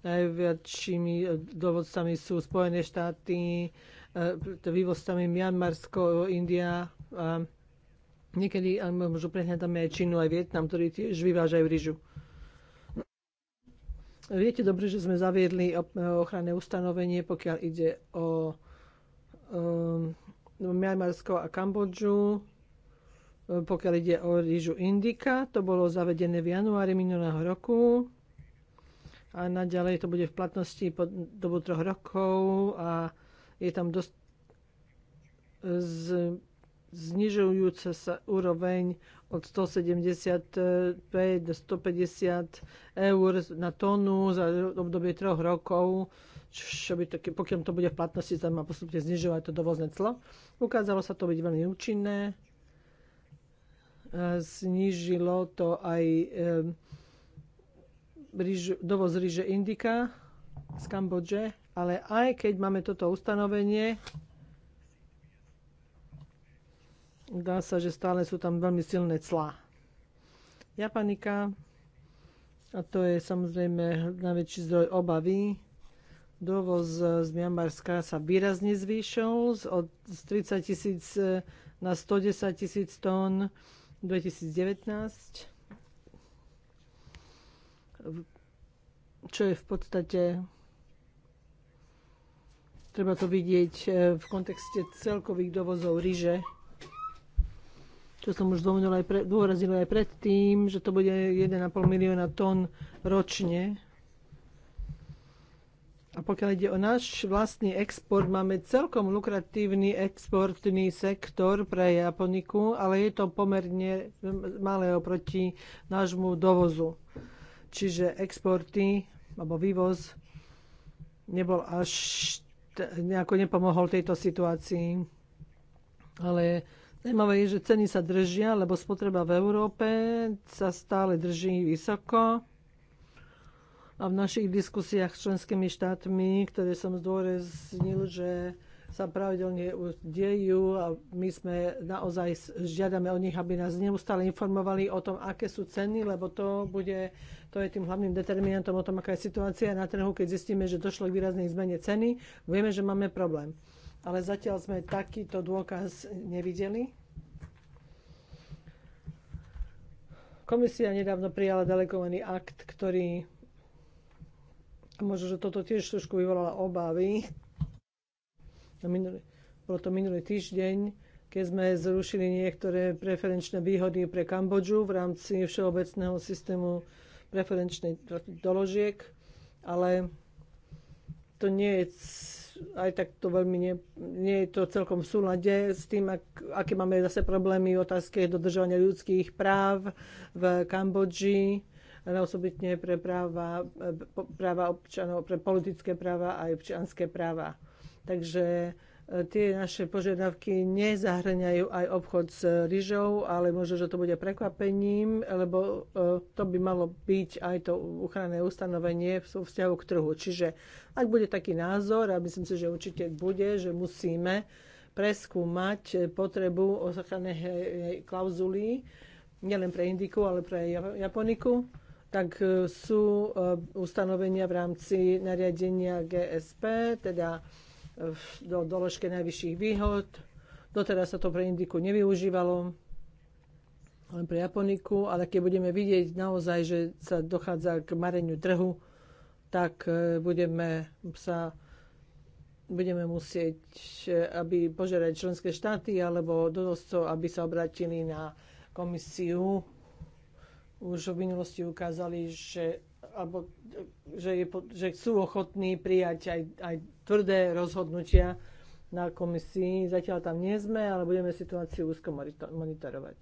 Najväčšími e, dovodcami sú Spojené štáty, e, vývozcami Mianmarsko, India a niekedy môžu možno prehľadáme aj Čínu, aj Vietnam, ktorí tiež vyvážajú ryžu. Viete dobre, že sme zaviedli ochranné ustanovenie, pokiaľ ide o um, a Kambodžu, pokiaľ ide o rýžu Indika. To bolo zavedené v januári minulého roku a naďalej to bude v platnosti po dobu troch rokov a je tam dosť z, znižujúca sa úroveň od 175 do 150 eur na tónu za obdobie troch rokov, čo by to, pokiaľ to bude v platnosti, tam má postupne znižovať to dovozné clo. Ukázalo sa to byť veľmi účinné. Znížilo to aj dovoz ríže Indika z Kambodže, ale aj keď máme toto ustanovenie, dá sa, že stále sú tam veľmi silné clá. Japanika, a to je samozrejme najväčší zdroj obavy, dovoz z Mianmarska sa výrazne zvýšil od 30 tisíc e, na 110 tisíc tón 2019, čo je v podstate treba to vidieť e, v kontexte celkových dovozov ryže čo som už aj pre, aj predtým, že to bude 1,5 milióna tón ročne. A pokiaľ ide o náš vlastný export, máme celkom lukratívny exportný sektor pre Japoniku, ale je to pomerne malé oproti nášmu dovozu. Čiže exporty alebo vývoz nebol až nejako nepomohol tejto situácii. Ale Zajímavé je, že ceny sa držia, lebo spotreba v Európe sa stále drží vysoko. A v našich diskusiách s členskými štátmi, ktoré som zdôraznil, že sa pravidelne dejú a my sme naozaj žiadame od nich, aby nás neustále informovali o tom, aké sú ceny, lebo to bude, to je tým hlavným determinantom o tom, aká je situácia na trhu, keď zistíme, že došlo k výraznej zmene ceny, vieme, že máme problém ale zatiaľ sme takýto dôkaz nevideli. Komisia nedávno prijala delegovaný akt, ktorý možno, že toto tiež trošku vyvolala obavy. No, minulý, bolo to minulý týždeň, keď sme zrušili niektoré preferenčné výhody pre Kambodžu v rámci všeobecného systému preferenčných doložiek, ale to nie je aj tak to veľmi nie, nie je to celkom v súlade s tým, ak, aké máme zase problémy v otázke dodržovania ľudských práv v Kambodži, osobitne pre práva, e, práva občanov, pre politické práva a občianské práva. Takže tie naše požiadavky nezahrňajú aj obchod s ryžou, ale možno, že to bude prekvapením, lebo e, to by malo byť aj to uchranné ustanovenie v vzťahu k trhu. Čiže ak bude taký názor, a myslím si, že určite bude, že musíme preskúmať potrebu ochrannej klauzuly, nielen pre Indiku, ale pre Japoniku, tak e, sú e, ustanovenia v rámci nariadenia GSP, teda do doložke najvyšších výhod. Doteraz sa to pre Indiku nevyužívalo, len pre Japoniku, ale keď budeme vidieť naozaj, že sa dochádza k mareniu trhu, tak e, budeme sa budeme musieť, e, aby požerať členské štáty alebo dodoscov, aby sa obratili na komisiu. Už v minulosti ukázali, že alebo že, je, že sú ochotní prijať aj, aj tvrdé rozhodnutia na komisii. Zatiaľ tam nie sme, ale budeme situáciu úzko monitorovať.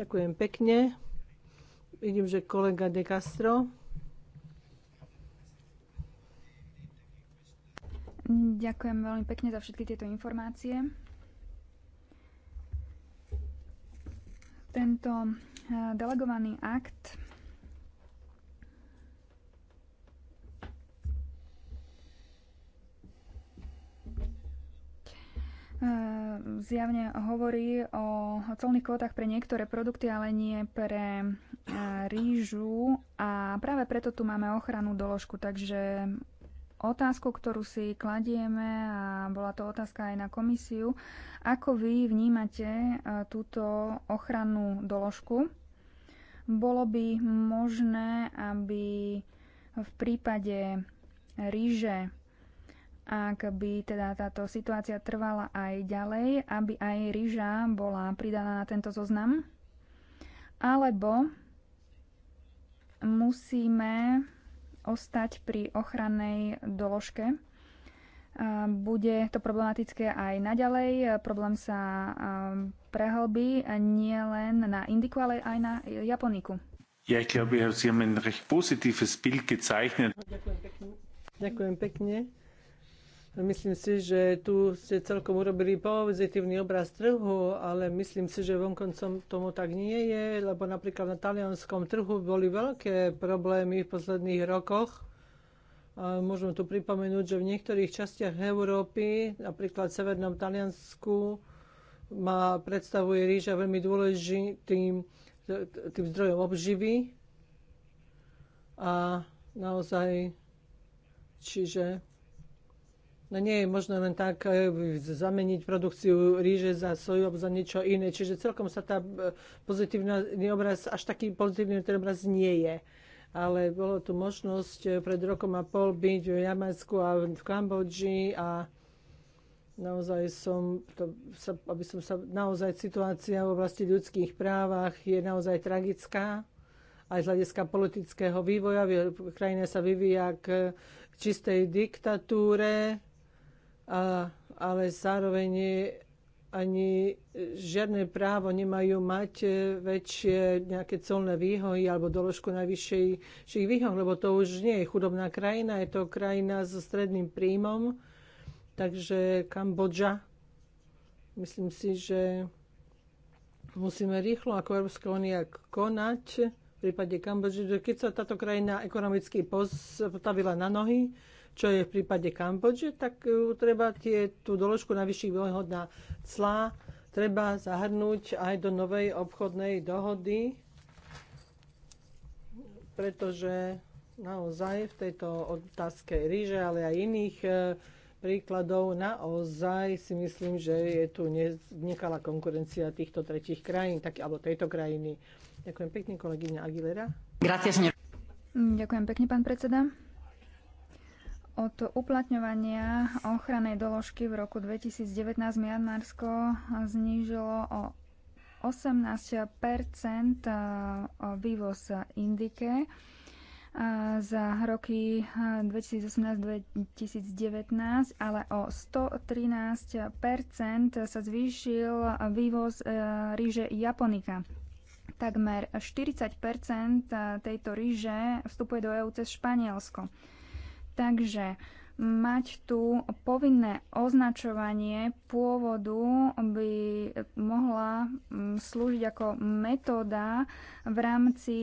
Ďakujem pekne. Vidím, že kolega De Castro. Ďakujem veľmi pekne za všetky tieto informácie. Tento eh, delegovaný akt Eh, zjavne hovorí o colných kvótach pre niektoré produkty, ale nie pre eh, rýžu a práve preto tu máme ochranu doložku, takže otázku, ktorú si kladieme a bola to otázka aj na komisiu, ako vy vnímate eh, túto ochrannú doložku? Bolo by možné, aby v prípade ríže ak by teda táto situácia trvala aj ďalej, aby aj ryža bola pridaná na tento zoznam. Alebo musíme ostať pri ochrannej doložke. Bude to problematické aj naďalej. Problém sa prehlbí nie len na Indiku, ale aj na Japoniku. Ja, ich glaube, Sie haben ein recht positives Bild gezeichnet. Ďakujem pekne. Ďakujem pekne. Myslím si, že tu ste celkom urobili pozitívny obraz trhu, ale myslím si, že vonkoncom tomu tak nie je, lebo napríklad na talianskom trhu boli veľké problémy v posledných rokoch. A môžem tu pripomenúť, že v niektorých častiach Európy, napríklad v severnom Taliansku, má, predstavuje ríža veľmi dôležitým tým zdrojom obživy. A naozaj, čiže No nie je možné len tak e, zameniť produkciu ríže za soju alebo za niečo iné. Čiže celkom sa tá e, pozitívny obraz, až taký pozitívny ten obraz nie je. Ale bolo tu možnosť e, pred rokom a pol byť v Jamajsku a v Kambodži a naozaj som, to, sa, aby som sa, naozaj situácia v oblasti ľudských právach je naozaj tragická aj z hľadiska politického vývoja. Krajina sa vyvíja k čistej diktatúre a, ale zároveň ani žiadne právo nemajú mať e, väčšie nejaké colné výhohy alebo doložku najvyšších výhoh, lebo to už nie je chudobná krajina, je to krajina so stredným príjmom, takže Kambodža. Myslím si, že musíme rýchlo ako Európska únia konať v prípade Kambodži, že keď sa táto krajina ekonomicky postavila na nohy, čo je v prípade Kambodže, tak e, treba tie, tú doložku na vyšších výhod na clá treba zahrnúť aj do novej obchodnej dohody, pretože naozaj v tejto otázke ríže, ale aj iných e, príkladov, naozaj si myslím, že je tu nekalá konkurencia týchto tretich krajín, tak, alebo tejto krajiny. Ďakujem pekne, kolegyňa Aguilera. Gracias, Ďakujem pekne, pán predseda. Od uplatňovania ochrannej doložky v roku 2019 Mianmarsko znížilo o 18 e, vývoz indike e, za roky 2018-2019, e, ale o 113 sa zvýšil vývoz ríže japonika. Takmer 40 tejto ríže vstupuje do EU cez Španielsko. Takže mať tu povinné označovanie pôvodu by mohla mm, slúžiť ako metóda v rámci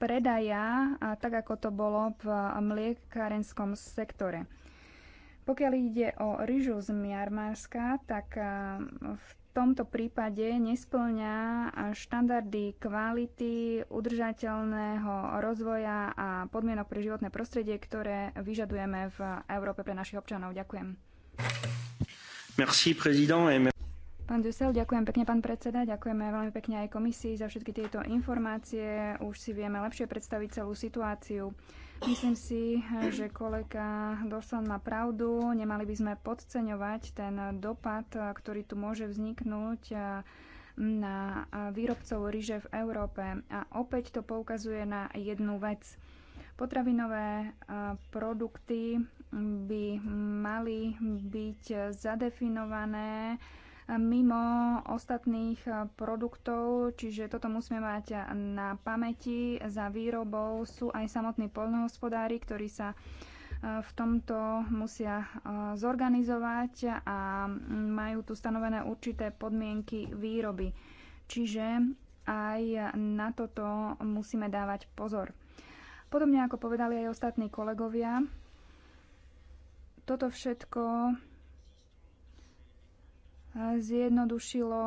predaja, tak ako to bolo v mliekárenskom sektore. Pokiaľ ide o ryžu z Miarmárska, tak v tomto prípade nesplňa štandardy kvality udržateľného rozvoja a podmienok pre životné prostredie, ktoré vyžadujeme v Európe pre našich občanov. Ďakujem. Merci, prezident. Pán Dusel, ďakujem pekne, pán predseda. Ďakujeme veľmi pekne aj komisii za všetky tieto informácie. Už si vieme lepšie predstaviť celú situáciu. Myslím si, že kolega Dorsan má pravdu. Nemali by sme podceňovať ten dopad, ktorý tu môže vzniknúť eh, na výrobcov ryže v Európe. A opäť to poukazuje na jednu vec. Potravinové eh, produkty by mali byť zadefinované mimo ostatných eh, produktov, čiže toto musíme mať na pamäti. Za výrobou sú aj samotní poľnohospodári, ktorí sa eh, v tomto musia eh, zorganizovať a majú tu stanovené určité podmienky výroby. Čiže aj na toto musíme dávať pozor. Podobne ako povedali aj ostatní kolegovia, toto všetko zjednodušilo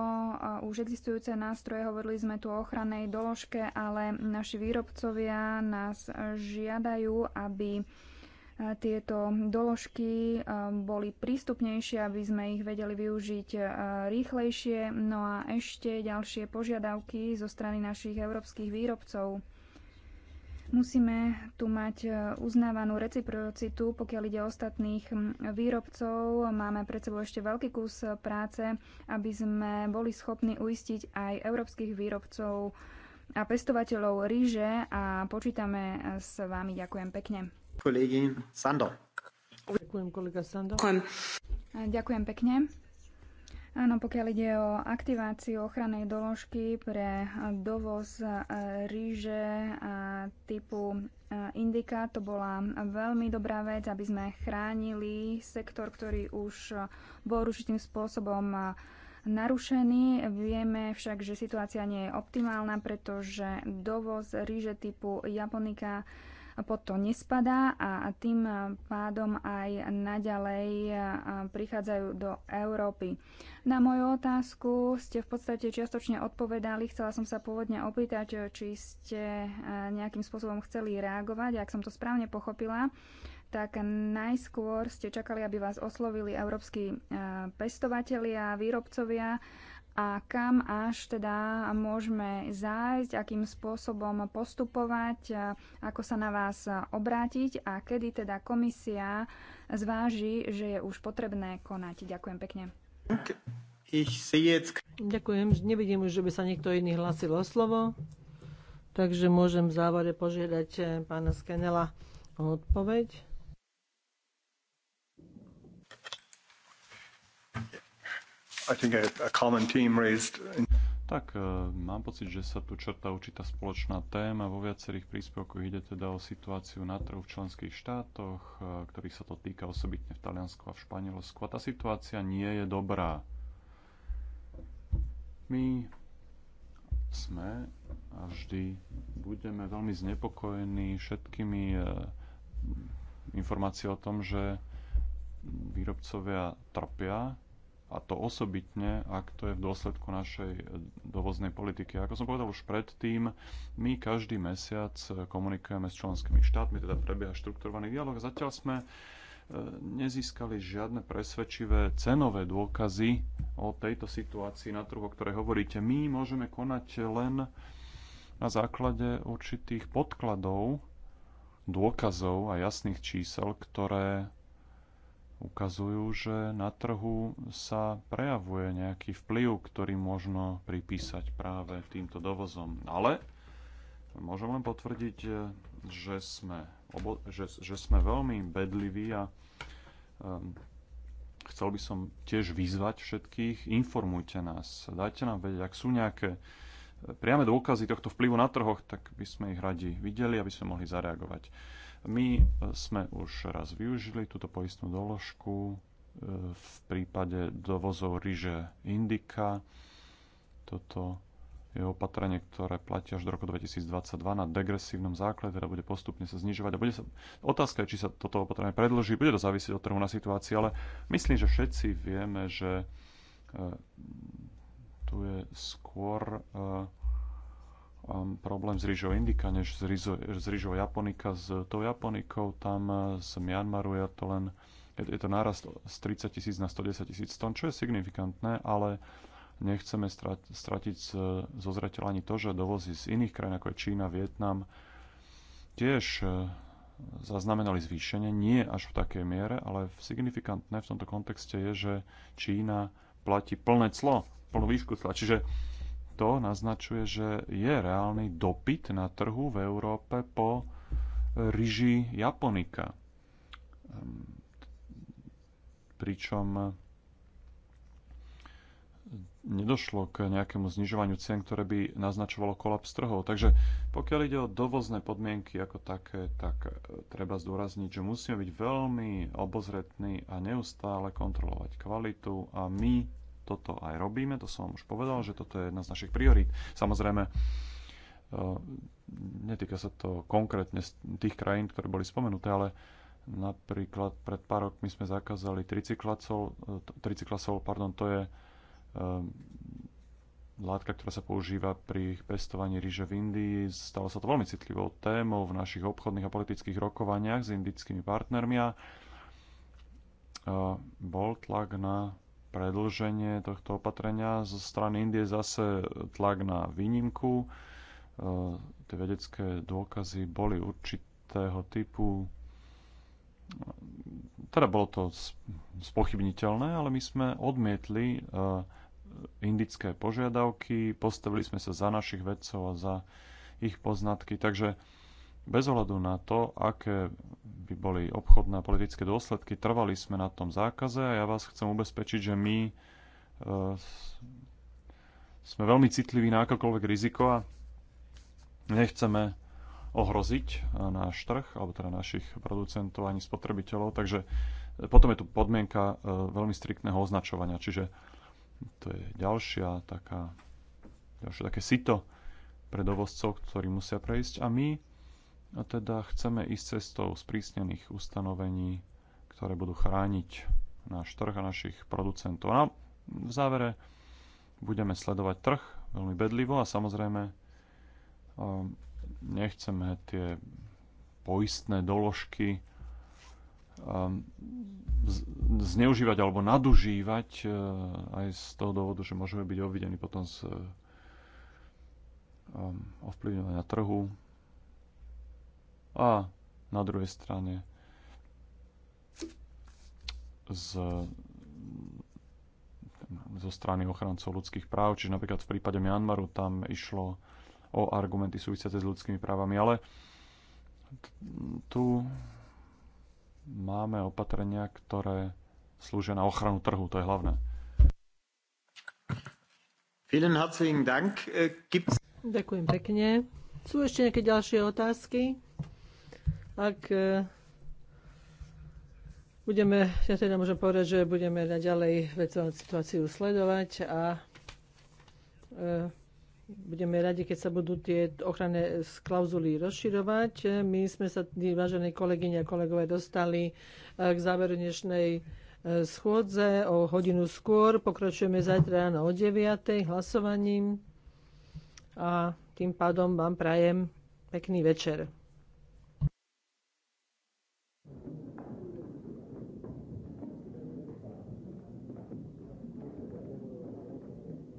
už existujúce nástroje. Hovorili sme tu o ochrannej doložke, ale naši výrobcovia nás žiadajú, aby e, tieto doložky e, boli prístupnejšie, aby sme ich vedeli využiť e, rýchlejšie. No a ešte ďalšie požiadavky zo strany našich európskych výrobcov. Musíme tu mať e, uznávanú reciprocitu, pokiaľ ide o ostatných výrobcov. Máme pred sebou ešte veľký kus e, práce, aby sme boli schopní uistiť aj európskych výrobcov a pestovateľov ríže a počítame e, s vami. Ďakujem pekne. Kolegy Sando. Ďakujem, kolega Sando. Ďakujem pekne. Áno, pokiaľ ide o aktiváciu ochrannej doložky pre dovoz e, ríže e, typu e, indika, to bola veľmi dobrá vec, aby sme chránili sektor, ktorý už bol určitým spôsobom narušený. Vieme však, že situácia nie je optimálna, pretože dovoz ríže typu japonika pod to nespadá a tým pádom aj naďalej prichádzajú do Európy. Na moju otázku ste v podstate čiastočne odpovedali. Chcela som sa pôvodne opýtať, či ste nejakým spôsobom chceli reagovať. Ak som to správne pochopila, tak najskôr ste čakali, aby vás oslovili európsky pestovatelia, výrobcovia, a kam až teda môžeme zájsť, akým spôsobom postupovať, ako sa na vás obrátiť a kedy teda komisia zváži, že je už potrebné konať. Ďakujem pekne. Ďakujem, nevidím už, že by sa niekto iný hlásil o slovo, takže môžem v závore požiadať eh, pána Skenela o odpoveď tak e, mám pocit, že sa tu črta určitá spoločná téma. Vo viacerých príspevkoch ide teda o situáciu na trhu v členských štátoch, e, ktorých sa to týka osobitne v Taliansku a v Španielsku. A tá situácia nie je dobrá. My sme a vždy budeme veľmi znepokojení všetkými e, informáciami o tom, že výrobcovia trpia a to osobitne, ak to je v dôsledku našej eh, dovoznej politiky. Ako som povedal už predtým, my každý mesiac eh, komunikujeme s členskými štátmi, teda prebieha štrukturovaný dialog. Zatiaľ sme eh, nezískali žiadne presvedčivé cenové dôkazy o tejto situácii na trhu, o ktorej hovoríte. My môžeme konať len na základe určitých podkladov, dôkazov a jasných čísel, ktoré ukazujú, že na trhu sa prejavuje nejaký vplyv, ktorý možno pripísať práve týmto dovozom. Ale môžem len potvrdiť, že sme, obo, že, že sme veľmi bedliví a um, chcel by som tiež vyzvať všetkých, informujte nás, dajte nám vedieť, ak sú nejaké e, priame dôkazy tohto vplyvu na trhoch, tak by sme ich radi videli, aby sme mohli zareagovať. My e, sme už raz využili túto poistnú doložku e, v prípade dovozov ryže Indika. Toto je opatrenie, ktoré platí až do roku 2022 na degresívnom základe, teda bude postupne sa znižovať. A bude sa, otázka je, či sa toto opatrenie predlží, bude to závisieť od trhu na situácii, ale myslím, že všetci vieme, že e, tu je skôr problém s rýžou indika, než s, rýžou japonika. S tou japonikou tam eh, z Mianmaru je to len je, je to nárast z 30 tisíc na 110 tisíc tón, čo je signifikantné, ale nechceme strat, stratiť zo zreteľa ani to, že dovozy z iných krajín, ako je Čína, Vietnam, tiež eh, zaznamenali zvýšenie, nie až v takej miere, ale signifikantné v tomto kontexte je, že Čína platí plné clo, plnú výšku cla. Čiže to naznačuje, že je reálny dopyt na trhu v Európe po ryži japonika. Ehm, pričom nedošlo k nejakému znižovaniu cien, ktoré by naznačovalo kolaps trhov. Takže pokiaľ ide o dovozné podmienky ako také, tak e, treba zdôrazniť, že musíme byť veľmi obozretní a neustále kontrolovať kvalitu a my toto aj robíme, to som vám už povedal, že toto je jedna z našich priorít. Samozrejme, e, netýka sa to konkrétne tých krajín, ktoré boli spomenuté, ale napríklad pred pár rokmi sme zakázali tricyklasol, e, tricyklasol pardon, to je e, látka, ktorá sa používa pri pestovaní ríže v Indii. Stalo sa to veľmi citlivou témou v našich obchodných a politických rokovaniach s indickými partnermi a bol tlak na predlženie tohto opatrenia. Zo strany Indie zase tlak na výnimku. E, tie vedecké dôkazy boli určitého typu. Teda bolo to spochybniteľné, ale my sme odmietli e, indické požiadavky, postavili sme sa za našich vedcov a za ich poznatky. Takže bez ohľadu na to, aké by boli obchodné a politické dôsledky, trvali sme na tom zákaze a ja vás chcem ubezpečiť, že my e, sme veľmi citliví na akékoľvek riziko a nechceme ohroziť e, náš trh, alebo teda našich producentov ani spotrebiteľov. Takže potom je tu podmienka e, veľmi striktného označovania, čiže to je ďalšia taká, ďalšie také sito pre dovozcov, ktorí musia prejsť. A my a teda chceme ísť cestou sprísnených ustanovení, ktoré budú chrániť náš trh a našich producentov. A no, v závere budeme sledovať trh veľmi bedlivo a samozrejme ehm, nechceme tie poistné doložky ehm, zneužívať alebo nadužívať e, aj z toho dôvodu, že môžeme byť obvidení potom z ehm, ovplyvňovania trhu a na druhej strane z, zo strany ochrancov ľudských práv, čiže napríklad v prípade Mianmaru tam išlo o argumenty súvisiace s ľudskými právami, ale tu máme opatrenia, ktoré slúžia na ochranu trhu, to je hlavné. Äh, Ďakujem pekne. Sú ešte nejaké ďalšie otázky? Ak e, budeme, ja teda môžem povedať, že budeme naďalej situáciu sledovať a e, budeme radi, keď sa budú tie ochranné klauzuly rozširovať. My sme sa, vážené kolegyne a kolegové, dostali e, k záveru dnešnej schôdze o hodinu skôr. Pokračujeme zajtra ráno o 9. hlasovaním a tým pádom vám prajem pekný večer.